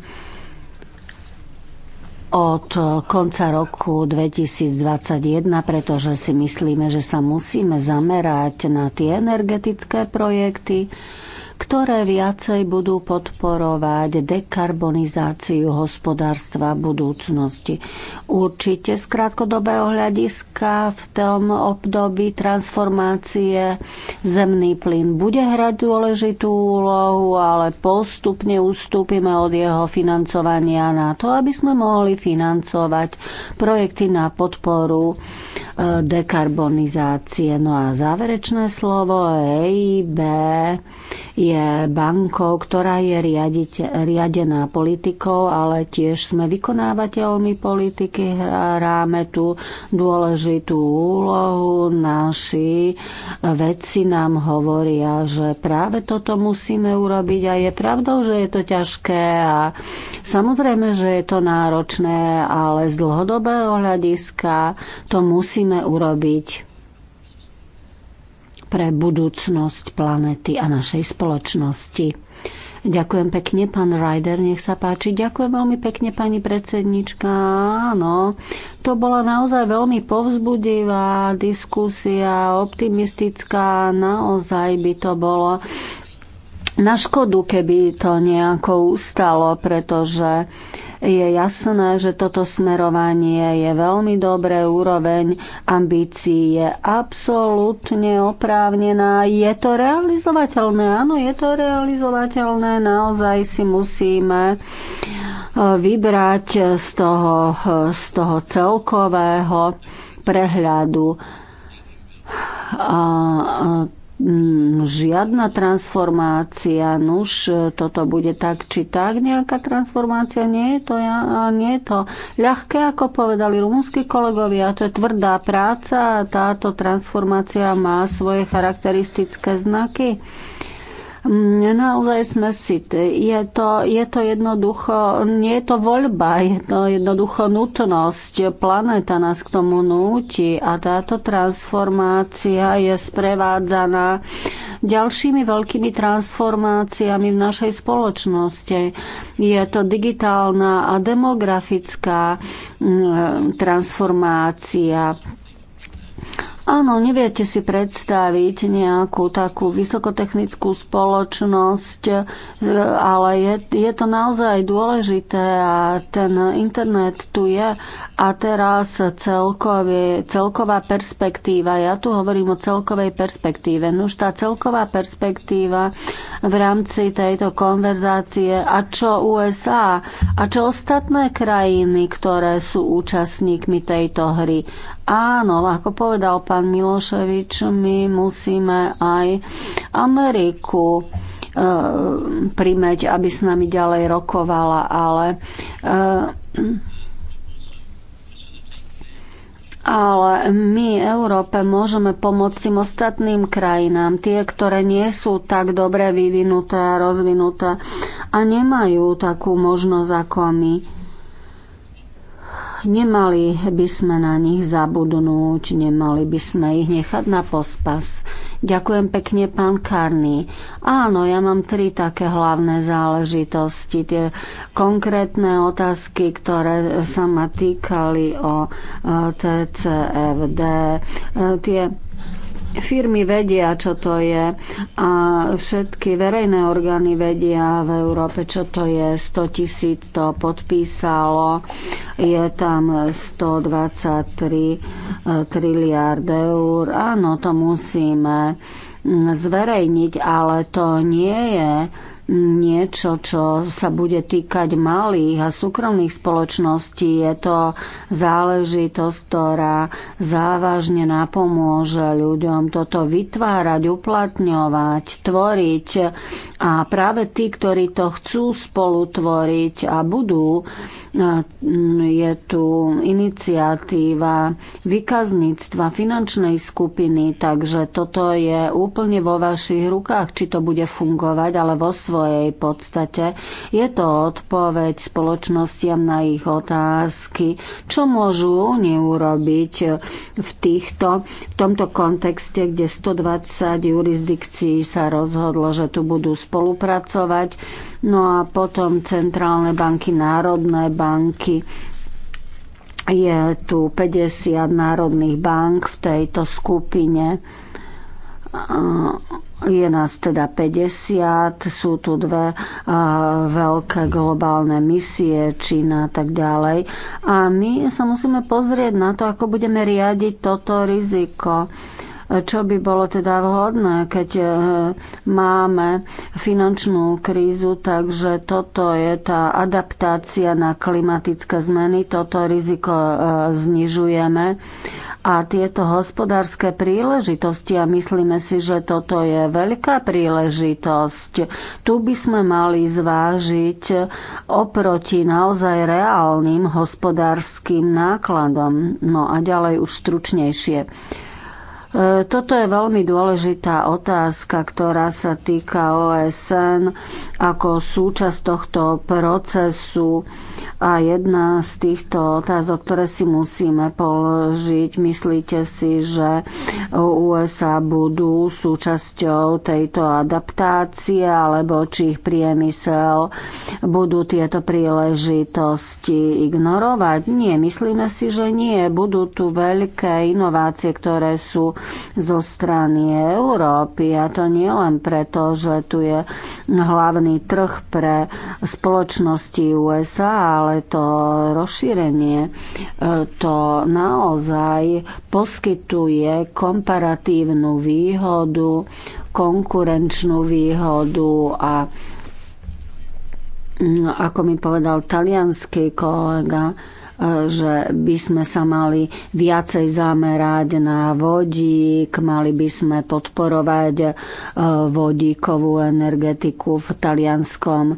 Od konca roku 2021, pretože si myslíme, že sa musíme zamerať na tie energetické projekty, ktoré viacej budú podporovať dekarbonizáciu hospodárstva budúcnosti. Určite z krátkodobého hľadiska v tom období transformácie zemný plyn bude hrať dôležitú úlohu, ale postupne ustúpime od jeho financovania na to, aby sme mohli financovať projekty na podporu e, dekarbonizácie. No a záverečné slovo EIB je je bankou, ktorá je riadite, riadená politikou, ale tiež sme vykonávateľmi politiky, hráme tú dôležitú úlohu. Naši vedci nám hovoria, že práve toto musíme urobiť a je pravdou, že je to ťažké a samozrejme, že je to náročné, ale z dlhodobého hľadiska to musíme urobiť pre budúcnosť planety a našej spoločnosti. Ďakujem pekne, pán Ryder, nech sa páči. Ďakujem veľmi pekne, pani predsednička. Áno, to bola naozaj veľmi povzbudivá diskusia, optimistická, naozaj by to bolo na škodu, keby to nejako ustalo, pretože uh, je jasné, že toto smerovanie je veľmi dobré, úroveň ambícií je absolútne oprávnená. Je to realizovateľné? Áno, je to realizovateľné. Naozaj si musíme e, vybrať z toho, e, z toho celkového prehľadu Mm, žiadna transformácia, nuž e, toto bude tak či tak, nejaká transformácia, nie je to, ja, nie je to ľahké, ako povedali rumúnsky kolegovia, to je tvrdá práca a táto transformácia má svoje charakteristické znaky. Naozaj sme si, je to, je to jednoducho, nie je to voľba, je to jednoducho nutnosť. Planéta nás k tomu núti a táto transformácia je sprevádzaná ďalšími veľkými transformáciami v našej spoločnosti. Je to digitálna a demografická mm, transformácia Áno, neviete si predstaviť nejakú takú vysokotechnickú spoločnosť, e, ale je, je to naozaj dôležité a ten internet tu je. A teraz celkové, celková perspektíva. Ja tu hovorím o celkovej perspektíve. No už tá celková perspektíva v rámci tejto konverzácie a čo USA a čo ostatné krajiny, ktoré sú účastníkmi tejto hry. Áno, ako povedal pán Miloševič, my musíme aj Ameriku e, primeť, aby s nami ďalej rokovala, ale e, ale my Európe môžeme pomôcť tým ostatným krajinám, tie, ktoré nie sú tak dobre vyvinuté a rozvinuté a nemajú takú možnosť ako my. Nemali by sme na nich zabudnúť, nemali by sme ich nechať na pospas. Ďakujem pekne, pán Karný. Áno, ja mám tri také hlavné záležitosti. Tie konkrétne otázky, ktoré sa ma týkali o e, TCFD, e, tie firmy vedia, čo to je a všetky verejné orgány vedia v Európe, čo to je. 100 tisíc to podpísalo, je tam 123 e, triliard eur. Áno, to musíme zverejniť, ale to nie je niečo, čo sa bude týkať malých a súkromných spoločností. Je to záležitosť, ktorá závažne napomôže ľuďom toto vytvárať, uplatňovať, tvoriť. A práve tí, ktorí to chcú spolu a budú, je tu iniciatíva vykazníctva finančnej skupiny, takže toto je úplne vo vašich rukách, či to bude fungovať, ale vo svojom svojej podstate. Je to odpoveď spoločnostiam na ich otázky, čo môžu oni urobiť v, týchto, v tomto kontexte, kde 120 jurisdikcií sa rozhodlo, že tu budú spolupracovať. No a potom centrálne banky, národné banky, je tu 50 národných bank v tejto skupine je nás teda 50, sú tu dve veľké globálne misie, Čína a tak ďalej. A my sa musíme pozrieť na to, ako budeme riadiť toto riziko čo by bolo teda vhodné, keď e, máme finančnú krízu, takže toto je tá adaptácia na klimatické zmeny, toto riziko e, znižujeme a tieto hospodárske príležitosti a myslíme si, že toto je veľká príležitosť. Tu by sme mali zvážiť oproti naozaj reálnym hospodárskym nákladom. No a ďalej už stručnejšie. Toto je veľmi dôležitá otázka, ktorá sa týka OSN ako súčasť tohto procesu a jedna z týchto otázok, ktoré si musíme položiť. Myslíte si, že USA budú súčasťou tejto adaptácie alebo či ich priemysel budú tieto príležitosti ignorovať? Nie, myslíme si, že nie. Budú tu veľké inovácie, ktoré sú zo strany Európy. A to nie len preto, že tu je hlavný trh pre spoločnosti USA, ale to rozšírenie e, to naozaj poskytuje komparatívnu výhodu, konkurenčnú výhodu a mm, ako mi povedal talianský kolega, že by sme sa mali viacej zamerať na vodík, mali by sme podporovať e, vodíkovú energetiku v talianskom e,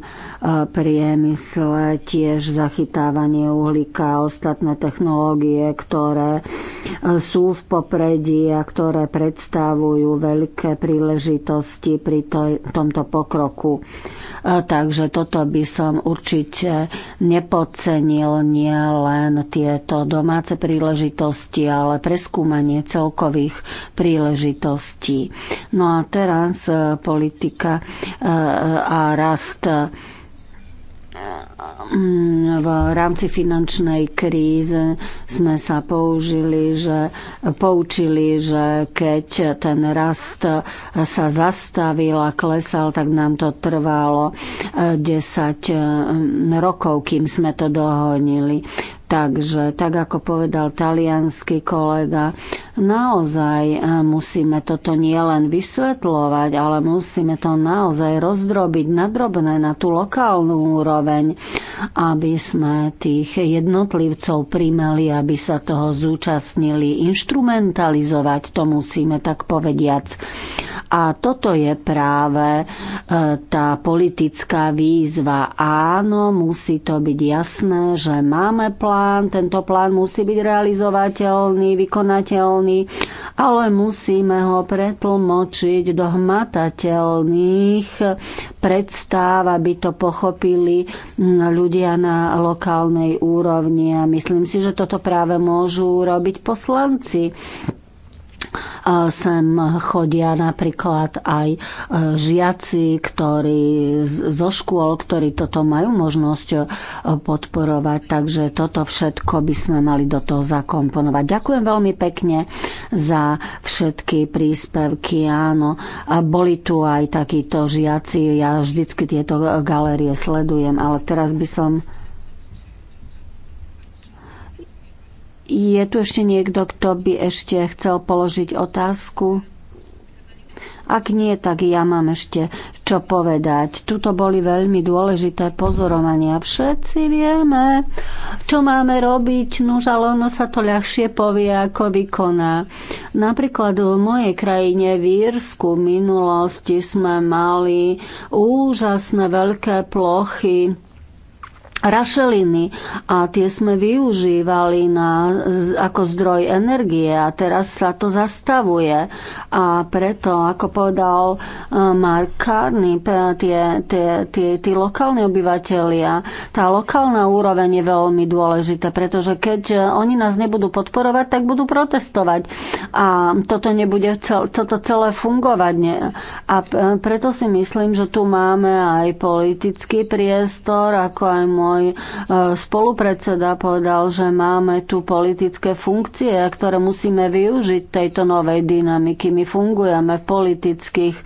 priemysle, tiež zachytávanie uhlíka a ostatné technológie, ktoré e, sú v popredí a ktoré predstavujú veľké príležitosti pri tomto pokroku. Takže toto by som určite nepodcenil, nielen len tieto domáce príležitosti, ale preskúmanie celkových príležitostí. No a teraz e, politika e, a rast e, v rámci finančnej krízy sme sa použili, že, poučili, že keď ten rast sa zastavil a klesal, tak nám to trvalo 10 rokov, kým sme to dohonili. Takže, tak ako povedal talianský kolega, naozaj eh, musíme toto nielen vysvetľovať, ale musíme to naozaj rozdrobiť na drobné, na tú lokálnu úroveň, aby sme tých jednotlivcov primeli, aby sa toho zúčastnili. Instrumentalizovať to musíme, tak povediac. A toto je práve eh, tá politická výzva. Áno, musí to byť jasné, že máme plán, plán, tento plán musí byť realizovateľný, vykonateľný, ale musíme ho pretlmočiť do hmatateľných predstáv, aby to pochopili ľudia na lokálnej úrovni. A myslím si, že toto práve môžu robiť poslanci. Sem chodia napríklad aj e, žiaci, ktorí zo škôl, ktorí toto majú možnosť e, podporovať, takže toto všetko by sme mali do toho zakomponovať. Ďakujem veľmi pekne za všetky príspevky, áno. A boli tu aj takíto žiaci, ja vždycky tieto galérie sledujem, ale teraz by som Je tu ešte niekto, kto by ešte chcel položiť otázku? Ak nie, tak ja mám ešte čo povedať. Tuto boli veľmi dôležité pozorovania. Všetci vieme, čo máme robiť, no ale ono sa to ľahšie povie, ako vykoná. Napríklad v mojej krajine v Írsku v minulosti sme mali úžasné veľké plochy rašeliny a tie sme využívali na, ako zdroj energie a teraz sa to zastavuje. A preto, ako povedal e, Mark Carney, tie, tie, tie, tie lokálni obyvateľia, tá lokálna úroveň je veľmi dôležitá, pretože keď e, oni nás nebudú podporovať, tak budú protestovať. A toto nebude cel, toto celé fungovať. Nie? A preto si myslím, že tu máme aj politický priestor, ako aj môj môj e, spolupredseda povedal, že máme tu politické funkcie, ktoré musíme využiť tejto novej dynamiky. My fungujeme v politických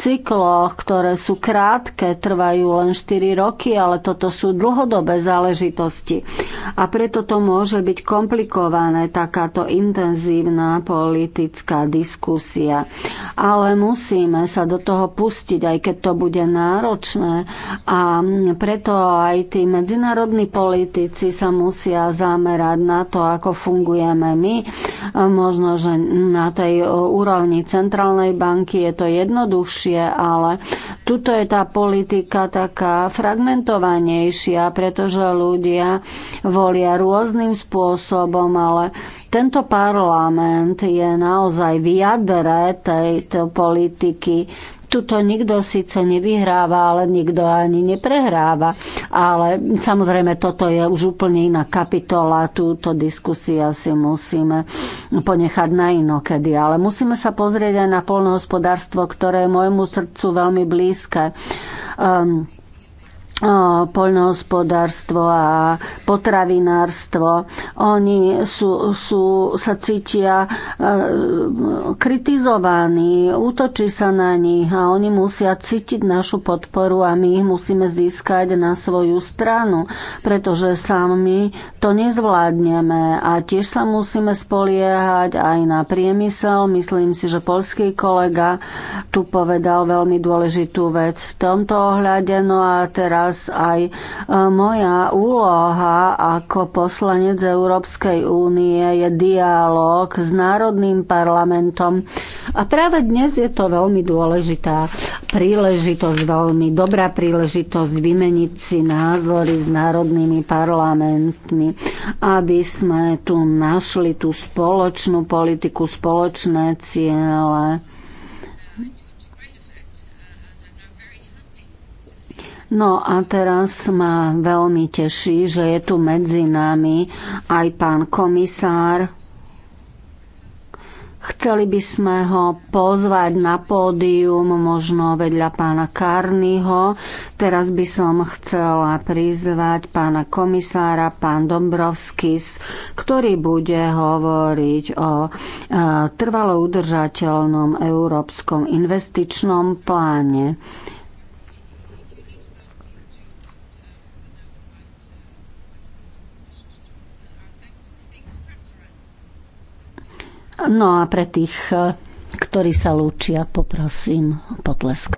cykloch, ktoré sú krátke, trvajú len 4 roky, ale toto sú dlhodobé záležitosti. A preto to môže byť komplikované, takáto intenzívna politická diskusia. Ale musíme sa do toho pustiť, aj keď to bude náročné. A preto aj tí medzi medzinárodní politici sa musia zamerať na to, ako fungujeme my. Možno, že na tej e, úrovni centrálnej banky je to jednoduchšie, ale tuto je tá politika taká fragmentovanejšia, pretože ľudia volia rôznym spôsobom, ale tento parlament je naozaj v jadre tejto politiky Tuto nikto síce nevyhráva, ale nikto ani neprehráva. Ale samozrejme, toto je už úplne iná kapitola. Túto diskusia si musíme ponechať na inokedy. Ale musíme sa pozrieť aj na polnohospodárstvo, ktoré je môjmu srdcu veľmi blízke. Um, poľnohospodárstvo a potravinárstvo. Oni sú, sú, sa cítia e, kritizovaní, útočí sa na nich a oni musia cítiť našu podporu a my ich musíme získať na svoju stranu, pretože sami to nezvládneme a tiež sa musíme spoliehať aj na priemysel. Myslím si, že polský kolega tu povedal veľmi dôležitú vec v tomto ohľade. No a teraz teraz aj e, moja úloha ako poslanec Európskej únie je dialog s Národným parlamentom. A práve dnes je to veľmi dôležitá príležitosť, veľmi dobrá príležitosť vymeniť si názory s národnými parlamentmi, aby sme tu našli tú spoločnú politiku, spoločné ciele No a teraz ma veľmi teší, že je tu medzi nami aj pán komisár. Chceli by sme ho pozvať na pódium, možno vedľa pána Karnyho. Teraz by som chcela prizvať pána komisára, pán Dombrovskis, ktorý bude hovoriť o e, trvalo udržateľnom európskom investičnom pláne. No a pre tých, eh, ktorí sa lúčia, poprosím potlesk.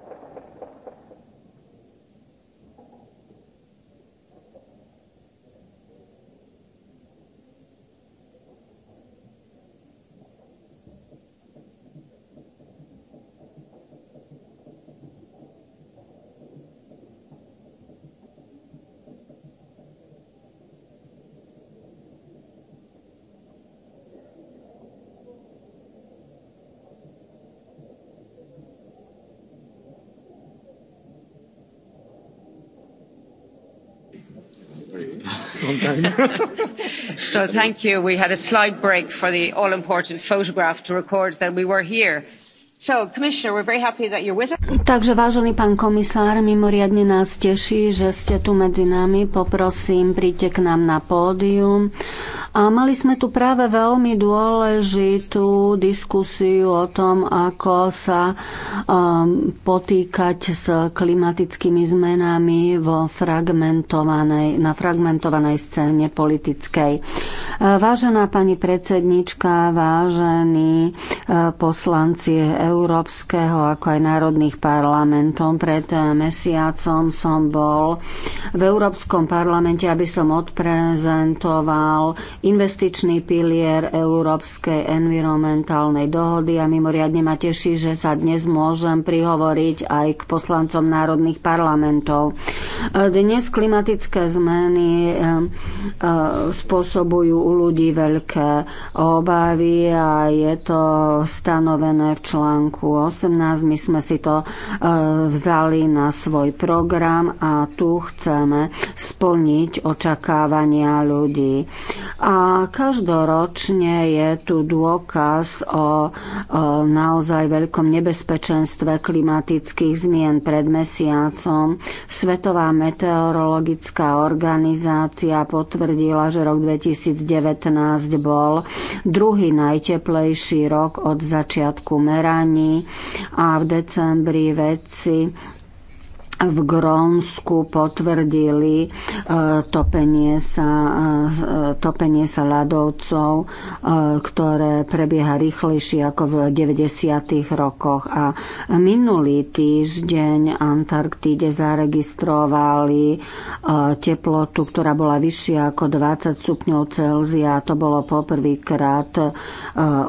so thank you. We had a slight break for the all important photograph to record that we were here. Takže, vážený pán komisár, mimoriadne nás teší, že ste tu medzi nami. Poprosím, príďte k nám na pódium. A mali sme tu práve veľmi dôležitú diskusiu o tom, ako sa um, potýkať s klimatickými zmenami vo fragmentovanej, na fragmentovanej scéne politickej. Uh, vážená pani predsednička, vážení uh, poslanci Európskeho, ako aj Národných parlamentov. Pred eh, mesiacom som bol v Európskom parlamente, aby som odprezentoval investičný pilier Európskej environmentálnej dohody a mimoriadne ma teší, že sa dnes môžem prihovoriť aj k poslancom Národných parlamentov. Eh, dnes klimatické zmeny eh, spôsobujú u ľudí veľké obavy a je to stanovené v článku článku 18. My sme si to e, vzali na svoj program a tu chceme splniť očakávania ľudí. A každoročne je tu dôkaz o, o e, naozaj veľkom nebezpečenstve klimatických zmien pred mesiacom. Svetová meteorologická organizácia potvrdila, že rok 2019 bol druhý najteplejší rok od začiatku merania konaní a v decembri vedci v Grónsku potvrdili e, topenie sa, e, topenie sa ľadovcov, e, ktoré prebieha rýchlejšie ako v 90. rokoch. A minulý týždeň Antarktíde zaregistrovali teplotu, ktorá bola vyššia ako 20 stupňov Celzia. To bolo poprvýkrát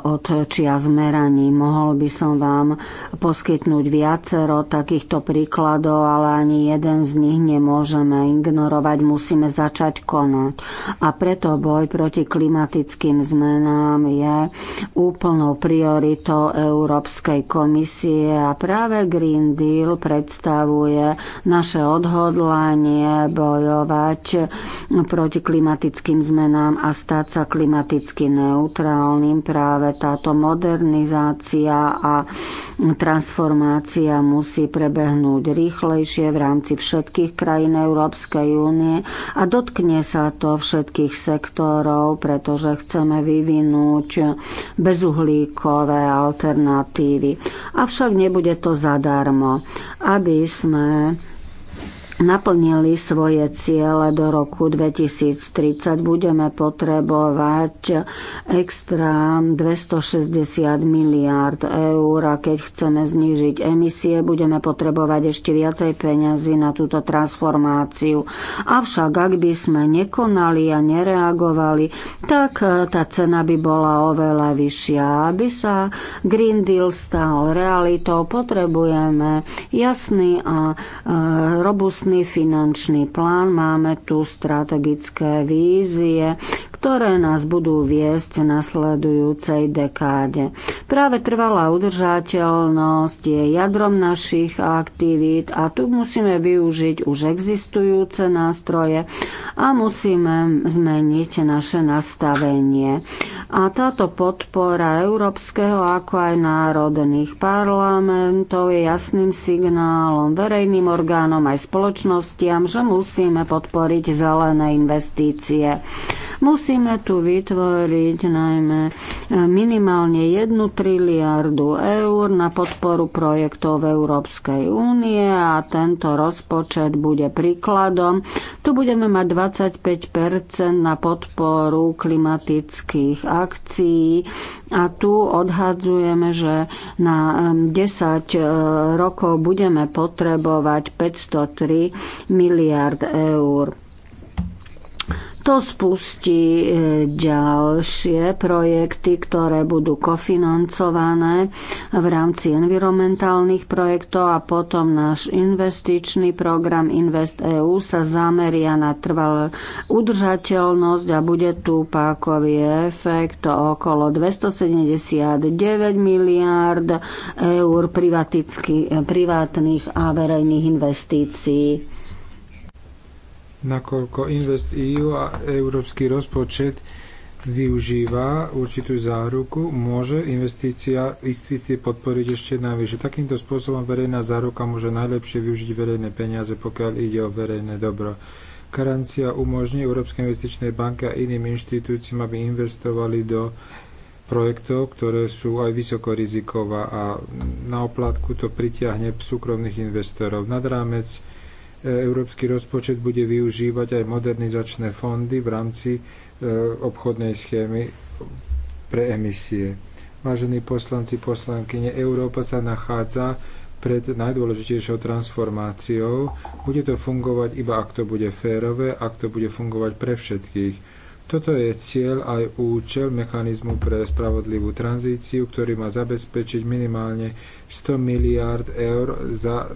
od čia zmeraní. Mohol by som vám poskytnúť viacero takýchto príkladov, ale ale ani jeden z nich nemôžeme ignorovať, musíme začať konať. A preto boj proti klimatickým zmenám je úplnou prioritou Európskej komisie a práve Green Deal predstavuje naše odhodlanie bojovať proti klimatickým zmenám a stať sa klimaticky neutrálnym. Práve táto modernizácia a transformácia musí prebehnúť rýchlejšie najlepšie v rámci všetkých krajín Európskej únie a dotkne sa to všetkých sektorov, pretože chceme vyvinúť bezuhlíkové alternatívy. Avšak nebude to zadarmo. Aby sme naplnili svoje ciele do roku 2030, budeme potrebovať extra 260 miliárd eur a keď chceme znížiť emisie, budeme potrebovať ešte viacej peňazí na túto transformáciu. Avšak ak by sme nekonali a nereagovali, tak eh, tá cena by bola oveľa vyššia. Aby sa Green Deal stal realitou, potrebujeme jasný a eh, robustný viacročný finančný plán, máme tu strategické vízie, ktoré nás budú viesť v nasledujúcej dekáde. Práve trvalá udržateľnosť je jadrom našich aktivít a tu musíme využiť už existujúce nástroje a musíme zmeniť naše nastavenie. A táto podpora európskeho ako aj národných parlamentov je jasným signálom verejným orgánom aj spoločnostiam, že musíme podporiť zelené investície. Musíme Musíme tu vytvoriť najmä e, minimálne 1 triliardu eur na podporu projektov v Európskej únie a tento rozpočet bude príkladom. Tu budeme mať 25 na podporu klimatických akcií a tu odhadzujeme, že na 10 e, rokov budeme potrebovať 503 miliard eur. To spustí e, ďalšie projekty, ktoré budú kofinancované v rámci environmentálnych projektov a potom náš investičný program Invest EU sa zameria na trvalú udržateľnosť a bude tu pákový efekt okolo 279 miliárd eur privátnych a verejných investícií nakoľko Invest EU a európsky rozpočet využíva určitú záruku, môže investícia investície podporiť ešte najvyššie. Takýmto spôsobom verejná záruka môže najlepšie využiť verejné peniaze, pokiaľ ide o verejné dobro. Karancia umožní Európskej investičnej banke a iným inštitúciám, aby investovali do projektov, ktoré sú aj vysokoriziková a na oplátku to pritiahne súkromných investorov. Nad rámec Európsky rozpočet bude využívať aj modernizačné fondy v rámci e, obchodnej schémy pre emisie. Vážení poslanci, poslankyne, Európa sa nachádza pred najdôležitejšou transformáciou. Bude to fungovať iba ak to bude férové, ak to bude fungovať pre všetkých. Toto je cieľ aj účel mechanizmu pre spravodlivú tranzíciu, ktorý má zabezpečiť minimálne 100 miliárd eur za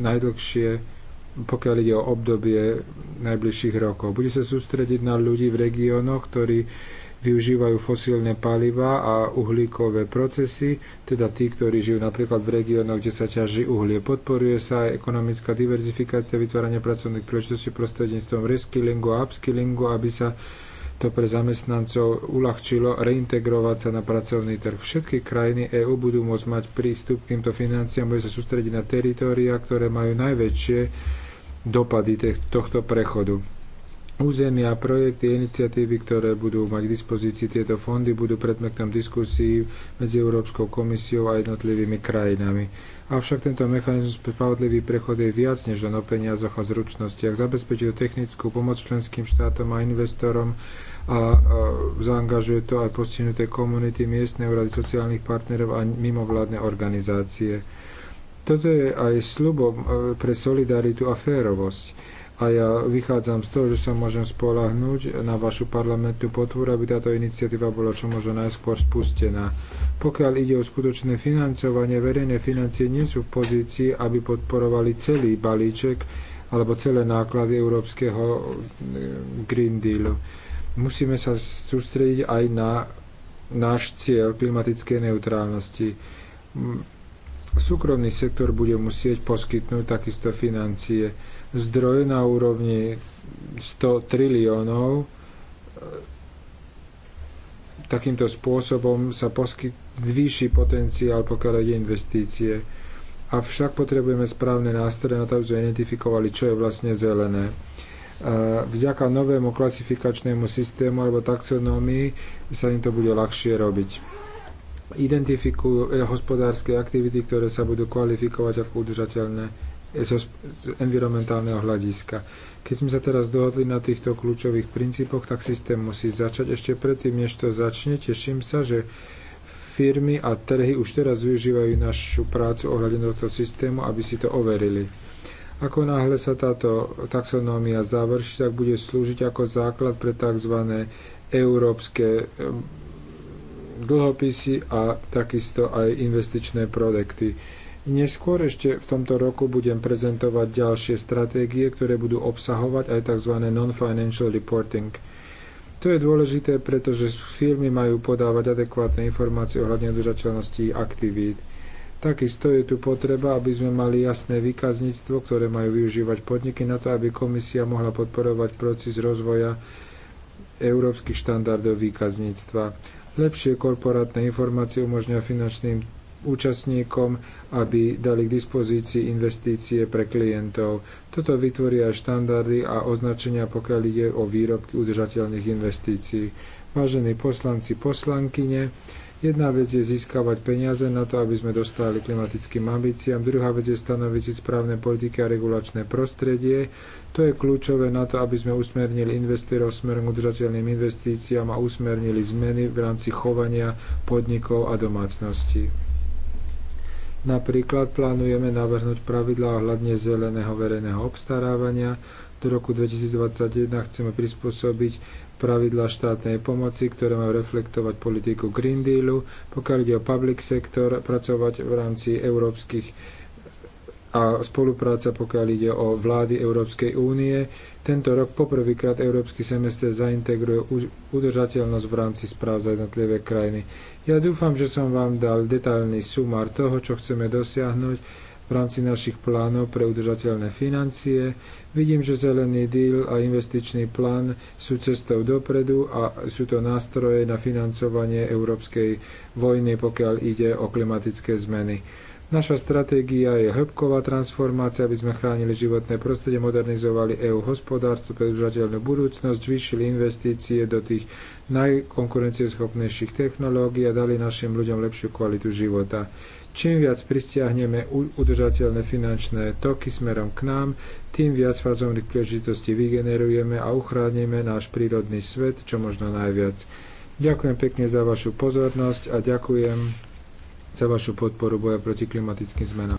najdlhšie pokiaľ ide o obdobie najbližších rokov. Bude sa sústrediť na ľudí v regiónoch, ktorí využívajú fosílne paliva a uhlíkové procesy, teda tí, ktorí žijú napríklad v regiónoch, kde sa ťaží uhlie. Podporuje sa aj ekonomická diverzifikácia, vytváranie pracovných príležitostí prostredníctvom reskillingu a upskillingu, aby sa to pre zamestnancov uľahčilo reintegrovať sa na pracovný trh. Všetky krajiny EÚ budú môcť mať prístup k týmto financiám, bude sa sústrediť na teritória, ktoré majú najväčšie dopady tohto prechodu. Územia a projekty, iniciatívy, ktoré budú mať k dispozícii tieto fondy, budú predmetom diskusí medzi Európskou komisiou a jednotlivými krajinami. Avšak tento mechanizmus spravodlivý prechod je viac než len o peniazoch a zručnostiach. Zabezpečuje technickú pomoc členským štátom a investorom a, zaangažuje to aj postihnuté komunity, miestne úrady sociálnych partnerov a mimovládne organizácie. Toto je aj slubom e, pre solidaritu a férovosť. A ja vychádzam z toho, že sa môžem spolahnúť na vašu parlamentnú podporu, aby táto iniciatíva bola čo možno najskôr spustená. Pokiaľ ide o skutočné financovanie, verejné financie nie sú v pozícii, aby podporovali celý balíček alebo celé náklady Európskeho e, Green Dealu. Musíme sa sústrediť aj na náš cieľ klimatickej neutrálnosti súkromný sektor bude musieť poskytnúť takisto financie. Zdroje na úrovni 100 triliónov e, takýmto spôsobom sa poskyt, zvýši potenciál, pokiaľ ide investície. Avšak potrebujeme správne nástroje na to, aby sme identifikovali, čo je vlastne zelené e, vďaka novému klasifikačnému systému alebo taxonómii sa im to bude ľahšie robiť identifikujú eh, hospodárske aktivity, ktoré sa budú kvalifikovať ako udržateľné eh, z environmentálneho hľadiska. Keď sme sa teraz dohodli na týchto kľúčových princípoch, tak systém musí začať. Ešte predtým, než to začne, teším sa, že firmy a trhy už teraz využívajú našu prácu ohľadne tohto systému, aby si to overili. Ako náhle sa táto taxonómia završí, tak bude slúžiť ako základ pre tzv. európske eh, dlhopisy a takisto aj investičné projekty. Neskôr ešte v tomto roku budem prezentovať ďalšie stratégie, ktoré budú obsahovať aj tzv. non-financial reporting. To je dôležité, pretože firmy majú podávať adekvátne informácie ohľadne udržateľnosti aktivít. Takisto je tu potreba, aby sme mali jasné výkazníctvo, ktoré majú využívať podniky na to, aby komisia mohla podporovať proces rozvoja európskych štandardov výkazníctva. Lepšie korporátne informácie umožňa finančným účastníkom, aby dali k dispozícii investície pre klientov. Toto vytvoria štandardy a označenia, pokiaľ ide o výrobky udržateľných investícií. Vážení poslanci, poslankyne, Jedna vec je získavať peniaze na to, aby sme dostali klimatickým ambíciám. Druhá vec je stanoviť si správne politiky a regulačné prostredie. To je kľúčové na to, aby sme usmernili investorov smerom k udržateľným investíciám a usmernili zmeny v rámci chovania podnikov a domácností. Napríklad plánujeme navrhnúť pravidlá ohľadne zeleného verejného obstarávania. Do roku 2021 chceme prispôsobiť pravidla štátnej pomoci, ktoré majú reflektovať politiku Green Dealu, pokiaľ ide o public sector, pracovať v rámci európskych a spolupráca, pokiaľ ide o vlády Európskej únie. Tento rok poprvýkrát Európsky semester zaintegruje udržateľnosť v rámci správ za jednotlivé krajiny. Ja dúfam, že som vám dal detailný sumár toho, čo chceme dosiahnuť v rámci našich plánov pre udržateľné financie. Vidím, že zelený díl a investičný plán sú cestou dopredu a sú to nástroje na financovanie európskej vojny, pokiaľ ide o klimatické zmeny. Naša stratégia je hĺbková transformácia, aby sme chránili životné prostredie, modernizovali EU hospodárstvo predúžateľnú budúcnosť, zvýšili investície do tých najkonkurencieschopnejších technológií a dali našim ľuďom lepšiu kvalitu života. Čím viac pristiahneme udržateľné finančné toky smerom k nám, tým viac fazovných príležitostí vygenerujeme a uchránime náš prírodný svet čo možno najviac. Ďakujem pekne za vašu pozornosť a ďakujem za vašu podporu boja proti klimatickým zmenám.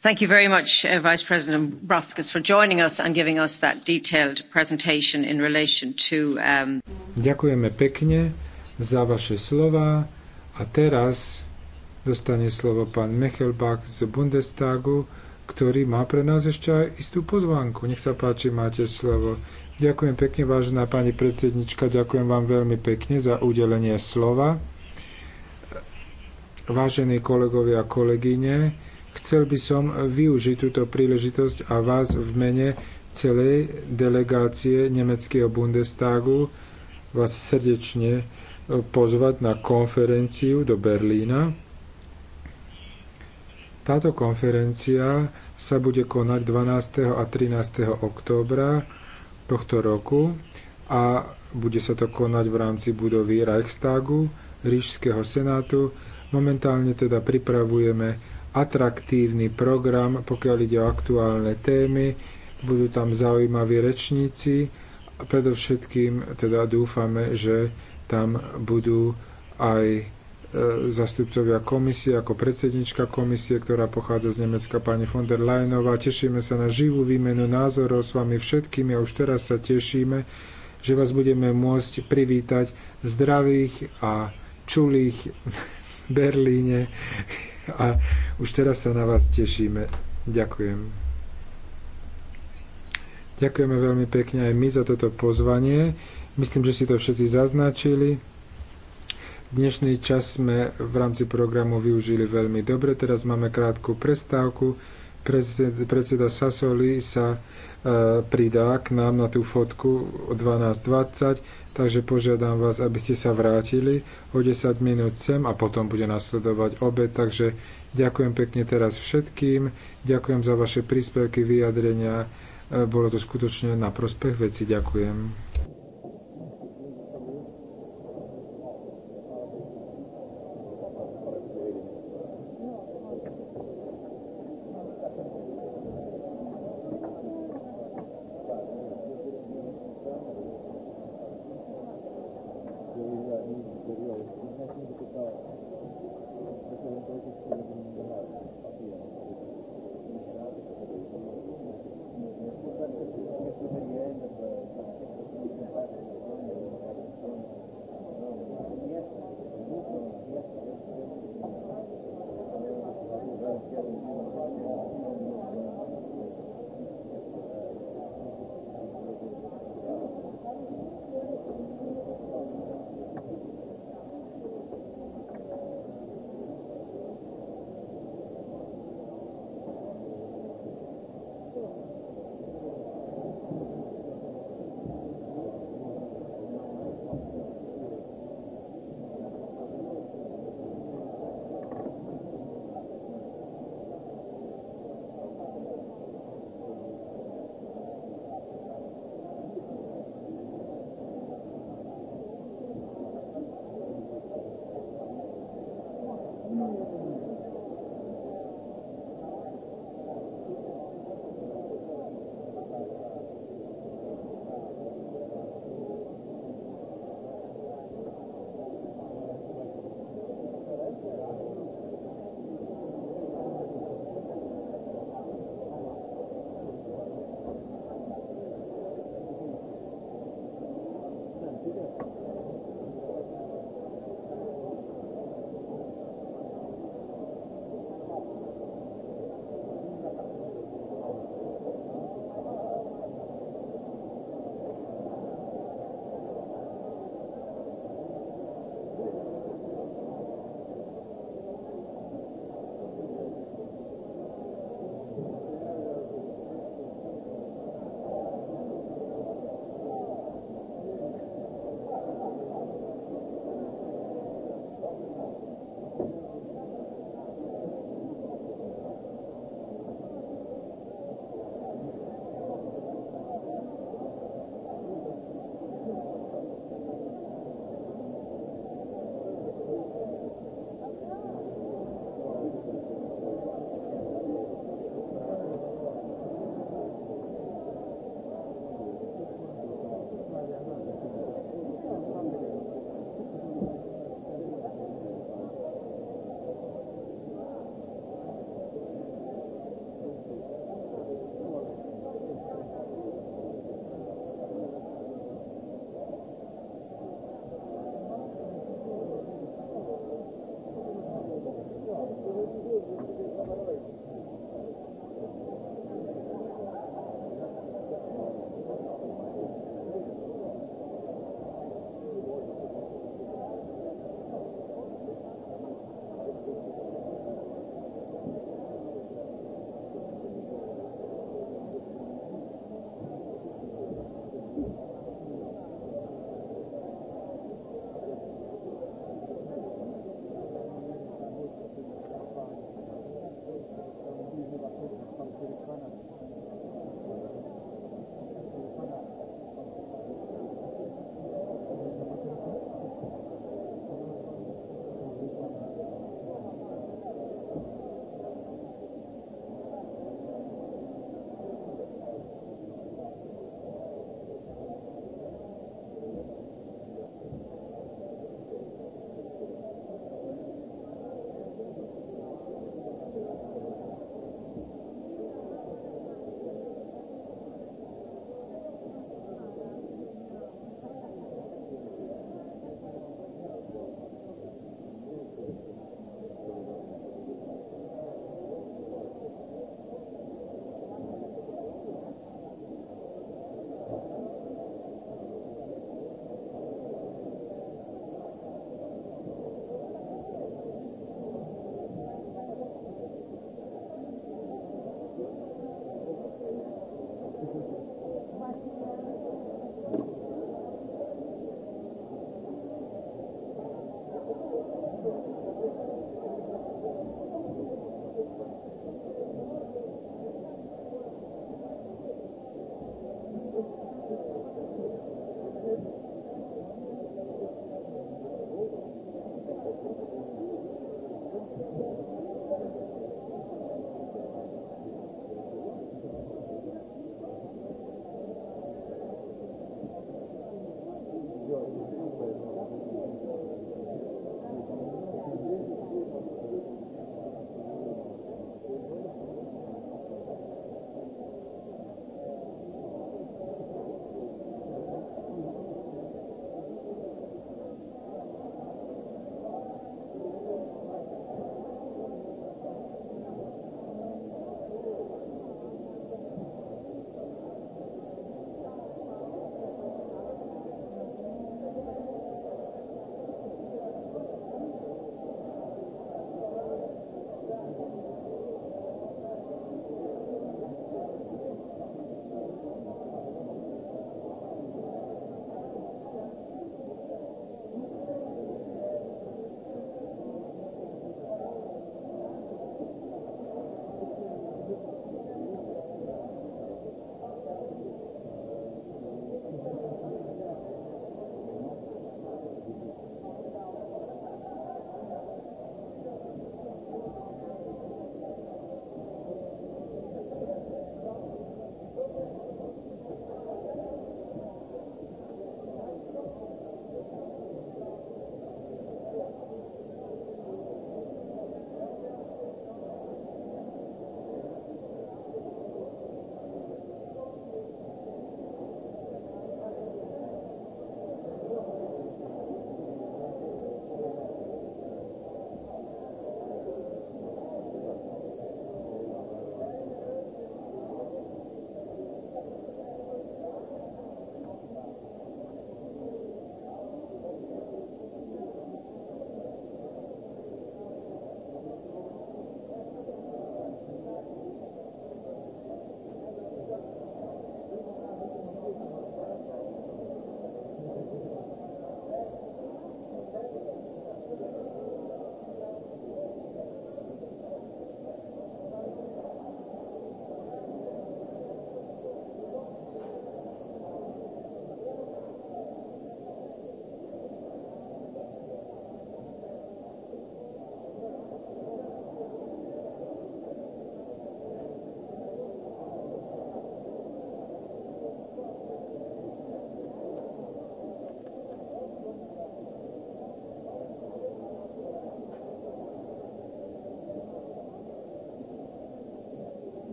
Thank you very much, uh, Vice President Brofkes, for joining us and giving us that detailed presentation in relation to... Um... Ďakujeme pekne za vaše slova a teraz Dostane slovo pán Mechelbach z Bundestagu, ktorý má pre nás ešte aj istú pozvánku. Nech sa páči, máte slovo. Ďakujem pekne, vážená pani predsednička, ďakujem vám veľmi pekne za udelenie slova. Vážení kolegovia a kolegyne, chcel by som využiť túto príležitosť a vás v mene celej delegácie nemeckého Bundestagu vás srdečne pozvať na konferenciu do Berlína táto konferencia sa bude konať 12. a 13. októbra tohto roku a bude sa to konať v rámci budovy Reichstagu, Ríšského senátu. Momentálne teda pripravujeme atraktívny program, pokiaľ ide o aktuálne témy. Budú tam zaujímaví rečníci a predovšetkým teda dúfame, že tam budú aj E, zastupcovia komisie, ako predsednička komisie, ktorá pochádza z Nemecka, pani von der Leyenová. Tešíme sa na živú výmenu názorov s vami všetkými a už teraz sa tešíme, že vás budeme môcť privítať zdravých a čulých v Berlíne a už teraz sa na vás tešíme. Ďakujem. Ďakujeme veľmi pekne aj my za toto pozvanie. Myslím, že si to všetci zaznačili. Dnešný čas sme v rámci programu využili veľmi dobre. Teraz máme krátku prestávku. Predseda, predseda Sasoli sa e, pridá k nám na tú fotku o 12.20, takže požiadam vás, aby ste sa vrátili o 10 minút sem a potom bude nasledovať obed. Takže ďakujem pekne teraz všetkým, ďakujem za vaše príspevky, vyjadrenia. E, bolo to skutočne na prospech veci. Ďakujem.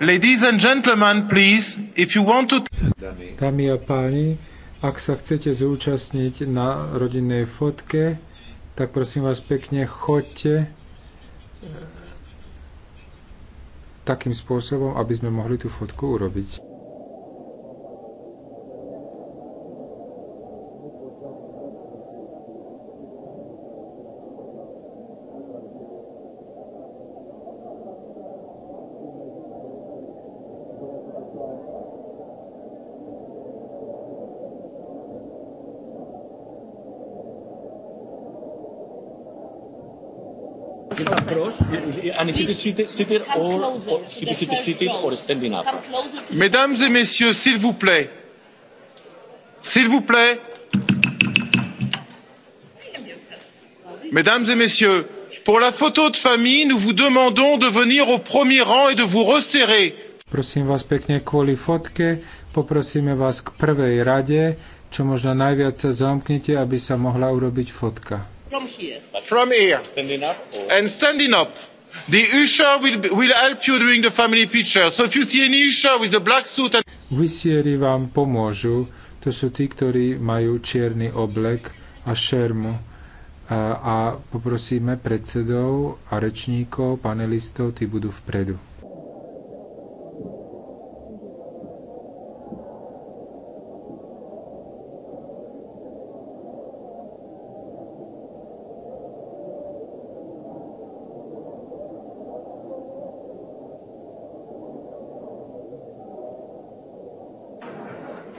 Ladies and gentlemen, please, if you want to... Dámy a páni, ak sa chcete zúčastniť na rodinnej fotke, tak prosím vás pekne, choďte e, takým spôsobom, aby sme mohli tú fotku urobiť. can you be seated, seated or, or can be seated, seated or standing up? Mesdames et messieurs, s'il vous plaît, s'il vous plaît, mesdames et messieurs, pour la photo de famille, nous vous demandons de venir au premier rang et de vous resserrer. Prosím vás pekne kvôli fotke, poprosíme vás k prvej rade, čo možno najviac sa zamknite, aby sa mohla urobiť fotka. From here. From here. Standing up or... And standing up. The usher will, will help you during the family picture. So if you see any usher with a black suit and... Vysieri vám pomôžu. To sú tí, ktorí majú čierny oblek a šermu. A, a poprosíme predsedov a rečníkov, panelistov, tí budú vpredu.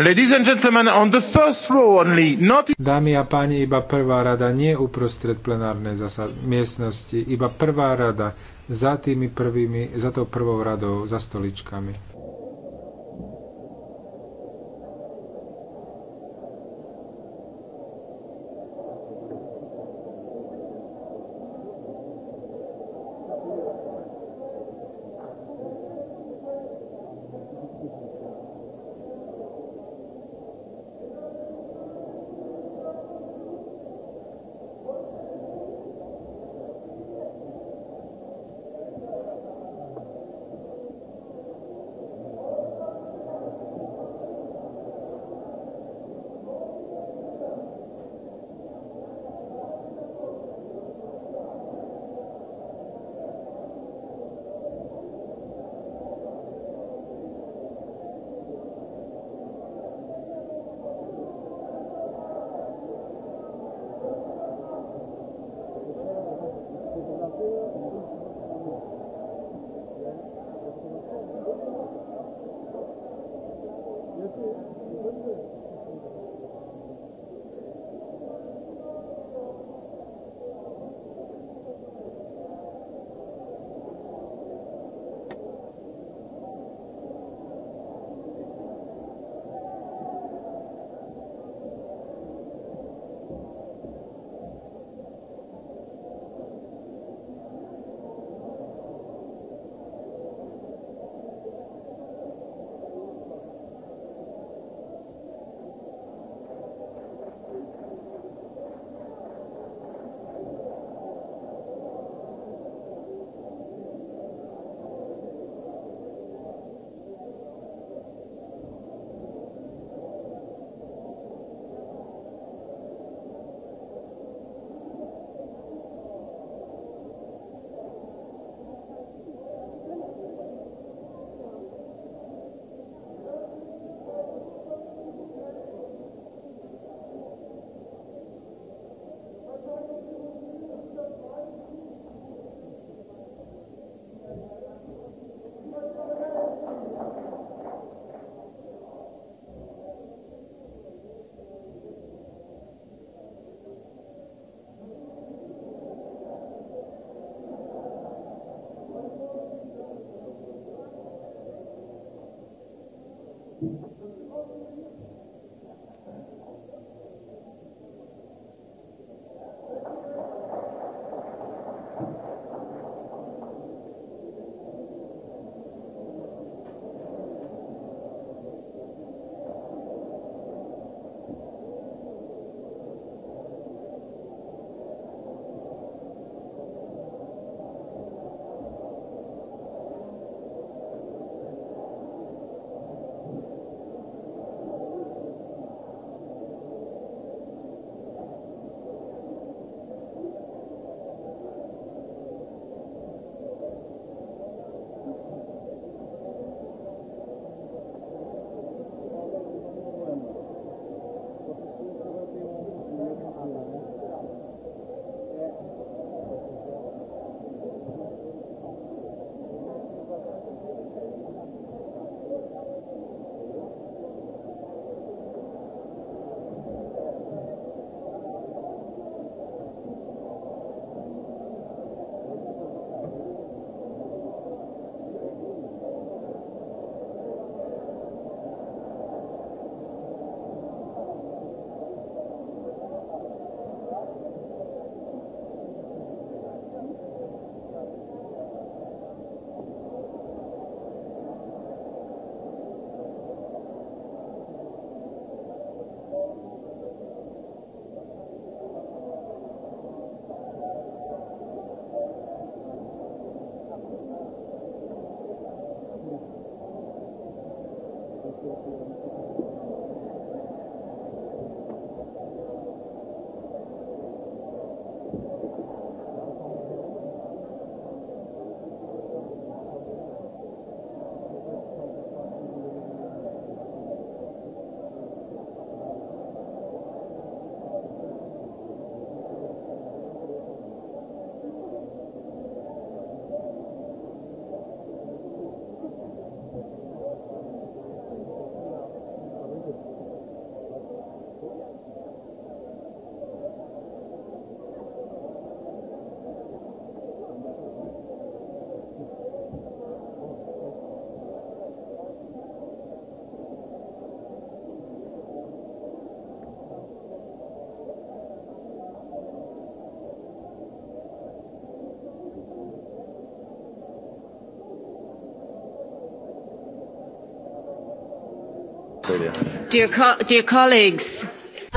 Ladies and gentlemen, on the first row only, not... Dámy a páni, iba prvá rada, nie uprostred plenárnej miestnosti, iba prvá rada, za tými prvými, za tou prvou radou, za stoličkami.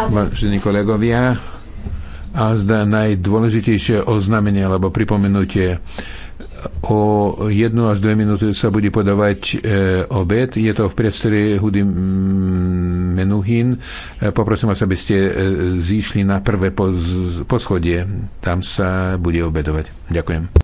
Vážení kolegovia, a zda najdôležitejšie oznámenie alebo pripomenutie. O jednu až dve minúty sa bude podávať e, obed. Je to v priestore Hudy Menuhin. E, poprosím vás, aby ste e, zišli na prvé poz, poschodie. Tam sa bude obedovať. Ďakujem.